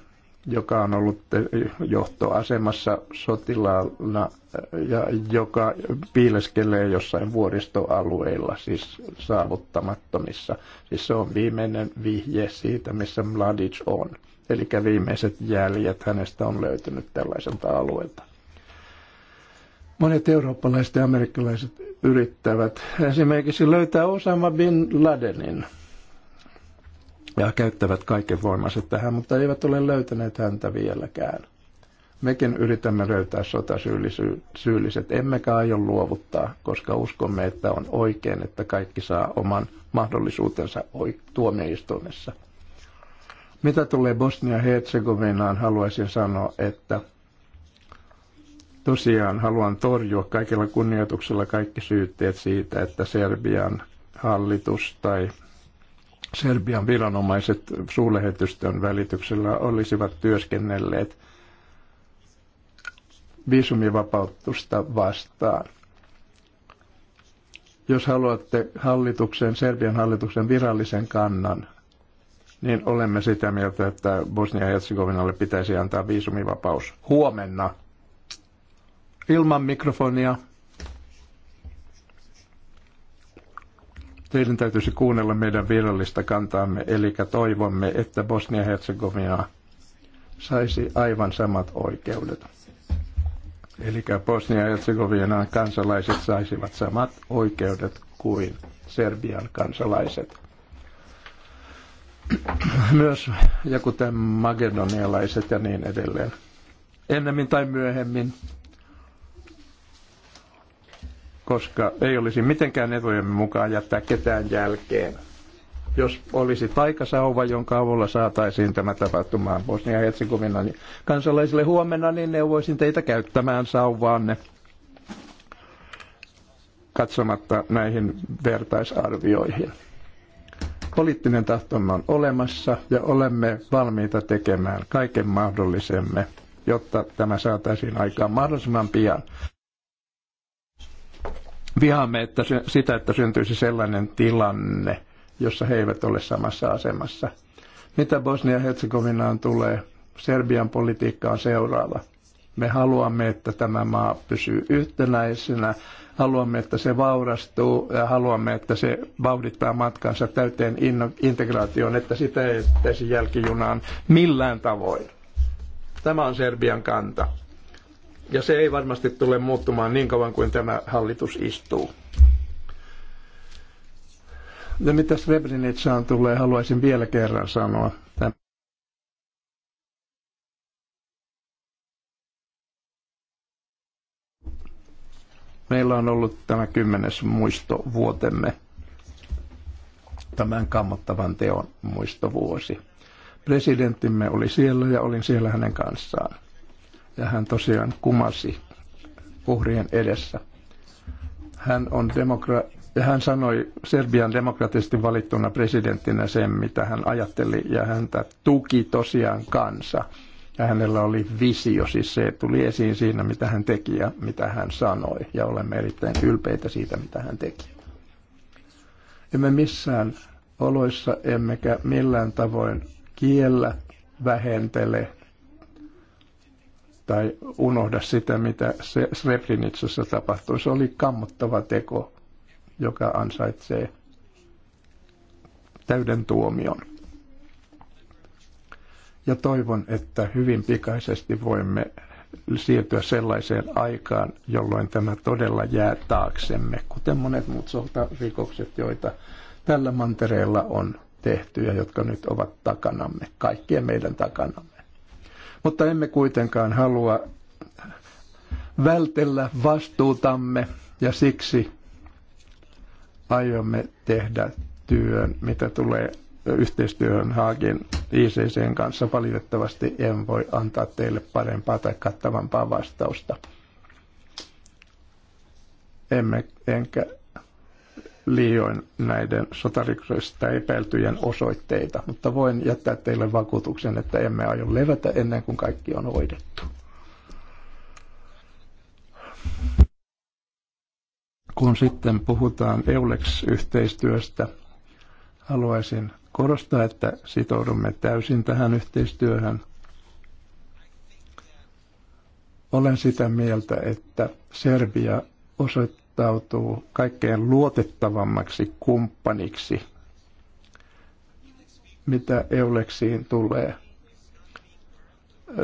joka on ollut eh, johtoasemassa sotilaana eh, ja joka piileskelee jossain vuoristoalueilla, siis saavuttamattomissa. Siis se on viimeinen vihje siitä, missä Mladic on. Eli viimeiset jäljet hänestä on löytynyt tällaiselta alueelta. Monet eurooppalaiset ja amerikkalaiset yrittävät esimerkiksi löytää Osama Bin Ladenin ja käyttävät kaiken voimansa tähän, mutta eivät ole löytäneet häntä vieläkään. Mekin yritämme löytää sotasyylliset, emmekä aio luovuttaa, koska uskomme, että on oikein, että kaikki saa oman mahdollisuutensa tuomioistuimessa – mitä tulee Bosnia-Herzegovinaan, haluaisin sanoa, että tosiaan haluan torjua kaikilla kunnioituksella kaikki syytteet siitä, että Serbian hallitus tai Serbian viranomaiset suulähetystön välityksellä olisivat työskennelleet viisumivapautusta vastaan. Jos haluatte hallituksen, Serbian hallituksen virallisen kannan, niin olemme sitä mieltä, että Bosnia-Herzegovinalle pitäisi antaa viisumivapaus huomenna ilman mikrofonia. Teidän täytyisi kuunnella meidän virallista kantaamme, eli toivomme, että Bosnia-Herzegovina saisi aivan samat oikeudet. Eli Bosnia-Herzegovinan kansalaiset saisivat samat oikeudet kuin Serbian kansalaiset myös, ja kuten makedonialaiset ja niin edelleen. Ennemmin tai myöhemmin, koska ei olisi mitenkään etujemme mukaan jättää ketään jälkeen. Jos olisi taikasauva, jonka avulla saataisiin tämä tapahtumaan bosnia herzegovina niin kansalaisille huomenna, niin neuvoisin teitä käyttämään sauvaanne katsomatta näihin vertaisarvioihin. Poliittinen tahtomme on olemassa ja olemme valmiita tekemään kaiken mahdollisemme, jotta tämä saataisiin aikaan mahdollisimman pian. Vihaamme että sitä, että syntyisi sellainen tilanne, jossa he eivät ole samassa asemassa. Mitä Bosnia-Herzegovinaan tulee, Serbian politiikka on seuraava – me haluamme, että tämä maa pysyy yhtenäisenä, haluamme, että se vaurastuu ja haluamme, että se vauhdittaa matkansa täyteen integraatioon, että sitä ei jätettäisi jälkijunaan millään tavoin. Tämä on Serbian kanta. Ja se ei varmasti tule muuttumaan niin kauan kuin tämä hallitus istuu. Ja no, mitä Srebrenicaan tulee, haluaisin vielä kerran sanoa, Meillä on ollut tämä kymmenes muistovuotemme, tämän kammottavan teon muistovuosi. Presidenttimme oli siellä ja olin siellä hänen kanssaan. Ja hän tosiaan kumasi uhrien edessä. Hän, on demokra- ja hän sanoi Serbian demokraattisesti valittuna presidenttinä sen, mitä hän ajatteli, ja häntä tuki tosiaan kansa. Ja hänellä oli visio, siis se tuli esiin siinä, mitä hän teki ja mitä hän sanoi. Ja olemme erittäin ylpeitä siitä, mitä hän teki. Emme missään oloissa emmekä millään tavoin kiellä, vähentele tai unohda sitä, mitä se Srebrenicassa tapahtui. Se oli kammottava teko, joka ansaitsee täyden tuomion. Ja toivon, että hyvin pikaisesti voimme siirtyä sellaiseen aikaan, jolloin tämä todella jää taaksemme, kuten monet muut sotarikokset, joita tällä mantereella on tehty ja jotka nyt ovat takanamme, kaikkien meidän takanamme. Mutta emme kuitenkaan halua vältellä vastuutamme ja siksi aiomme tehdä työn, mitä tulee yhteistyöhön Haagin ICCn kanssa. Valitettavasti en voi antaa teille parempaa tai kattavampaa vastausta. Emme, enkä liioin näiden sotarikoksista epäiltyjen osoitteita, mutta voin jättää teille vakuutuksen, että emme aio levätä ennen kuin kaikki on hoidettu. Kun sitten puhutaan EULEX-yhteistyöstä, haluaisin korostaa, että sitoudumme täysin tähän yhteistyöhön. Olen sitä mieltä, että Serbia osoittautuu kaikkein luotettavammaksi kumppaniksi, mitä Euleksiin tulee.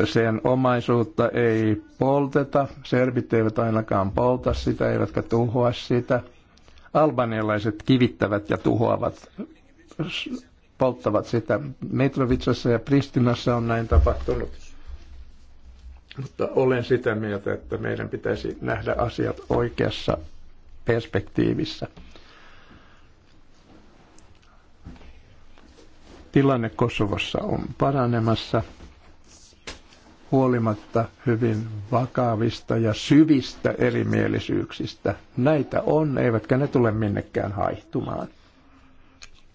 Sen omaisuutta ei polteta, serbit eivät ainakaan polta sitä, eivätkä tuhoa sitä. Albanialaiset kivittävät ja tuhoavat polttavat sitä. Mitrovitsassa ja Pristinassa on näin tapahtunut. Mutta olen sitä mieltä, että meidän pitäisi nähdä asiat oikeassa perspektiivissä. Tilanne Kosovossa on paranemassa huolimatta hyvin vakavista ja syvistä erimielisyyksistä. Näitä on, eivätkä ne tule minnekään haihtumaan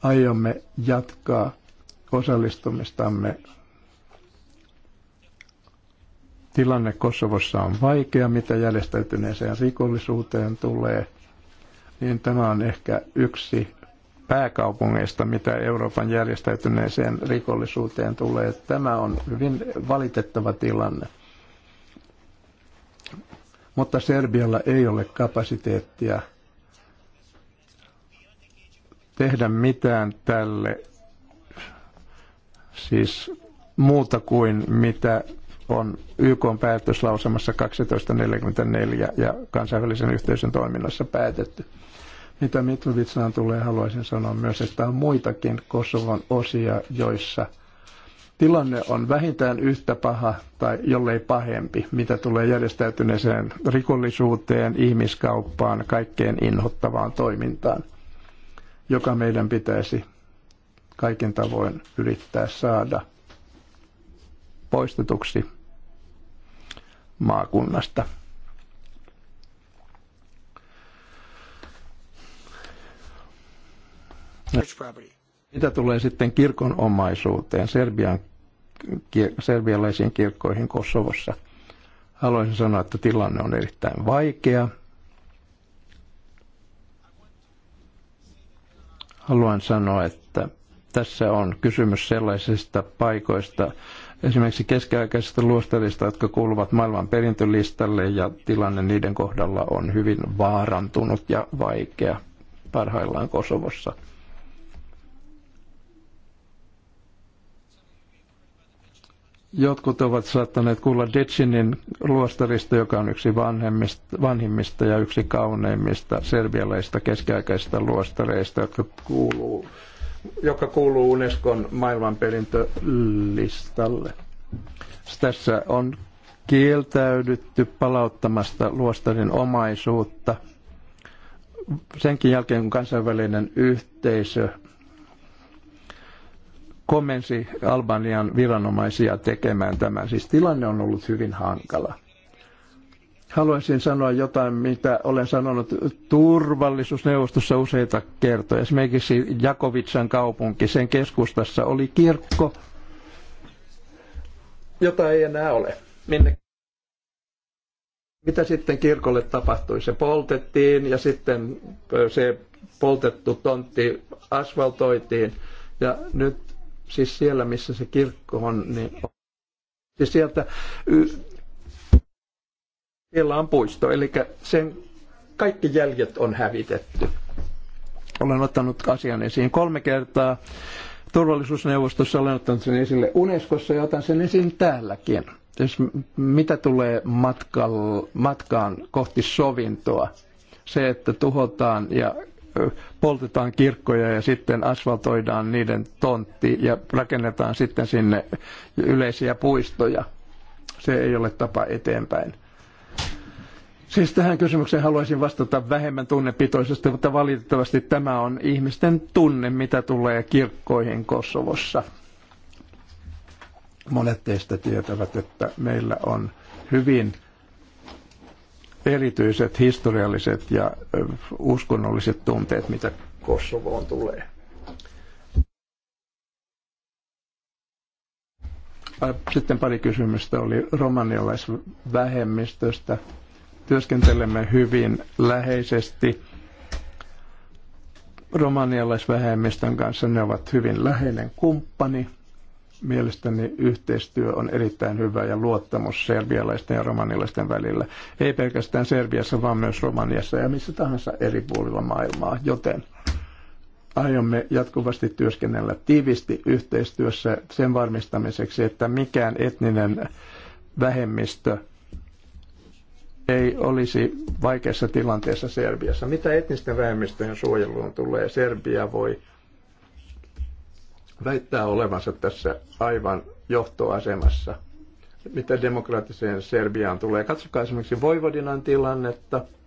aiomme jatkaa osallistumistamme. Tilanne Kosovossa on vaikea, mitä järjestäytyneeseen rikollisuuteen tulee, niin tämä on ehkä yksi pääkaupungeista, mitä Euroopan järjestäytyneeseen rikollisuuteen tulee. Tämä on hyvin valitettava tilanne. Mutta Serbialla ei ole kapasiteettia tehdä mitään tälle, siis muuta kuin mitä on YK päätöslausemassa 1244 ja kansainvälisen yhteisön toiminnassa päätetty. Mitä Mitrovitsaan tulee, haluaisin sanoa myös, että on muitakin Kosovon osia, joissa tilanne on vähintään yhtä paha tai jollei pahempi, mitä tulee järjestäytyneeseen rikollisuuteen, ihmiskauppaan, kaikkeen inhottavaan toimintaan – joka meidän pitäisi kaiken tavoin yrittää saada poistetuksi maakunnasta. Mitä tulee sitten kirkon omaisuuteen, Serbian, kir, serbialaisiin kirkkoihin Kosovossa? Haluaisin sanoa, että tilanne on erittäin vaikea. haluan sanoa, että tässä on kysymys sellaisista paikoista, esimerkiksi keskiaikaisista luostarista, jotka kuuluvat maailman perintölistalle ja tilanne niiden kohdalla on hyvin vaarantunut ja vaikea parhaillaan Kosovossa. Jotkut ovat saattaneet kuulla Decinin luostarista, joka on yksi vanhimmista ja yksi kauneimmista serbialaisista keskiaikaisista luostareista, jotka kuuluu, joka kuuluu Unescon maailmanperintölistalle. Tässä on kieltäydytty palauttamasta luostarin omaisuutta senkin jälkeen, kun kansainvälinen yhteisö komensi Albanian viranomaisia tekemään tämän. Siis tilanne on ollut hyvin hankala. Haluaisin sanoa jotain, mitä olen sanonut turvallisuusneuvostossa useita kertoja. Esimerkiksi Jakovitsan kaupunki, sen keskustassa oli kirkko, jota ei enää ole. Minne? Mitä sitten kirkolle tapahtui? Se poltettiin ja sitten se poltettu tontti asfaltoitiin. Ja nyt siis siellä missä se kirkko on, niin siis sieltä y, siellä on puisto, eli sen kaikki jäljet on hävitetty. Olen ottanut asian esiin kolme kertaa. Turvallisuusneuvostossa olen ottanut sen esille Unescossa ja otan sen esiin täälläkin. Jos mitä tulee matkal, matkaan kohti sovintoa, se, että tuhotaan ja poltetaan kirkkoja ja sitten asfaltoidaan niiden tontti ja rakennetaan sitten sinne yleisiä puistoja. Se ei ole tapa eteenpäin. Siis tähän kysymykseen haluaisin vastata vähemmän tunnepitoisesti, mutta valitettavasti tämä on ihmisten tunne, mitä tulee kirkkoihin Kosovossa. Monet teistä tietävät, että meillä on hyvin erityiset historialliset ja uskonnolliset tunteet, mitä Kosovoon tulee. Sitten pari kysymystä oli romanialaisvähemmistöstä. Työskentelemme hyvin läheisesti romanialaisvähemmistön kanssa. Ne ovat hyvin läheinen kumppani. Mielestäni yhteistyö on erittäin hyvä ja luottamus serbialaisten ja romanilaisten välillä. Ei pelkästään Serbiassa, vaan myös Romaniassa ja missä tahansa eri puolilla maailmaa. Joten aiomme jatkuvasti työskennellä tiivisti yhteistyössä sen varmistamiseksi, että mikään etninen vähemmistö ei olisi vaikeassa tilanteessa Serbiassa. Mitä etnisten vähemmistöjen suojeluun tulee, Serbia voi väittää olevansa tässä aivan johtoasemassa, mitä demokraattiseen Serbiaan tulee. Katsokaa esimerkiksi Voivodinan tilannetta –